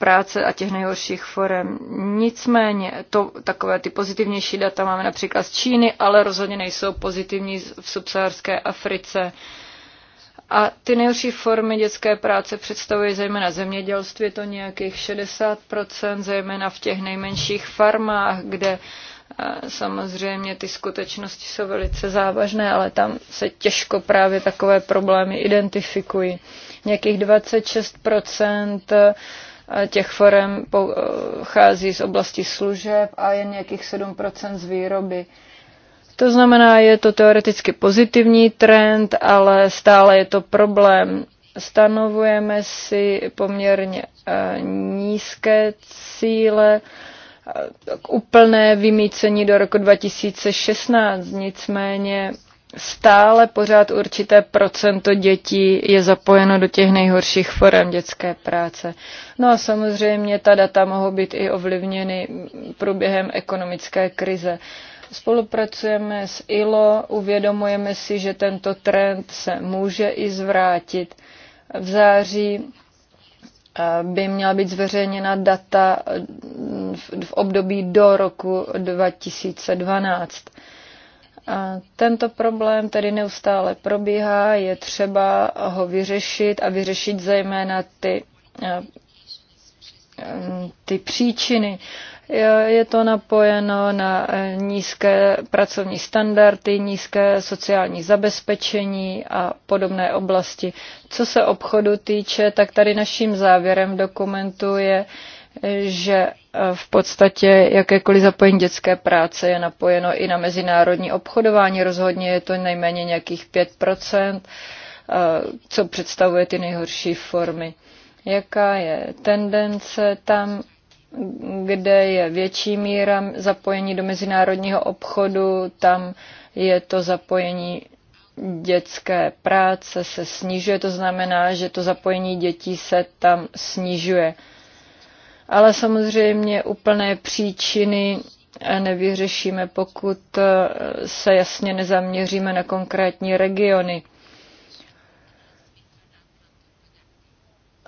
práce a těch nejhorších forem. Nicméně to, takové ty pozitivnější data máme například z Číny, ale rozhodně nejsou pozitivní v subsaharské Africe. A ty nejhorší formy dětské práce představují zejména zemědělství, to nějakých 60%, zejména v těch nejmenších farmách, kde samozřejmě ty skutečnosti jsou velice závažné, ale tam se těžko právě takové problémy identifikují. Nějakých 26% Eh, těch forem pochází eh, z oblasti služeb a jen nějakých 7 z výroby. To znamená, je to teoreticky pozitivní trend, ale stále je to problém. Stanovujeme si poměrně eh, nízké cíle k úplné vymícení do roku 2016, nicméně stále pořád určité procento dětí je zapojeno do těch nejhorších forem dětské práce. No a samozřejmě ta data mohou být i ovlivněny průběhem ekonomické krize. Spolupracujeme s ILO, uvědomujeme si, že tento trend se může i zvrátit. V září eh, by měla být zveřejněna data eh, v období do roku 2012 tento problém tedy neustále probíhá, je třeba ho vyřešit a vyřešit zejména ty, mm, ty příčiny. Je to napojeno na e, nízké pracovní standardy, nízké sociální zabezpečení a podobné oblasti. Co se obchodu týče, tak tady naším závěrem dokumentu je, že eh, v podstatě jakékoliv zapojení dětské práce je napojeno i na mezinárodní obchodování. Rozhodně je to nejméně nějakých 5%, eh, co představuje ty nejhorší formy. Jaká je tendence tam, kde je větší míra zapojení do mezinárodního obchodu, tam je to zapojení dětské práce se snižuje, to znamená, že to zapojení dětí se tam snižuje ale samozřejmě úplné příčiny eh, nevyřešíme, pokud eh, se jasně nezaměříme na konkrétní regiony.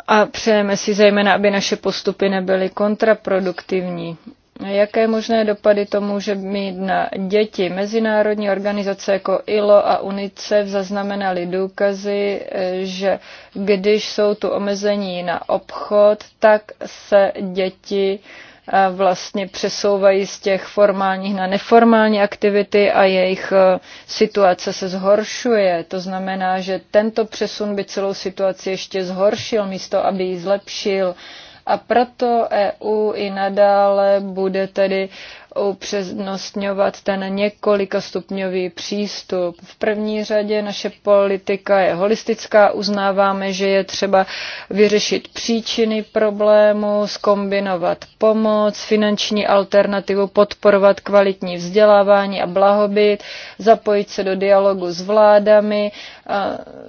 A přejeme si zejména, aby naše postupy nebyly kontraproduktivní. Jaké možné dopady to může mít na děti? Mezinárodní organizace jako ILO a UNICEF zaznamenaly důkazy, že když jsou tu omezení na obchod, tak se děti vlastně přesouvají z těch formálních na neformální aktivity a jejich e, situace se zhoršuje. To znamená, že tento přesun by celou situaci ještě zhoršil, místo aby ji zlepšil a proto EU i nadále bude tedy upřednostňovat ten několikastupňový přístup. V první řadě naše politika je holistická, uznáváme, že je třeba vyřešit příčiny problému, skombinovat pomoc, finanční alternativu, podporovat kvalitní vzdělávání a blahobyt, zapojit se do dialogu s vládami,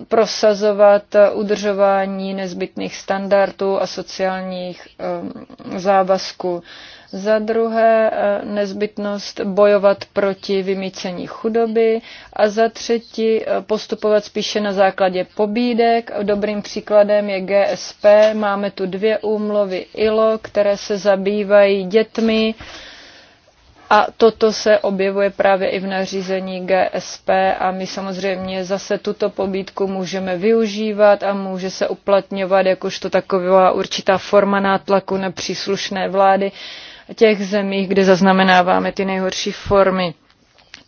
prosazovat udržování nezbytných standardů a sociálních um, závazků. Za druhé eh, nezbytnost bojovat proti vymícení chudoby a za třetí eh, postupovat spíše na základě pobídek. Dobrým příkladem je GSP. Máme tu dvě úmluvy ILO, které se zabývají dětmi. A toto se objevuje právě i v nařízení GSP a my samozřejmě zase tuto pobídku můžeme využívat a může se uplatňovat jakožto taková určitá forma nátlaku na příslušné vlády, těch zemích, kde zaznamenáváme ty nejhorší formy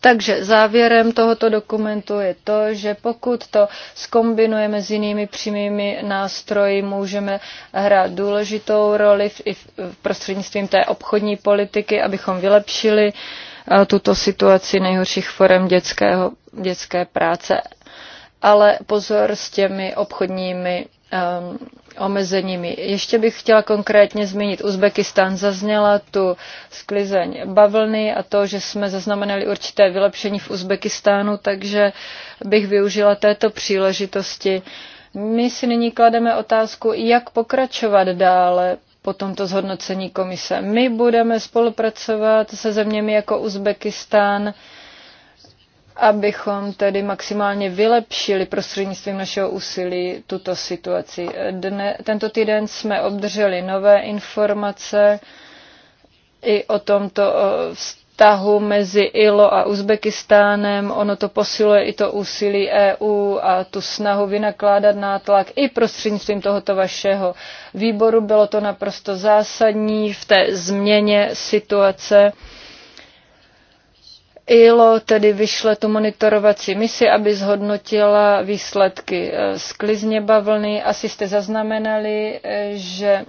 takže závěrem tohoto dokumentu je to, že pokud to skombinujeme s jinými přímými nástroji, můžeme hrát důležitou roli i v prostřednictvím té obchodní politiky, abychom vylepšili eh, tuto situaci nejhorších forem dětského, dětské práce. Ale pozor s těmi obchodními Um, omezeními. Ještě bych chtěla konkrétně zmínit Uzbekistán. Zazněla tu sklizeň bavlny a to, že jsme zaznamenali určité vylepšení v Uzbekistánu, takže bych využila této příležitosti. My si nyní klademe otázku, jak pokračovat dále po tomto zhodnocení komise. My budeme spolupracovat se zeměmi jako Uzbekistán, abychom tedy maximálně vylepšili prostřednictvím našeho úsilí tuto situaci. Dne, tento týden jsme obdrželi nové informace i o tomto vztahu mezi ILO a Uzbekistánem. Ono to posiluje i to úsilí EU a tu snahu vynakládat nátlak i prostřednictvím tohoto vašeho výboru. Bylo to naprosto zásadní v té změně situace ILO tedy vyšle tu monitorovací misi, aby zhodnotila výsledky eh, sklizně bavlny. Asi jste zaznamenali, eh, že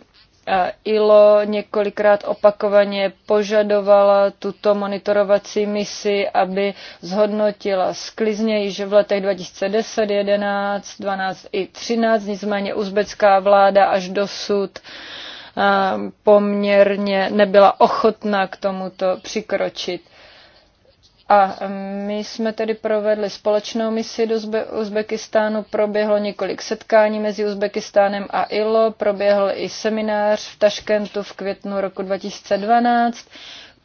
eh, ILO několikrát opakovaně požadovala tuto monitorovací misi, aby zhodnotila sklizně již v letech 2010, 11, 12 i 13. Nicméně uzbecká vláda až dosud poměrně nebyla ochotná k tomuto přikročit. A my jsme tedy provedli společnou misi do Uzbekistánu, proběhlo několik setkání mezi Uzbekistánem a ILO, proběhl i seminář v Taškentu v květnu roku 2012.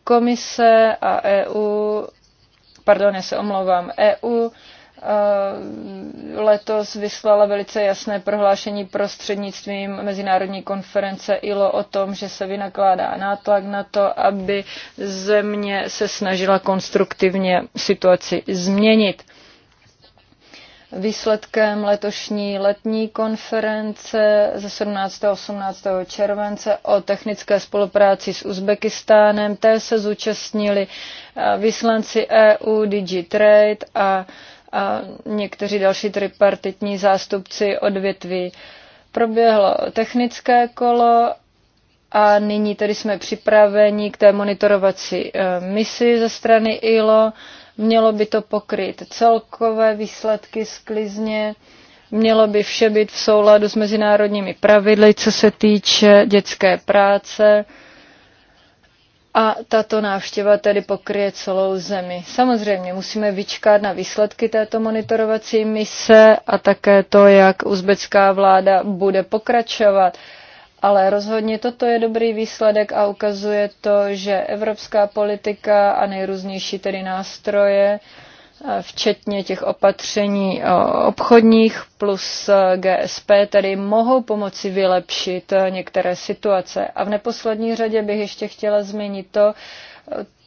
Komise a EU, pardon, já se omlouvám, EU Eh, letos vyslala velice jasné prohlášení prostřednictvím Mezinárodní konference ILO o tom, že se vynakládá nátlak na to, aby země se snažila konstruktivně situaci změnit. Výsledkem letošní letní konference ze 17. a 18. července o technické spolupráci s Uzbekistánem, té se zúčastnili eh, vyslanci EU, DigiTrade a a někteří další tripartitní zástupci odvětví. Proběhlo technické kolo a nyní tedy jsme připraveni k té monitorovací e, misi ze strany ILO. Mělo by to pokryt celkové výsledky sklizně, mělo by vše být v souladu s mezinárodními pravidly, co se týče dětské práce a tato návštěva tedy pokryje celou zemi. Samozřejmě musíme vyčkat na výsledky této monitorovací mise a také to, jak uzbecká vláda bude pokračovat. Ale rozhodně toto je dobrý výsledek a ukazuje to, že evropská politika a nejrůznější tedy nástroje včetně těch opatření eh, obchodních plus eh, GSP, tedy mohou pomoci vylepšit eh, některé situace. A v neposlední řadě bych ještě chtěla zmínit to,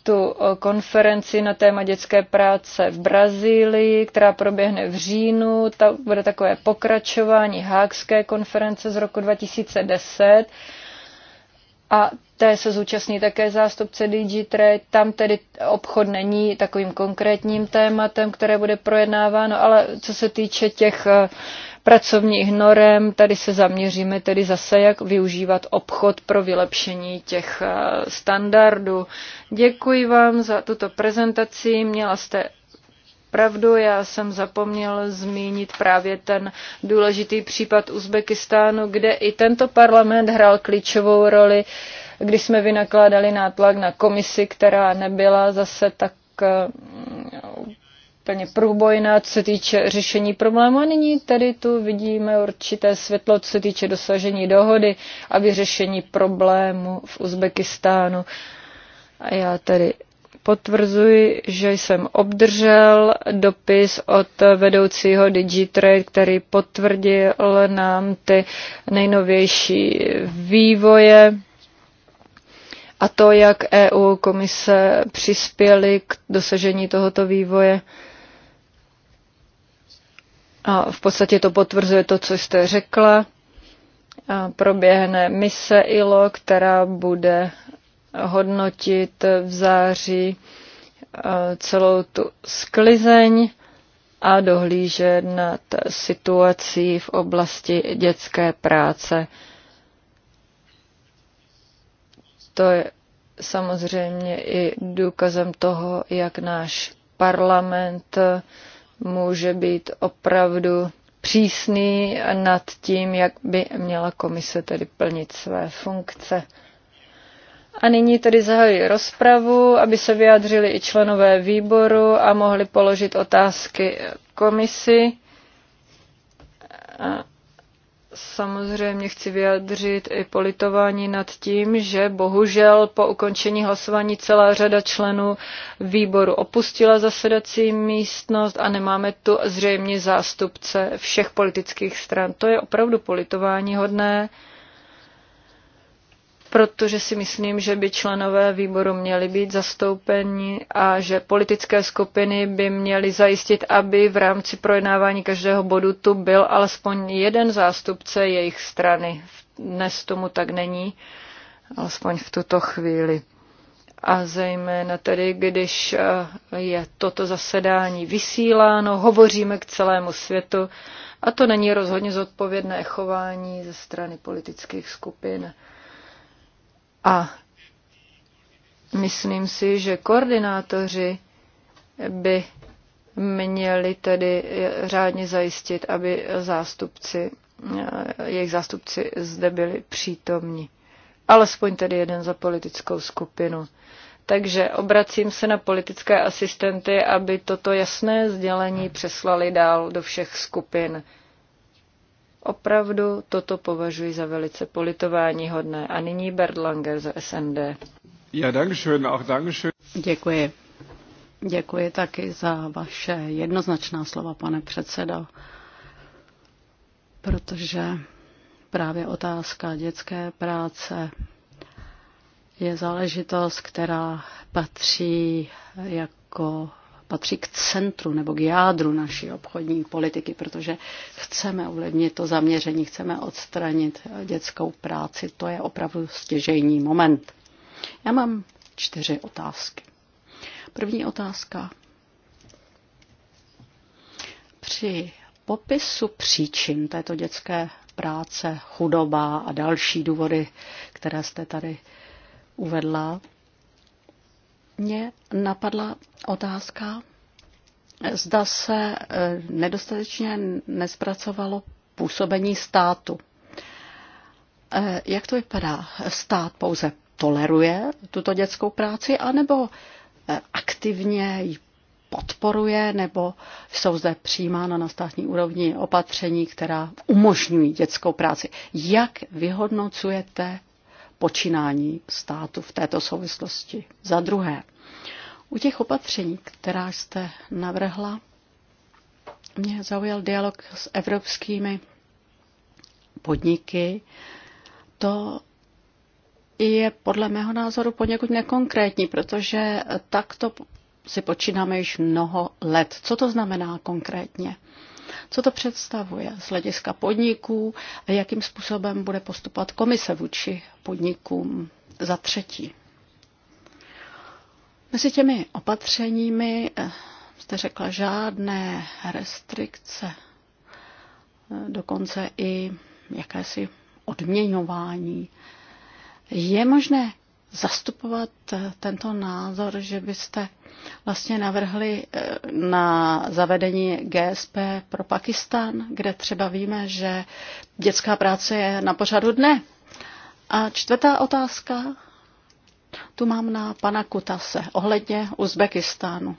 tu konferenci na téma dětské práce v Brazílii, která proběhne v říjnu. Ta bude takové pokračování Hákské konference z roku 2010 a té se zúčastní také zástupce DigiTrade. Tam tedy obchod není takovým konkrétním tématem, které bude projednáváno, ale co se týče těch eh, pracovních norem, tady se zaměříme tedy zase, jak využívat obchod pro vylepšení těch eh, standardů. Děkuji vám za tuto prezentaci. Měla jste pravdu. Já jsem zapomněl zmínit právě ten důležitý případ Uzbekistánu, kde i tento parlament hrál klíčovou roli, když jsme vynakládali nátlak na komisi, která nebyla zase tak eh, úplně průbojná, co se týče řešení problému. A nyní tady tu vidíme určité světlo, co se týče dosažení dohody a vyřešení problému v Uzbekistánu. A já tady. Potvrzuji, že jsem obdržel dopis od vedoucího Digitrade, který potvrdil nám ty nejnovější vývoje a to, jak EU komise přispěly k dosažení tohoto vývoje. A v podstatě to potvrzuje to, co jste řekla. A proběhne mise ILO, která bude hodnotit v září eh, celou tu sklizeň a dohlížet nad situací v oblasti dětské práce. To je samozřejmě i důkazem toho, jak náš parlament může být opravdu přísný nad tím, jak by měla komise tedy plnit své funkce. A nyní tedy zahajuji rozpravu, aby se vyjádřili i členové výboru a mohli položit otázky komisi. A samozřejmě chci vyjádřit i politování nad tím, že bohužel po ukončení hlasování celá řada členů výboru opustila zasedací místnost a nemáme tu zřejmě zástupce všech politických stran. To je opravdu politování hodné protože si myslím, že by členové výboru měli být zastoupeni a že politické skupiny by měly zajistit, aby v rámci projednávání každého bodu tu byl alespoň jeden zástupce jejich strany. Dnes tomu tak není, alespoň v tuto chvíli. A zejména tedy, když eh, je toto zasedání vysíláno, hovoříme k celému světu a to není rozhodně zodpovědné chování ze strany politických skupin. A myslím si, že koordinátoři by měli tedy řádně zajistit, aby zástupci, eh, jejich zástupci zde byli přítomní. Alespoň tedy jeden za politickou skupinu. Takže obracím se na politické asistenty, aby toto jasné sdělení přeslali dál do všech skupin. Opravdu toto považuji za velice politování hodné. A nyní Bertlanger
z SND. Ja, dankeschön, auch dankeschön. Děkuji. Děkuji taky za vaše jednoznačná slova, pane předsedo, protože právě otázka dětské práce je záležitost, která patří jako patří k centru nebo k jádru naší obchodní politiky, protože chceme ovlivnit to zaměření, chceme odstranit dětskou práci. To je opravdu stěžejní moment. Já mám čtyři otázky. První otázka. Při popisu příčin této dětské práce, chudoba a další důvody, které jste tady uvedla, mě napadla otázka, zda se e, nedostatečně nespracovalo působení státu. E, jak to vypadá? Stát pouze toleruje tuto dětskou práci, anebo e, aktivně ji podporuje, nebo jsou zde přijímána na státní úrovni opatření, která umožňují dětskou práci. Jak vyhodnocujete počínání státu v této souvislosti. Za druhé, u těch opatření, která jste navrhla, mě zaujal dialog s evropskými podniky. To je podle mého názoru poněkud nekonkrétní, protože takto si počínáme již mnoho let. Co to znamená konkrétně? Co to představuje z hlediska podniků a jakým způsobem bude postupovat komise vůči podnikům za třetí? Mezi těmi opatřeními eh, jste řekla žádné restrikce, eh, dokonce i jakési odměňování. Je možné zastupovat eh, tento názor, že byste vlastně navrhli eh, na zavedení GSP pro Pakistan, kde třeba víme, že dětská práce je na pořadu dne. A čtvrtá otázka, tu mám na pana Kutase ohledně Uzbekistánu.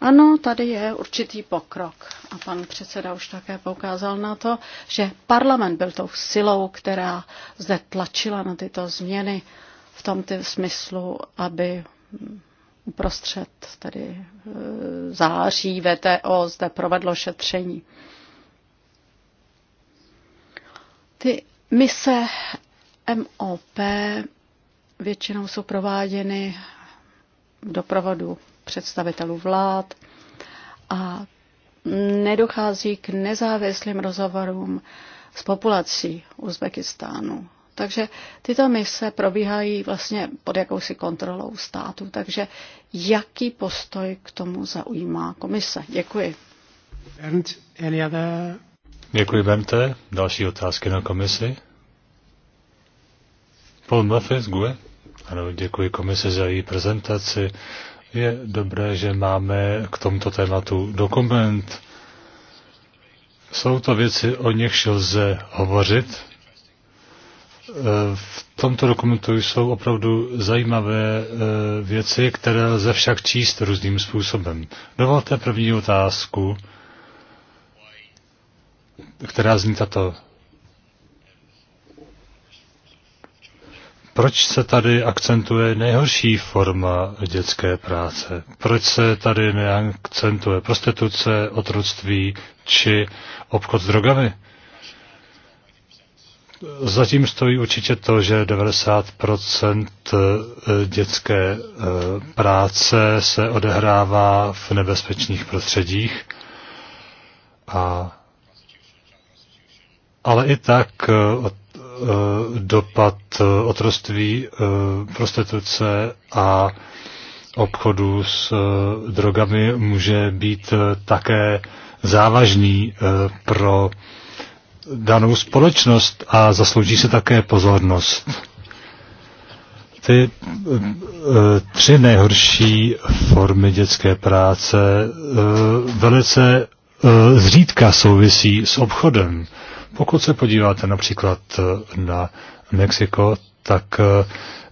Ano, tady je určitý pokrok. A pan předseda už také poukázal na to, že parlament byl tou silou, která zde tlačila na tyto změny v tom smyslu, aby uprostřed tedy e, září VTO zde provedlo šetření. Ty mise MOP většinou jsou prováděny v doprovodu představitelů vlád a nedochází k nezávislým rozhovorům s populací Uzbekistánu. Takže tyto mise probíhají vlastně pod jakousi kontrolou státu. Takže jaký postoj k tomu zaujímá komise? Děkuji. Bernd, any other...
Děkuji, Bernte. Další otázky na komisi? Paul Murphy z GUE? Ano, děkuji komisi za její prezentaci. Je dobré, že máme k tomuto tématu dokument. Jsou to věci, o nichž lze hovořit, v tomto dokumentu jsou opravdu zajímavé e, věci, které lze však číst různým způsobem. Dovolte první otázku, která zní tato. Proč se tady akcentuje nejhorší forma dětské práce? Proč se tady neakcentuje prostituce, otroctví či obchod s drogami? Zatím stojí určitě to, že 90% eh, dětské eh, práce se odehrává v nebezpečných prostředích. A, ale i tak eh, od, dopad otroství, prostituce a obchodu s drogami může být také závažný pro danou společnost a zaslouží se také pozornost. Ty eh, tři nejhorší formy dětské práce eh, velice eh, zřídka souvisí s obchodem. Pokud se podíváte například na Mexiko, tak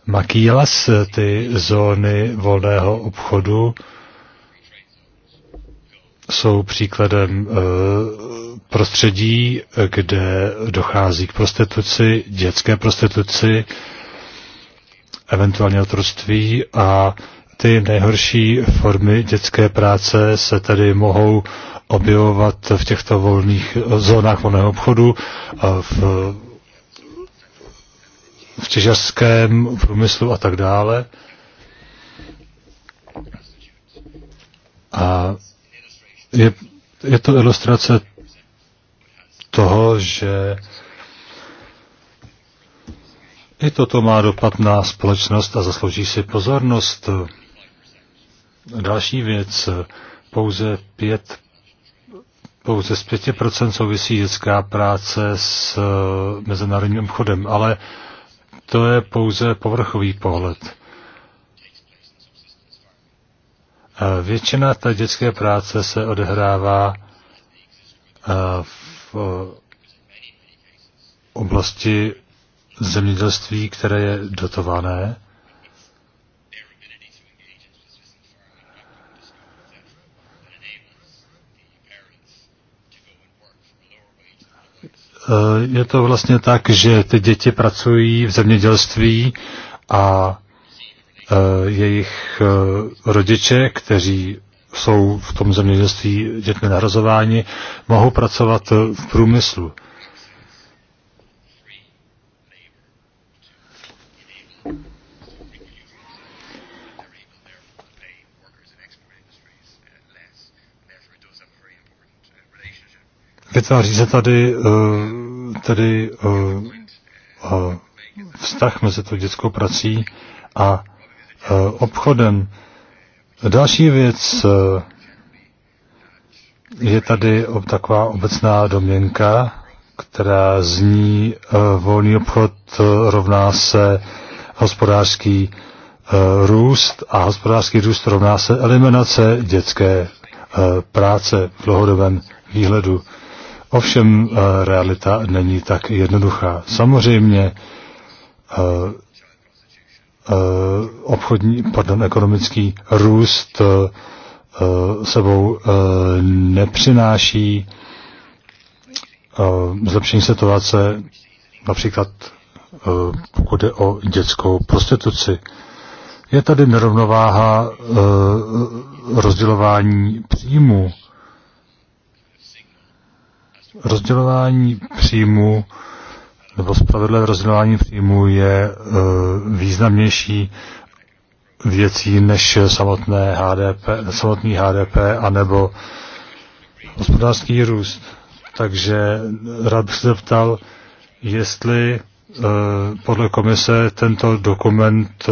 makílas ty zóny volného obchodu jsou příkladem prostředí, kde dochází k prostituci, dětské prostituci, eventuálně otroctví a ty nejhorší formy dětské práce se tedy mohou objevovat v těchto volných zónách volného obchodu, v, v těžařském průmyslu a tak dále. A je, je to ilustrace toho, že i toto má dopad na společnost a zaslouží si pozornost. Další věc, pouze pět pouze z 5% souvisí dětská práce s eh, mezinárodním obchodem, ale to je pouze povrchový pohled. Eh, většina té dětské práce se odehrává eh, v v eh, oblasti zemědělství, které je dotované. Eh, je to vlastně tak, že ty děti pracují v zemědělství a eh, jejich rodiče, kteří jsou v tom zemědělství dětmi narazováni, mohou pracovat v průmyslu. Vytváří se tady, eh, tady eh, eh, vztah mezi tou dětskou prací a obchodem. Další věc eh, je tady taková obecná domněnka, která zní eh, volný obchod eh, rovná se hospodářský růst a hospodářský růst rovná se eliminace dětské práce v dlouhodobém výhledu. Ovšem realita není tak jednoduchá. Samozřejmě Eh, obchodní, pardon, ekonomický růst eh, eh, sebou nepřináší zlepšení situace, například pokud je o dětskou prostituci. Je tady nerovnováha rozdělování příjmů. Rozdělování příjmů nebo spravedlivé rozdělování příjmu je e, významnější věcí než samotné HDP, samotný HDP anebo hospodářský růst. Takže rád bych se zeptal, jestli e, podle komise tento dokument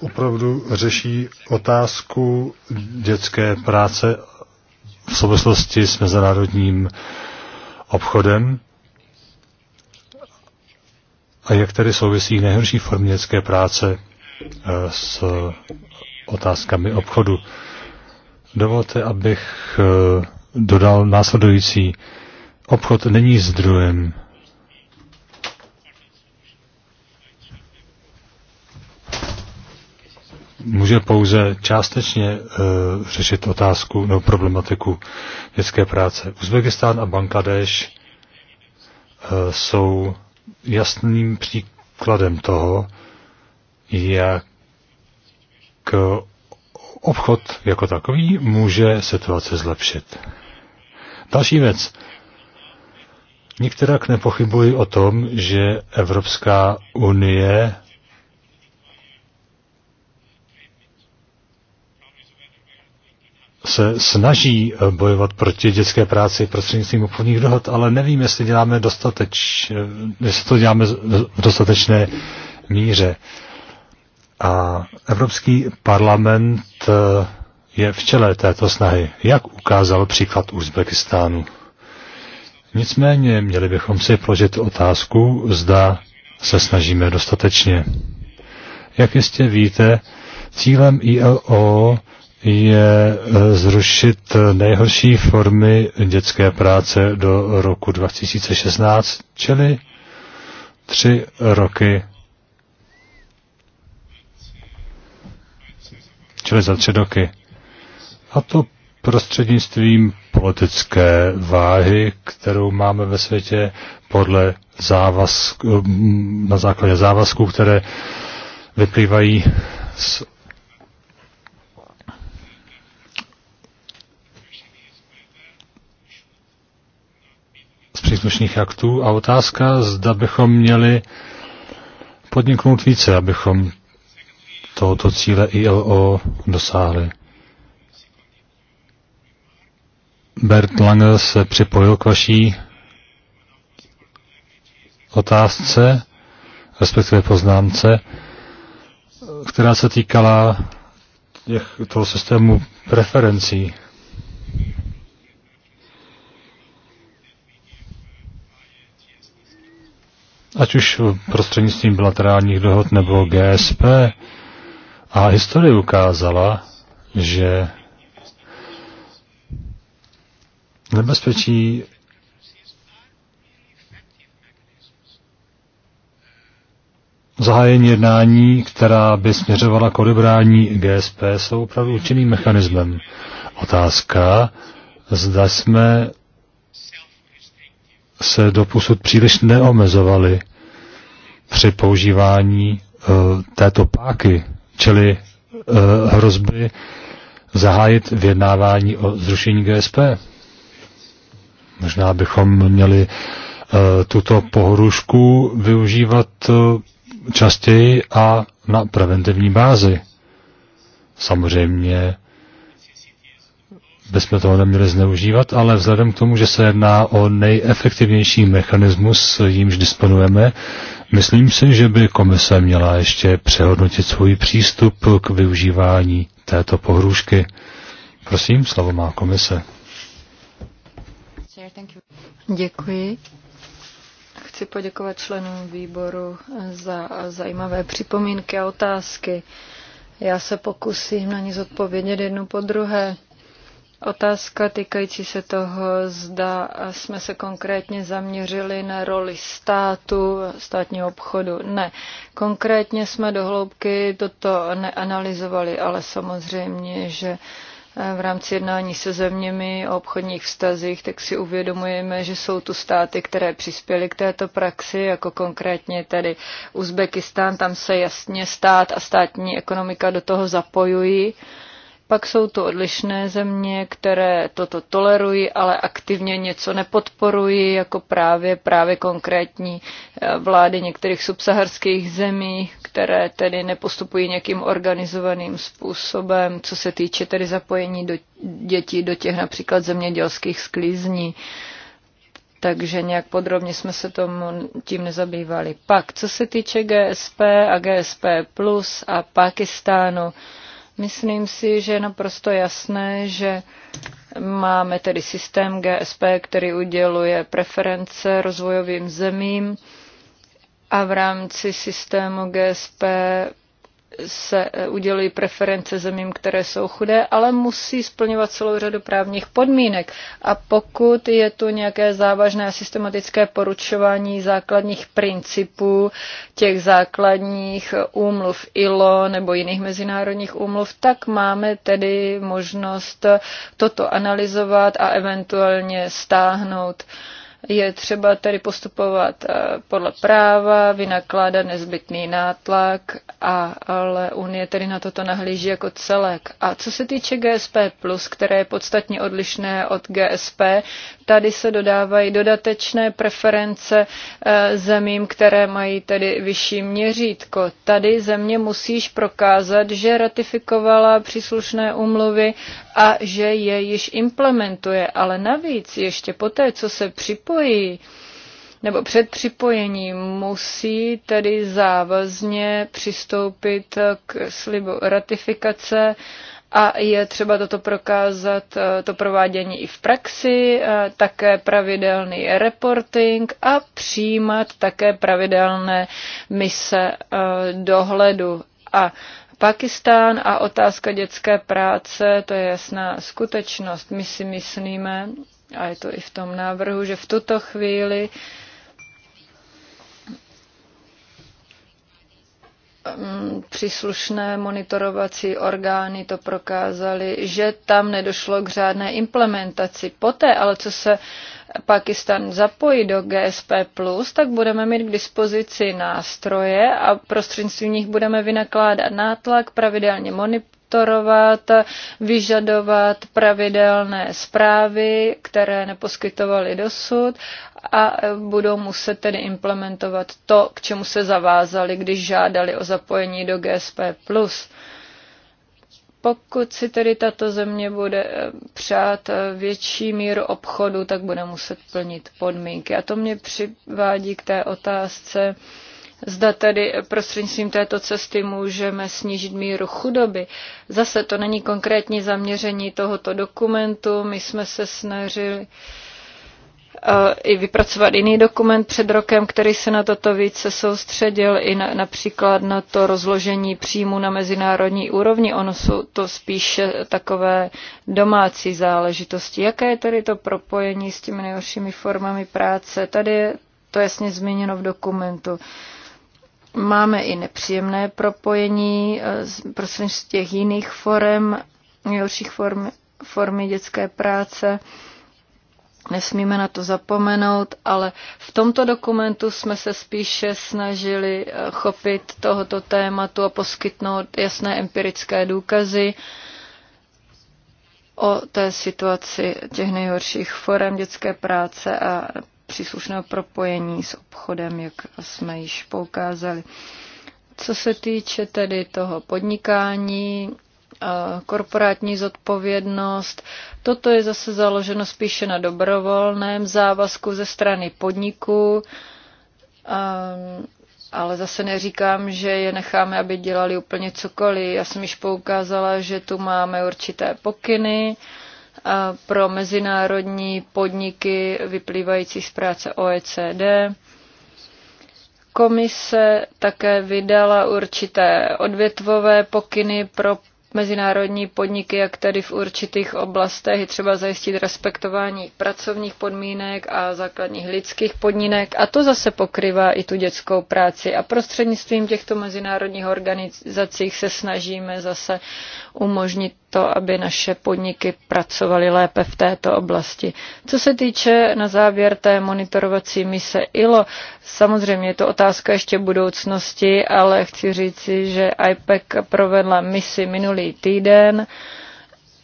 opravdu řeší otázku dětské práce v souvislosti s mezinárodním obchodem a jak tedy souvisí nejhorší formy dětské práce eh, s otázkami obchodu. Dovolte, abych eh, dodal následující. Obchod není zdrojem. Může pouze částečně uh, řešit otázku nebo problematiku dětské práce. Uzbekistán a Bangladeš uh, jsou jasným příkladem toho, jak obchod jako takový může situace zlepšit. Další věc. Nikterak nepochybuji o tom, že Evropská unie se snaží eh, bojovat proti dětské práci prostřednictvím obchodních dohod, ale nevím, jestli, děláme dostateč, eh, jestli to děláme v dostatečné míře. A Evropský parlament eh, je v čele této snahy, jak ukázal příklad Uzbekistánu. Nicméně měli bychom si položit otázku, zda se snažíme dostatečně. Jak jistě víte, cílem ILO je eh, zrušit eh, nejhorší formy dětské práce do roku 2016, čili tři roky. Čili za tři roky. A to prostřednictvím politické váhy, kterou máme ve světě podle závazku, mm, na základě závazků, které vyplývají z příslušných aktů a otázka, zda bychom měli podniknout více, abychom tohoto cíle ILO dosáhli. Bert Lange se připojil k vaší otázce, respektive poznámce, která se týkala toho systému preferencí. ať už prostřednictvím bilaterálních dohod nebo GSP. A historie ukázala, že nebezpečí zahájení jednání, která by směřovala k odebrání GSP, jsou opravdu účinným mechanismem. Otázka, zda jsme se doposud příliš neomezovali při používání eh, této páky, čili eh, hrozby zahájit vyjednávání o zrušení GSP. Možná bychom měli eh, tuto pohrušku využívat častěji a na preventivní bázi. Samozřejmě bychom toho neměli zneužívat, ale vzhledem k tomu, že se jedná o nejefektivnější mechanismus, jímž disponujeme, myslím si, že by komise měla ještě přehodnotit svůj přístup k využívání této pohrůžky. Prosím, slovo má komise.
Děkuji. Chci poděkovat členům výboru za zajímavé připomínky a otázky. Já se pokusím na ně zodpovědět jednu po druhé. Otázka týkající se toho, zda jsme se konkrétně zaměřili na roli státu, státního obchodu. Ne, konkrétně jsme dohloubky toto neanalyzovali, ale samozřejmě, že eh, v rámci jednání se zeměmi o obchodních vztazích, tak si uvědomujeme, že jsou tu státy, které přispěly k této praxi, jako konkrétně tedy Uzbekistán, tam se jasně stát a státní ekonomika do toho zapojují. Pak jsou tu odlišné země, které toto tolerují, ale aktivně něco nepodporují, jako právě, právě konkrétní eh, vlády některých subsaharských zemí, které tedy nepostupují nějakým organizovaným způsobem, co se týče tedy zapojení do dětí do těch například zemědělských sklízní. Takže nějak podrobně jsme se tomu tím nezabývali. Pak, co se týče GSP a GSP plus a Pakistánu, Myslím si, že je naprosto jasné, že máme tedy systém GSP, který uděluje preference rozvojovým zemím a v rámci systému GSP se eh, udělují preference zemím, které jsou chudé, ale musí splňovat celou řadu právních podmínek. A pokud je tu nějaké závažné a systematické poručování základních principů, těch základních úmluv ILO nebo jiných mezinárodních úmluv, tak máme tedy možnost toto analyzovat a eventuálně stáhnout. Uh, je třeba tedy postupovat eh, podle práva, vynakládat nezbytný nátlak, a, ale Unie tedy na toto nahlíží jako celek. A co se týče GSP+, které je podstatně odlišné od GSP, Tady se dodávají dodatečné preference eh, zemím, které mají tedy vyšší měřítko. Tady země musíš prokázat, že ratifikovala příslušné umluvy a že je již implementuje. Ale navíc ještě po té, co se připojí, nebo před připojením musí tedy závazně přistoupit k slibu ratifikace a je třeba toto prokázat, eh, to provádění i v praxi, eh, také pravidelný reporting a přijímat také pravidelné mise eh, dohledu. A Pakistán a otázka dětské práce, to je jasná skutečnost. My si myslíme, a je to i v tom návrhu, že v tuto chvíli uh, Mm, příslušné monitorovací orgány to prokázaly, že tam nedošlo k řádné implementaci. Poté, ale co se Pakistan zapojí do GSP+, tak budeme mít k dispozici nástroje a prostřednictvím nich budeme vynakládat nátlak, pravidelně monitorovat, vyžadovat pravidelné zprávy, které neposkytovali dosud a budou muset tedy implementovat to, k čemu se zavázali, když žádali o zapojení do GSP+. Pokud si tedy tato země bude eh, přát eh, větší míru obchodu, tak bude muset plnit podmínky. A to mě přivádí k té otázce, Zda tedy prostřednictvím této cesty můžeme snížit míru chudoby. Zase to není konkrétní zaměření tohoto dokumentu. My jsme se snažili eh, i vypracovat jiný dokument před rokem, který se na toto více soustředil, i na, například na to rozložení příjmu na mezinárodní úrovni. Ono jsou to spíše takové domácí záležitosti. Jaké je tedy to propojení s těmi nejhoršími formami práce? Tady je to jasně zmíněno v dokumentu. Máme i nepříjemné propojení eh, prostřednictvím těch jiných forem, nejhorších form, formy dětské práce. Nesmíme na to zapomenout, ale v tomto dokumentu jsme se spíše snažili eh, chopit tohoto tématu a poskytnout jasné empirické důkazy o té situaci těch nejhorších forem dětské práce a příslušného propojení s obchodem, jak jsme již poukázali. Co se týče tedy toho podnikání, eh, korporátní zodpovědnost. Toto je zase založeno spíše na dobrovolném závazku ze strany podniku, eh, ale zase neříkám, že je necháme, aby dělali úplně cokoliv. Já jsem již poukázala, že tu máme určité pokyny, pro mezinárodní podniky vyplývající z práce OECD. Komise také vydala určité odvětvové pokyny pro mezinárodní podniky, jak tedy v určitých oblastech je třeba zajistit respektování pracovních podmínek a základních lidských podmínek a to zase pokrývá i tu dětskou práci a prostřednictvím těchto mezinárodních organizací se snažíme zase umožnit to, aby naše podniky pracovaly lépe v této oblasti. Co se týče na závěr té monitorovací mise ILO, samozřejmě je to otázka ještě budoucnosti, ale chci říci, že IPEC provedla misi minulý týden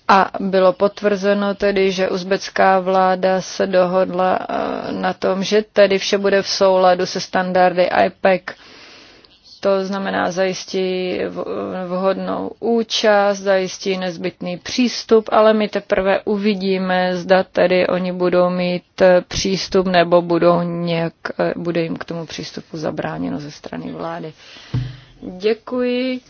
a bylo potvrzeno tedy, že uzbecká vláda se dohodla eh, na tom, že tedy vše bude v souladu se standardy IPEC to znamená, zajistí vhodnou účast, zajistí nezbytný přístup, ale my teprve uvidíme, zda tedy oni budou mít eh, přístup nebo budou nějak, eh, bude jim k tomu přístupu zabráněno ze strany vlády. Děkuji.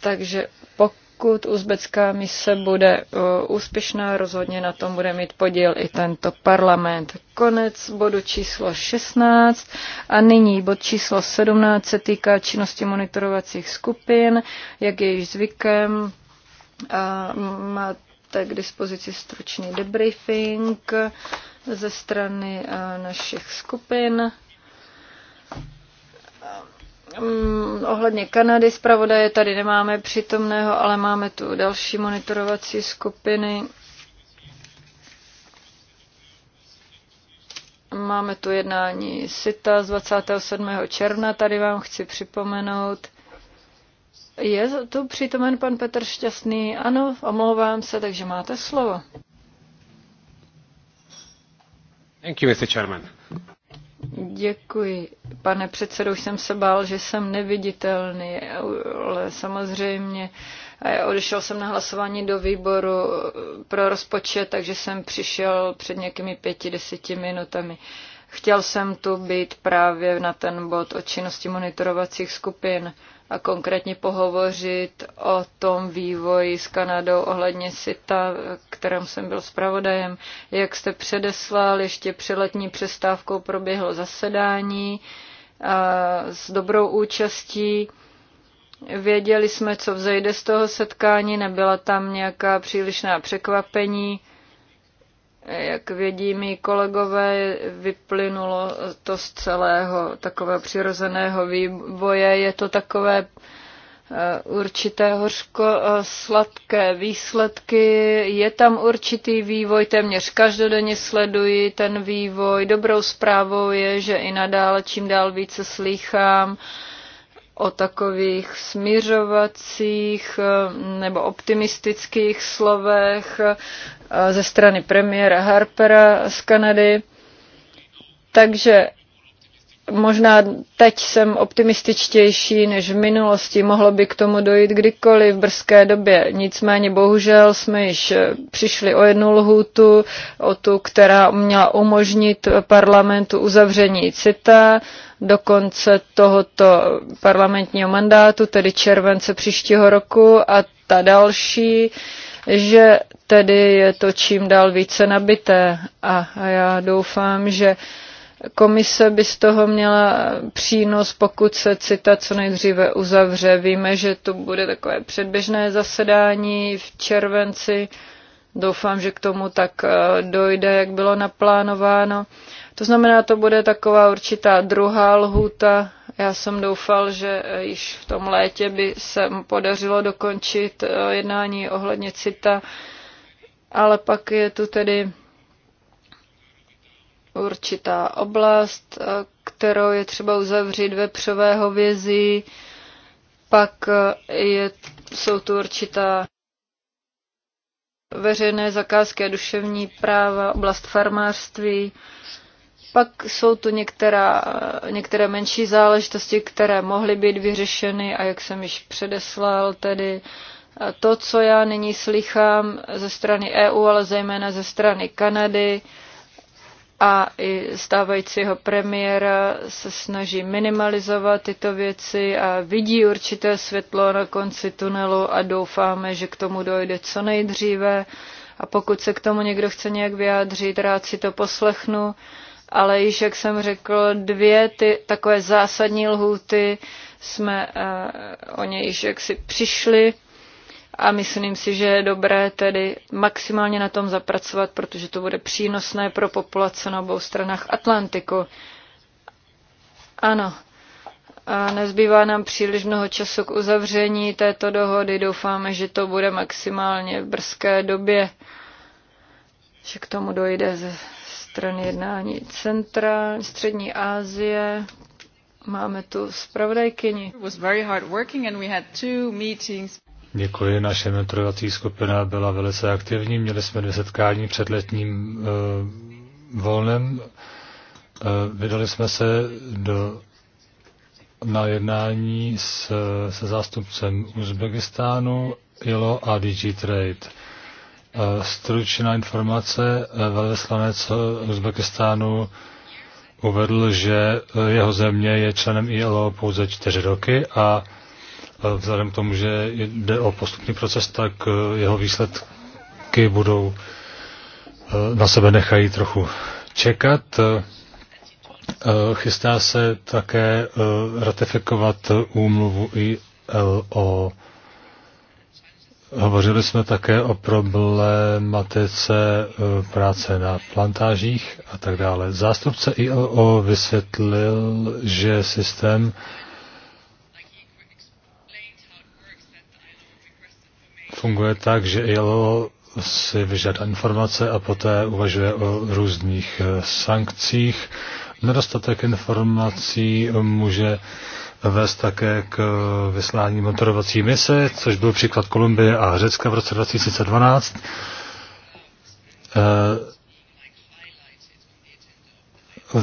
Takže pokud pokud uzbecká mise bude úspěšná, rozhodně na tom bude mít podíl i tento parlament. Konec bodu číslo 16 a nyní bod číslo 17 se týká činnosti monitorovacích skupin, jak je již zvykem. A máte k dispozici stručný debriefing ze strany našich skupin um, ohledně Kanady zpravodaje tady nemáme přítomného, ale máme tu další monitorovací skupiny. Máme tu jednání SITA z 27. června, tady vám chci připomenout. Je tu přítomen pan Petr Šťastný? Ano, omlouvám se, takže máte slovo.
Thank you, Mr. Chairman.
Děkuji, pane předsedo. Už jsem se bál, že jsem neviditelný, ale samozřejmě eh, odešel jsem na hlasování do výboru eh, pro rozpočet, takže jsem přišel před nějakými pěti, deseti minutami. Chtěl jsem tu být právě na ten bod o činnosti monitorovacích skupin a konkrétně pohovořit o tom vývoji s Kanadou ohledně SITA, kterém jsem byl zpravodajem. Jak jste předeslal, ještě před letní přestávkou proběhlo zasedání s dobrou účastí. Věděli jsme, co vzejde z toho setkání, nebyla tam nějaká přílišná překvapení. Jak vědí mý kolegové, vyplynulo to z celého takového přirozeného vývoje. Je to takové eh, určité hořko-sladké eh, výsledky. Je tam určitý vývoj, téměř každodenně sleduji ten vývoj. Dobrou zprávou je, že i nadále čím dál více slýchám, o takových smířovacích eh, nebo optimistických slovech eh, ze strany premiéra Harpera z Kanady. Takže Možná teď jsem optimističtější než v minulosti, mohlo by k tomu dojít kdykoliv v brzké době. Nicméně bohužel jsme již eh, přišli o jednu lhůtu, o tu, která měla umožnit parlamentu uzavření CITA do konce tohoto parlamentního mandátu, tedy července příštího roku a ta další že tedy je to čím dál více nabité a já doufám, že uh, Komise by z toho měla přínos, pokud se CITA co nejdříve uzavře. Víme, že to bude takové předběžné zasedání v červenci. Doufám, že k tomu tak eh, dojde, jak bylo naplánováno. To znamená, to bude taková určitá druhá lhůta. Já jsem doufal, že eh, již v tom létě by se podařilo dokončit eh, jednání ohledně CITA, ale pak je tu tedy určitá oblast, eh, kterou je třeba uzavřít vepřové vězi, pak eh, je, jsou tu určitá veřejné zakázky a duševní práva, oblast farmářství. Pak jsou tu některá, eh, některé menší záležitosti, které mohly být vyřešeny a jak jsem již předeslal, tedy to, co já nyní slychám ze strany EU, ale zejména ze strany Kanady, a i stávajícího premiéra se snaží minimalizovat tyto věci a vidí určité světlo na konci tunelu a doufáme, že k tomu dojde co nejdříve. A pokud se k tomu někdo chce nějak vyjádřit, rád si to poslechnu. Ale již, jak jsem řekl, dvě ty takové zásadní lhůty jsme uh, o něj již jaksi přišli a myslím si, že je dobré tedy maximálně na tom zapracovat, protože to bude přínosné pro populace na obou stranách Atlantiku. Ano, a nezbývá nám příliš mnoho času k uzavření této dohody. Doufáme, že to bude maximálně v brzké době, že k tomu dojde ze strany jednání centrální, střední Asie. Máme tu zpravodajkyni.
Děkuji, naše mentorovací skupina byla velice aktivní. Měli jsme dvě setkání před letním uh, volnem. Uh, vydali jsme se do, na jednání s, se zástupcem Uzbekistánu, ILO a DG Trade. Uh, eh, stručná informace, uh, velvyslanec Uzbekistánu uvedl, že jeho země je členem ILO pouze čtyři roky a Vzhledem k tomu, že jde o postupný proces, tak eh, jeho výsledky budou eh, na sebe nechají trochu čekat. Eh, chystá se také ratifikovat úmluvu ILO. Hovořili jsme také o problematice práce na plantážích a tak dále. Zástupce ILO vysvětlil, že systém funguje tak, že ILO si vyžádá informace a poté uvažuje o různých eh, sankcích. Nedostatek informací může vést také k eh, vyslání motorovací mise, což byl příklad Kolumbie a Řecka v roce 2012. Eh,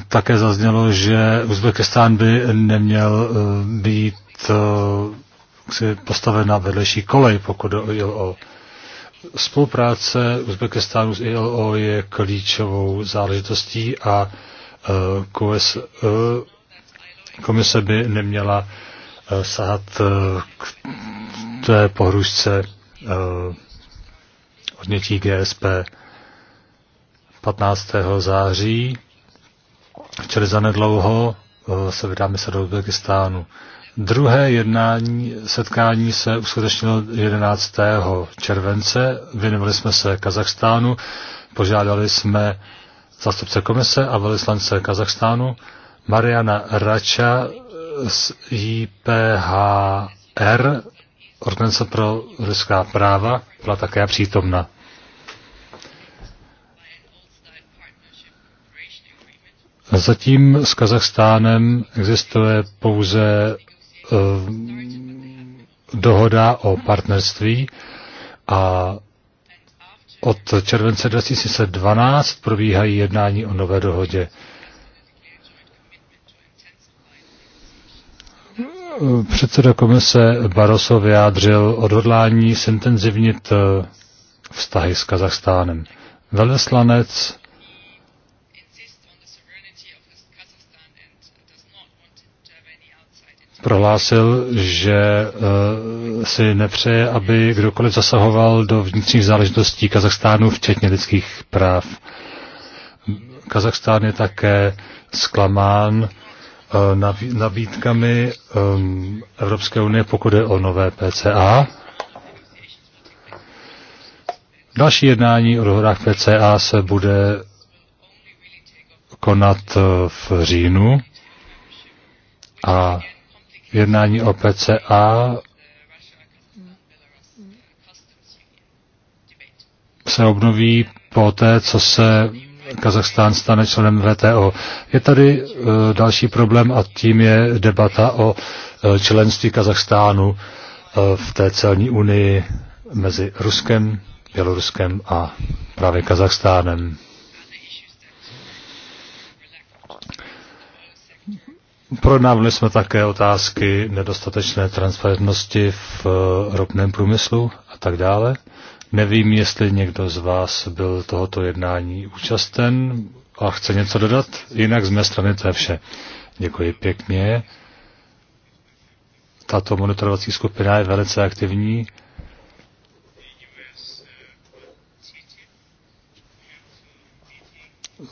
také zaznělo, že Uzbekistán by neměl být jaksi postaven na vedlejší kolej, pokud o ILO. Spolupráce Uzbekistánu s ILO je klíčovou záležitostí a e, KS, e, komise by neměla e, sahat k té pohrušce odnětí GSP 15. září, čili zanedlouho se vydáme se do Uzbekistánu. Druhé jednání, setkání se uskutečnilo 11. července. Věnovali jsme se Kazachstánu, požádali jsme zástupce komise a velislance Kazachstánu Mariana Rača z IPHR, Organizace pro lidská práva, byla také přítomna. Zatím s Kazachstánem existuje pouze Eh, dohoda o partnerství a od července 2012 probíhají jednání o nové dohodě. Eh, předseda komise Barroso vyjádřil odhodlání zintenzivnit eh, vztahy s Kazachstánem. Veleslanec prohlásil, že eh, si nepřeje, aby kdokoliv zasahoval do vnitřních záležitostí Kazachstánu, včetně lidských práv. Kazachstán je také zklamán eh, nabídkami eh, Evropské unie, pokud je o nové PCA. Další jednání o dohodách PCA se bude konat v říjnu a jednání o PCA se obnoví po té, co se Kazachstán stane členem VTO. Je tady uh, další problém a tím je debata o uh, členství Kazachstánu uh, v té celní unii mezi Ruskem, Běloruskem a právě Kazachstánem. Projednávali jsme také otázky nedostatečné transparentnosti v eh, ropném průmyslu a tak dále. Nevím, jestli někdo z vás byl tohoto jednání účasten a chce něco dodat. Jinak z mé strany to je vše. Děkuji pěkně. Tato monitorovací skupina je velice aktivní.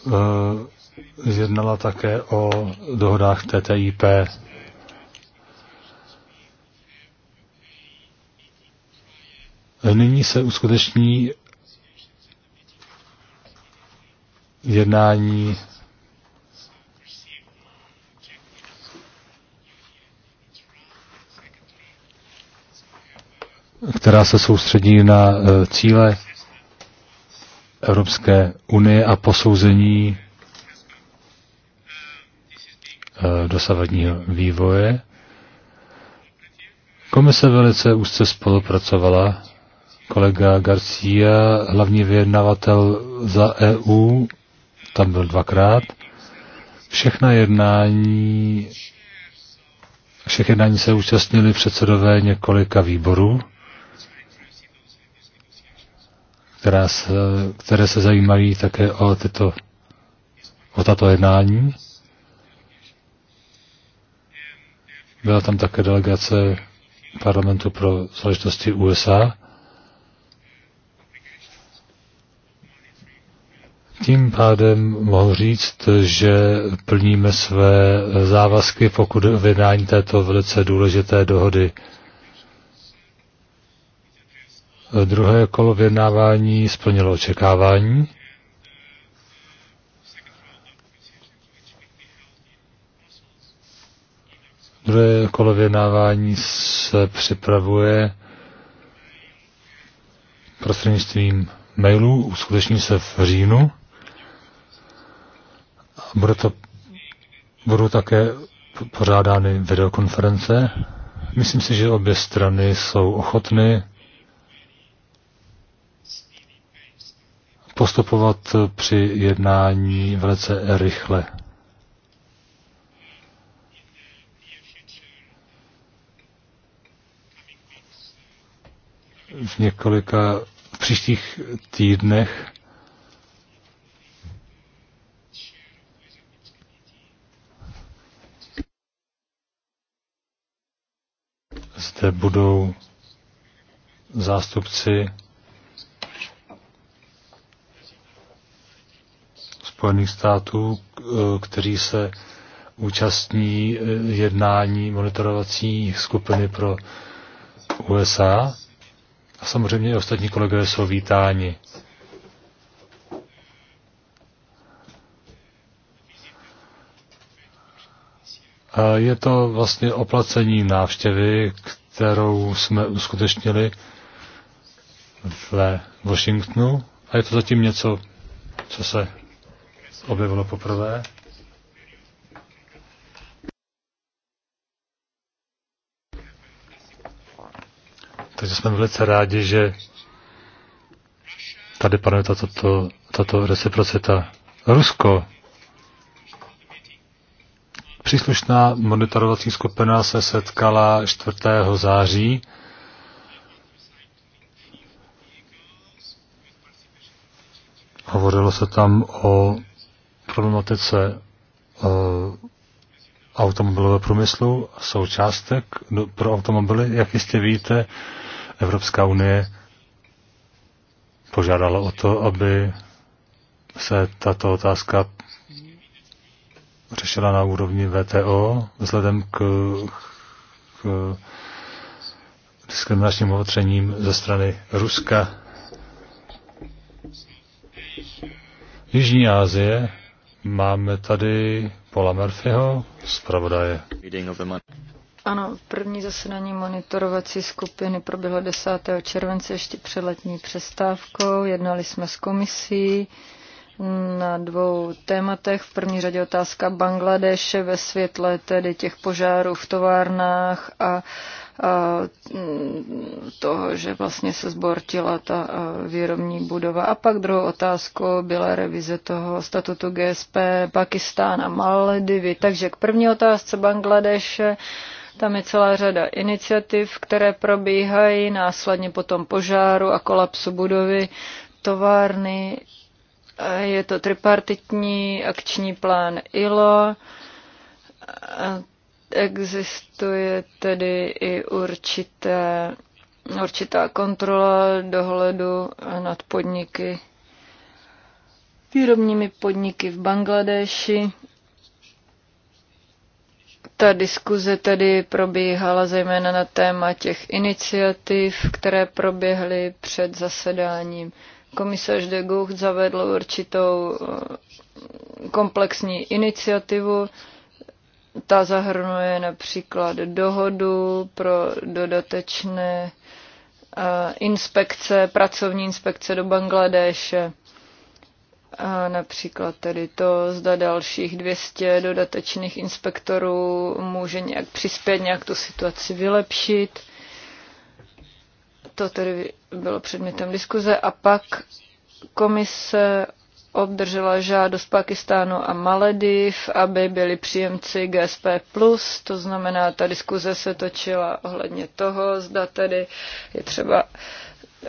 Uh, zjednala také o dohodách TTIP. Nyní se uskuteční jednání která se soustředí na e, cíle Evropské unie a posouzení Eh, dosavadního vývoje. Komise velice úzce spolupracovala. Kolega Garcia, hlavní vyjednavatel za EU, tam byl dvakrát. Všechna jednání, všech jednání se účastnili předsedové několika výborů, která se, které se zajímají také o, tyto, o tato jednání. Byla tam také delegace parlamentu pro záležitosti USA. Tím pádem mohu říct, že plníme své závazky, pokud o vydání této velice důležité dohody. Druhé kolo vyjednávání splnilo očekávání. Druhé kolo vyjednávání se připravuje prostřednictvím mailů, uskuteční se v říjnu. Bude to, budou také pořádány videokonference. Myslím si, že obě strany jsou ochotny postupovat při jednání velice rychle. v několika v příštích týdnech zde budou zástupci Spojených států, kteří se účastní jednání monitorovací skupiny pro USA. A samozřejmě i ostatní kolegové jsou vítáni. Je to vlastně oplacení návštěvy, kterou jsme uskutečnili ve Washingtonu a je to zatím něco, co se objevilo poprvé. jsme velice rádi, že tady panuje tato, tato reciprocita. Rusko. Příslušná monitorovací skupina se setkala 4. září. Hovořilo se tam o problematice eh, automobilového průmyslu, součástek no, pro automobily. Jak jistě víte, Evropská unie požádala o to, aby se tato otázka řešila na úrovni VTO vzhledem k, k diskriminačním opatřením ze strany Ruska. Jižní Asie máme tady Paula Murphyho, zpravodaje.
Ano, první zasedání monitorovací skupiny proběhlo 10. července ještě před letní přestávkou. Jednali jsme s komisí na dvou tématech. V první řadě otázka Bangladeše ve světle tedy těch požárů v továrnách a, a mm, toho, že vlastně se zbortila ta výrobní budova. A pak druhou otázkou byla revize toho statutu GSP Pakistán a Maledivy. Takže k první otázce Bangladeše tam je celá řada iniciativ, které probíhají následně potom požáru a kolapsu budovy, továrny. Je to tripartitní akční plán ILO. Existuje tedy i určité, určitá kontrola dohledu nad podniky výrobními podniky v Bangladeši. Ta diskuze tedy probíhala zejména na téma těch iniciativ, které proběhly před zasedáním. Komisař de Gucht zavedl určitou eh, komplexní iniciativu. Ta zahrnuje například dohodu pro dodatečné eh, inspekce, pracovní inspekce do Bangladéše. A například tedy to, zda dalších 200 dodatečných inspektorů může nějak přispět, nějak tu situaci vylepšit. To tedy bylo předmětem diskuze. A pak komise obdržela žádost Pakistánu a Malediv, aby byli příjemci GSP+. To znamená, ta diskuze se točila ohledně toho, zda tedy je třeba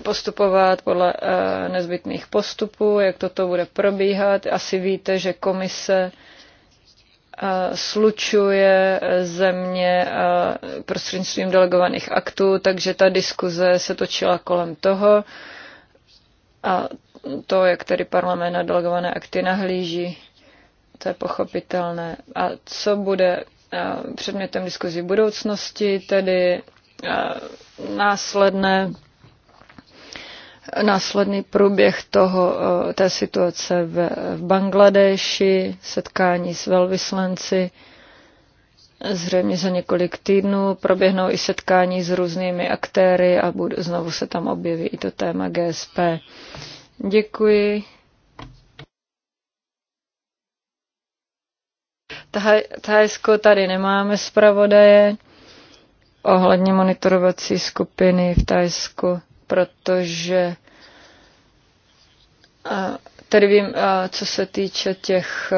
postupovat podle eh, nezbytných postupů, jak toto bude probíhat. Asi víte, že komise eh, slučuje země eh, prostřednictvím delegovaných aktů, takže ta diskuze se točila kolem toho a to, jak tedy parlament na delegované akty nahlíží, to je pochopitelné. A co bude předmětem diskuzi budoucnosti, tedy následné následný průběh toho, eh, té situace v, v Bangladeši, setkání s velvyslanci. Zřejmě za několik týdnů proběhnou i setkání s různými aktéry a budu, znovu se tam objeví i to téma GSP. Děkuji. Thajsko tady nemáme zpravodaje ohledně monitorovací skupiny v Thajsku protože tady vím, co se týče těch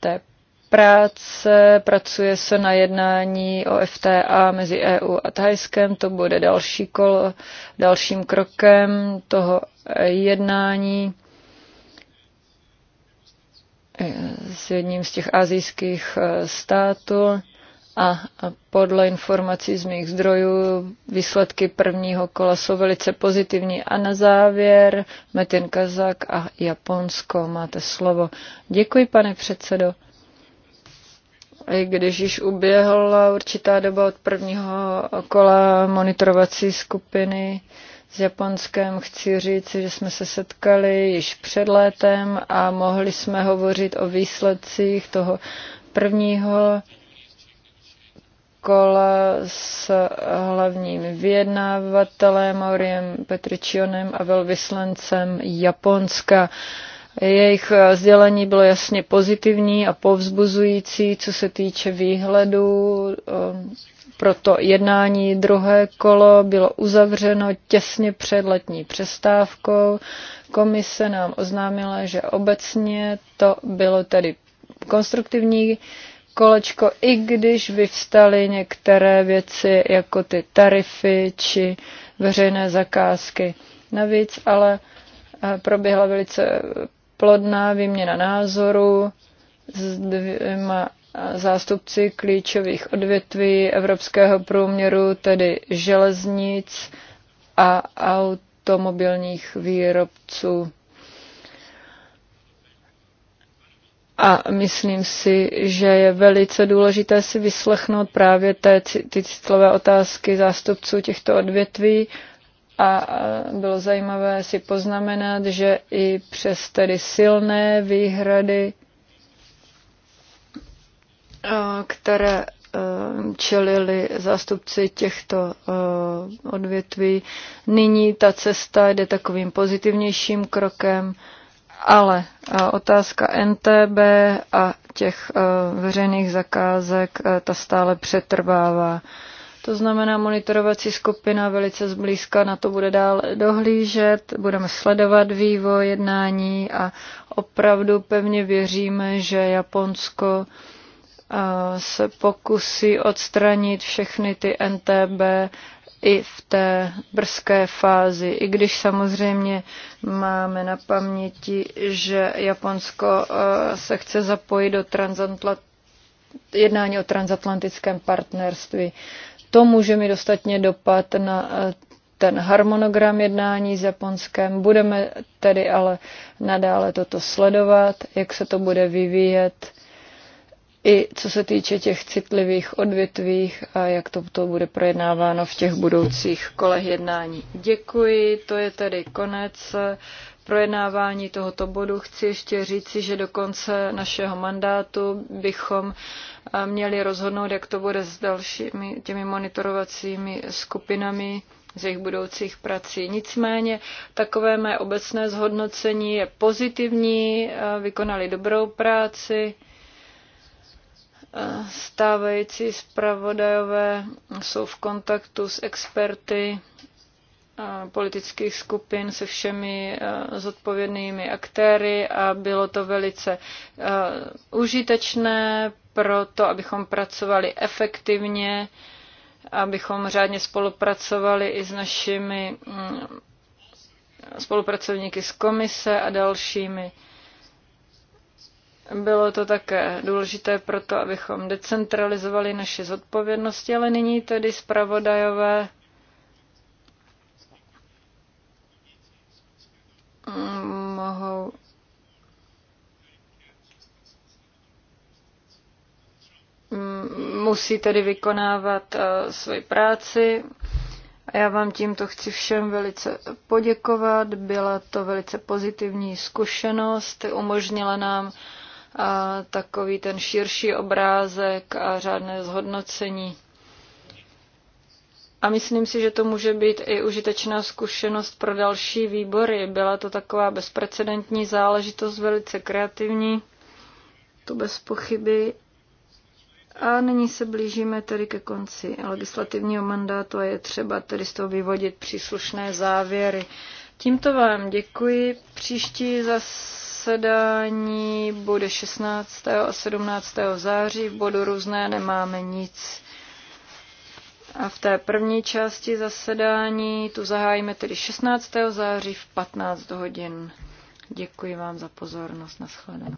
té práce, pracuje se na jednání o FTA mezi EU a Thajskem, to bude další kolo, dalším krokem toho jednání e, s jedním z těch azijských e, států. A podle informací z mých zdrojů výsledky prvního kola jsou velice pozitivní. A na závěr Metin Kazak a Japonsko. Máte slovo. Děkuji, pane předsedo. I když již uběhla určitá doba od prvního kola monitorovací skupiny s Japonskem, chci říct, že jsme se setkali již před létem a mohli jsme hovořit o výsledcích toho prvního kola s hlavním vyjednávatelem Auriem Petričionem a velvyslancem Japonska. Jejich sdělení bylo jasně pozitivní a povzbuzující, co se týče výhledu. Proto jednání druhé kolo bylo uzavřeno těsně před letní přestávkou. Komise nám oznámila, že obecně to bylo tedy konstruktivní kolečko, i když vyvstaly některé věci jako ty tarify či veřejné zakázky. Navíc ale eh, proběhla velice plodná výměna názorů s dvěma zástupci klíčových odvětví evropského průměru, tedy železnic a automobilních výrobců. A myslím si, že je velice důležité si vyslechnout právě té, ty citlové otázky zástupců těchto odvětví a bylo zajímavé si poznamenat, že i přes tedy silné výhrady, které čelili zástupci těchto odvětví, nyní ta cesta jde takovým pozitivnějším krokem ale otázka NTB a těch veřejných zakázek, ta stále přetrvává. To znamená, monitorovací skupina velice zblízka na to bude dál dohlížet, budeme sledovat vývoj jednání a opravdu pevně věříme, že Japonsko se pokusí odstranit všechny ty NTB i v té brzké fázi, i když samozřejmě máme na paměti, že Japonsko eh, se chce zapojit do transatlant... jednání o transatlantickém partnerství. To může mít dostatně dopad na eh, ten harmonogram jednání s Japonskem. Budeme tedy ale nadále toto sledovat, jak se to bude vyvíjet i co se týče těch citlivých odvětvích a jak to, to bude projednáváno v těch budoucích kolech jednání. Děkuji, to je tedy konec projednávání tohoto bodu. Chci ještě říci, že do konce našeho mandátu bychom eh, měli rozhodnout, jak to bude s dalšími těmi monitorovacími skupinami z jejich budoucích prací. Nicméně takové mé obecné zhodnocení je pozitivní, eh, vykonali dobrou práci Stávající zpravodajové jsou v kontaktu s experty politických skupin se všemi e, zodpovědnými aktéry a bylo to velice e, užitečné pro to, abychom pracovali efektivně, abychom řádně spolupracovali i s našimi mm, spolupracovníky z komise a dalšími. Bylo to také důležité proto, abychom decentralizovali naše zodpovědnosti, ale nyní tedy zpravodajové mm, mohou mm, musí tedy vykonávat eh, svoji práci. A já vám tímto chci všem velice poděkovat. Byla to velice pozitivní zkušenost, umožnila nám a takový ten širší obrázek a řádné zhodnocení. A myslím si, že to může být i užitečná zkušenost pro další výbory. Byla to taková bezprecedentní záležitost, velice kreativní, to bez pochyby. A nyní se blížíme tedy ke konci legislativního mandátu a je třeba tedy z toho vyvodit příslušné závěry. Tímto vám děkuji. Příští zase zasedání bude 16. a 17. září. V bodu různé nemáme nic. A v té první části zasedání tu zahájíme tedy 16. září v 15 hodin. Děkuji vám za pozornost. Naschledanou.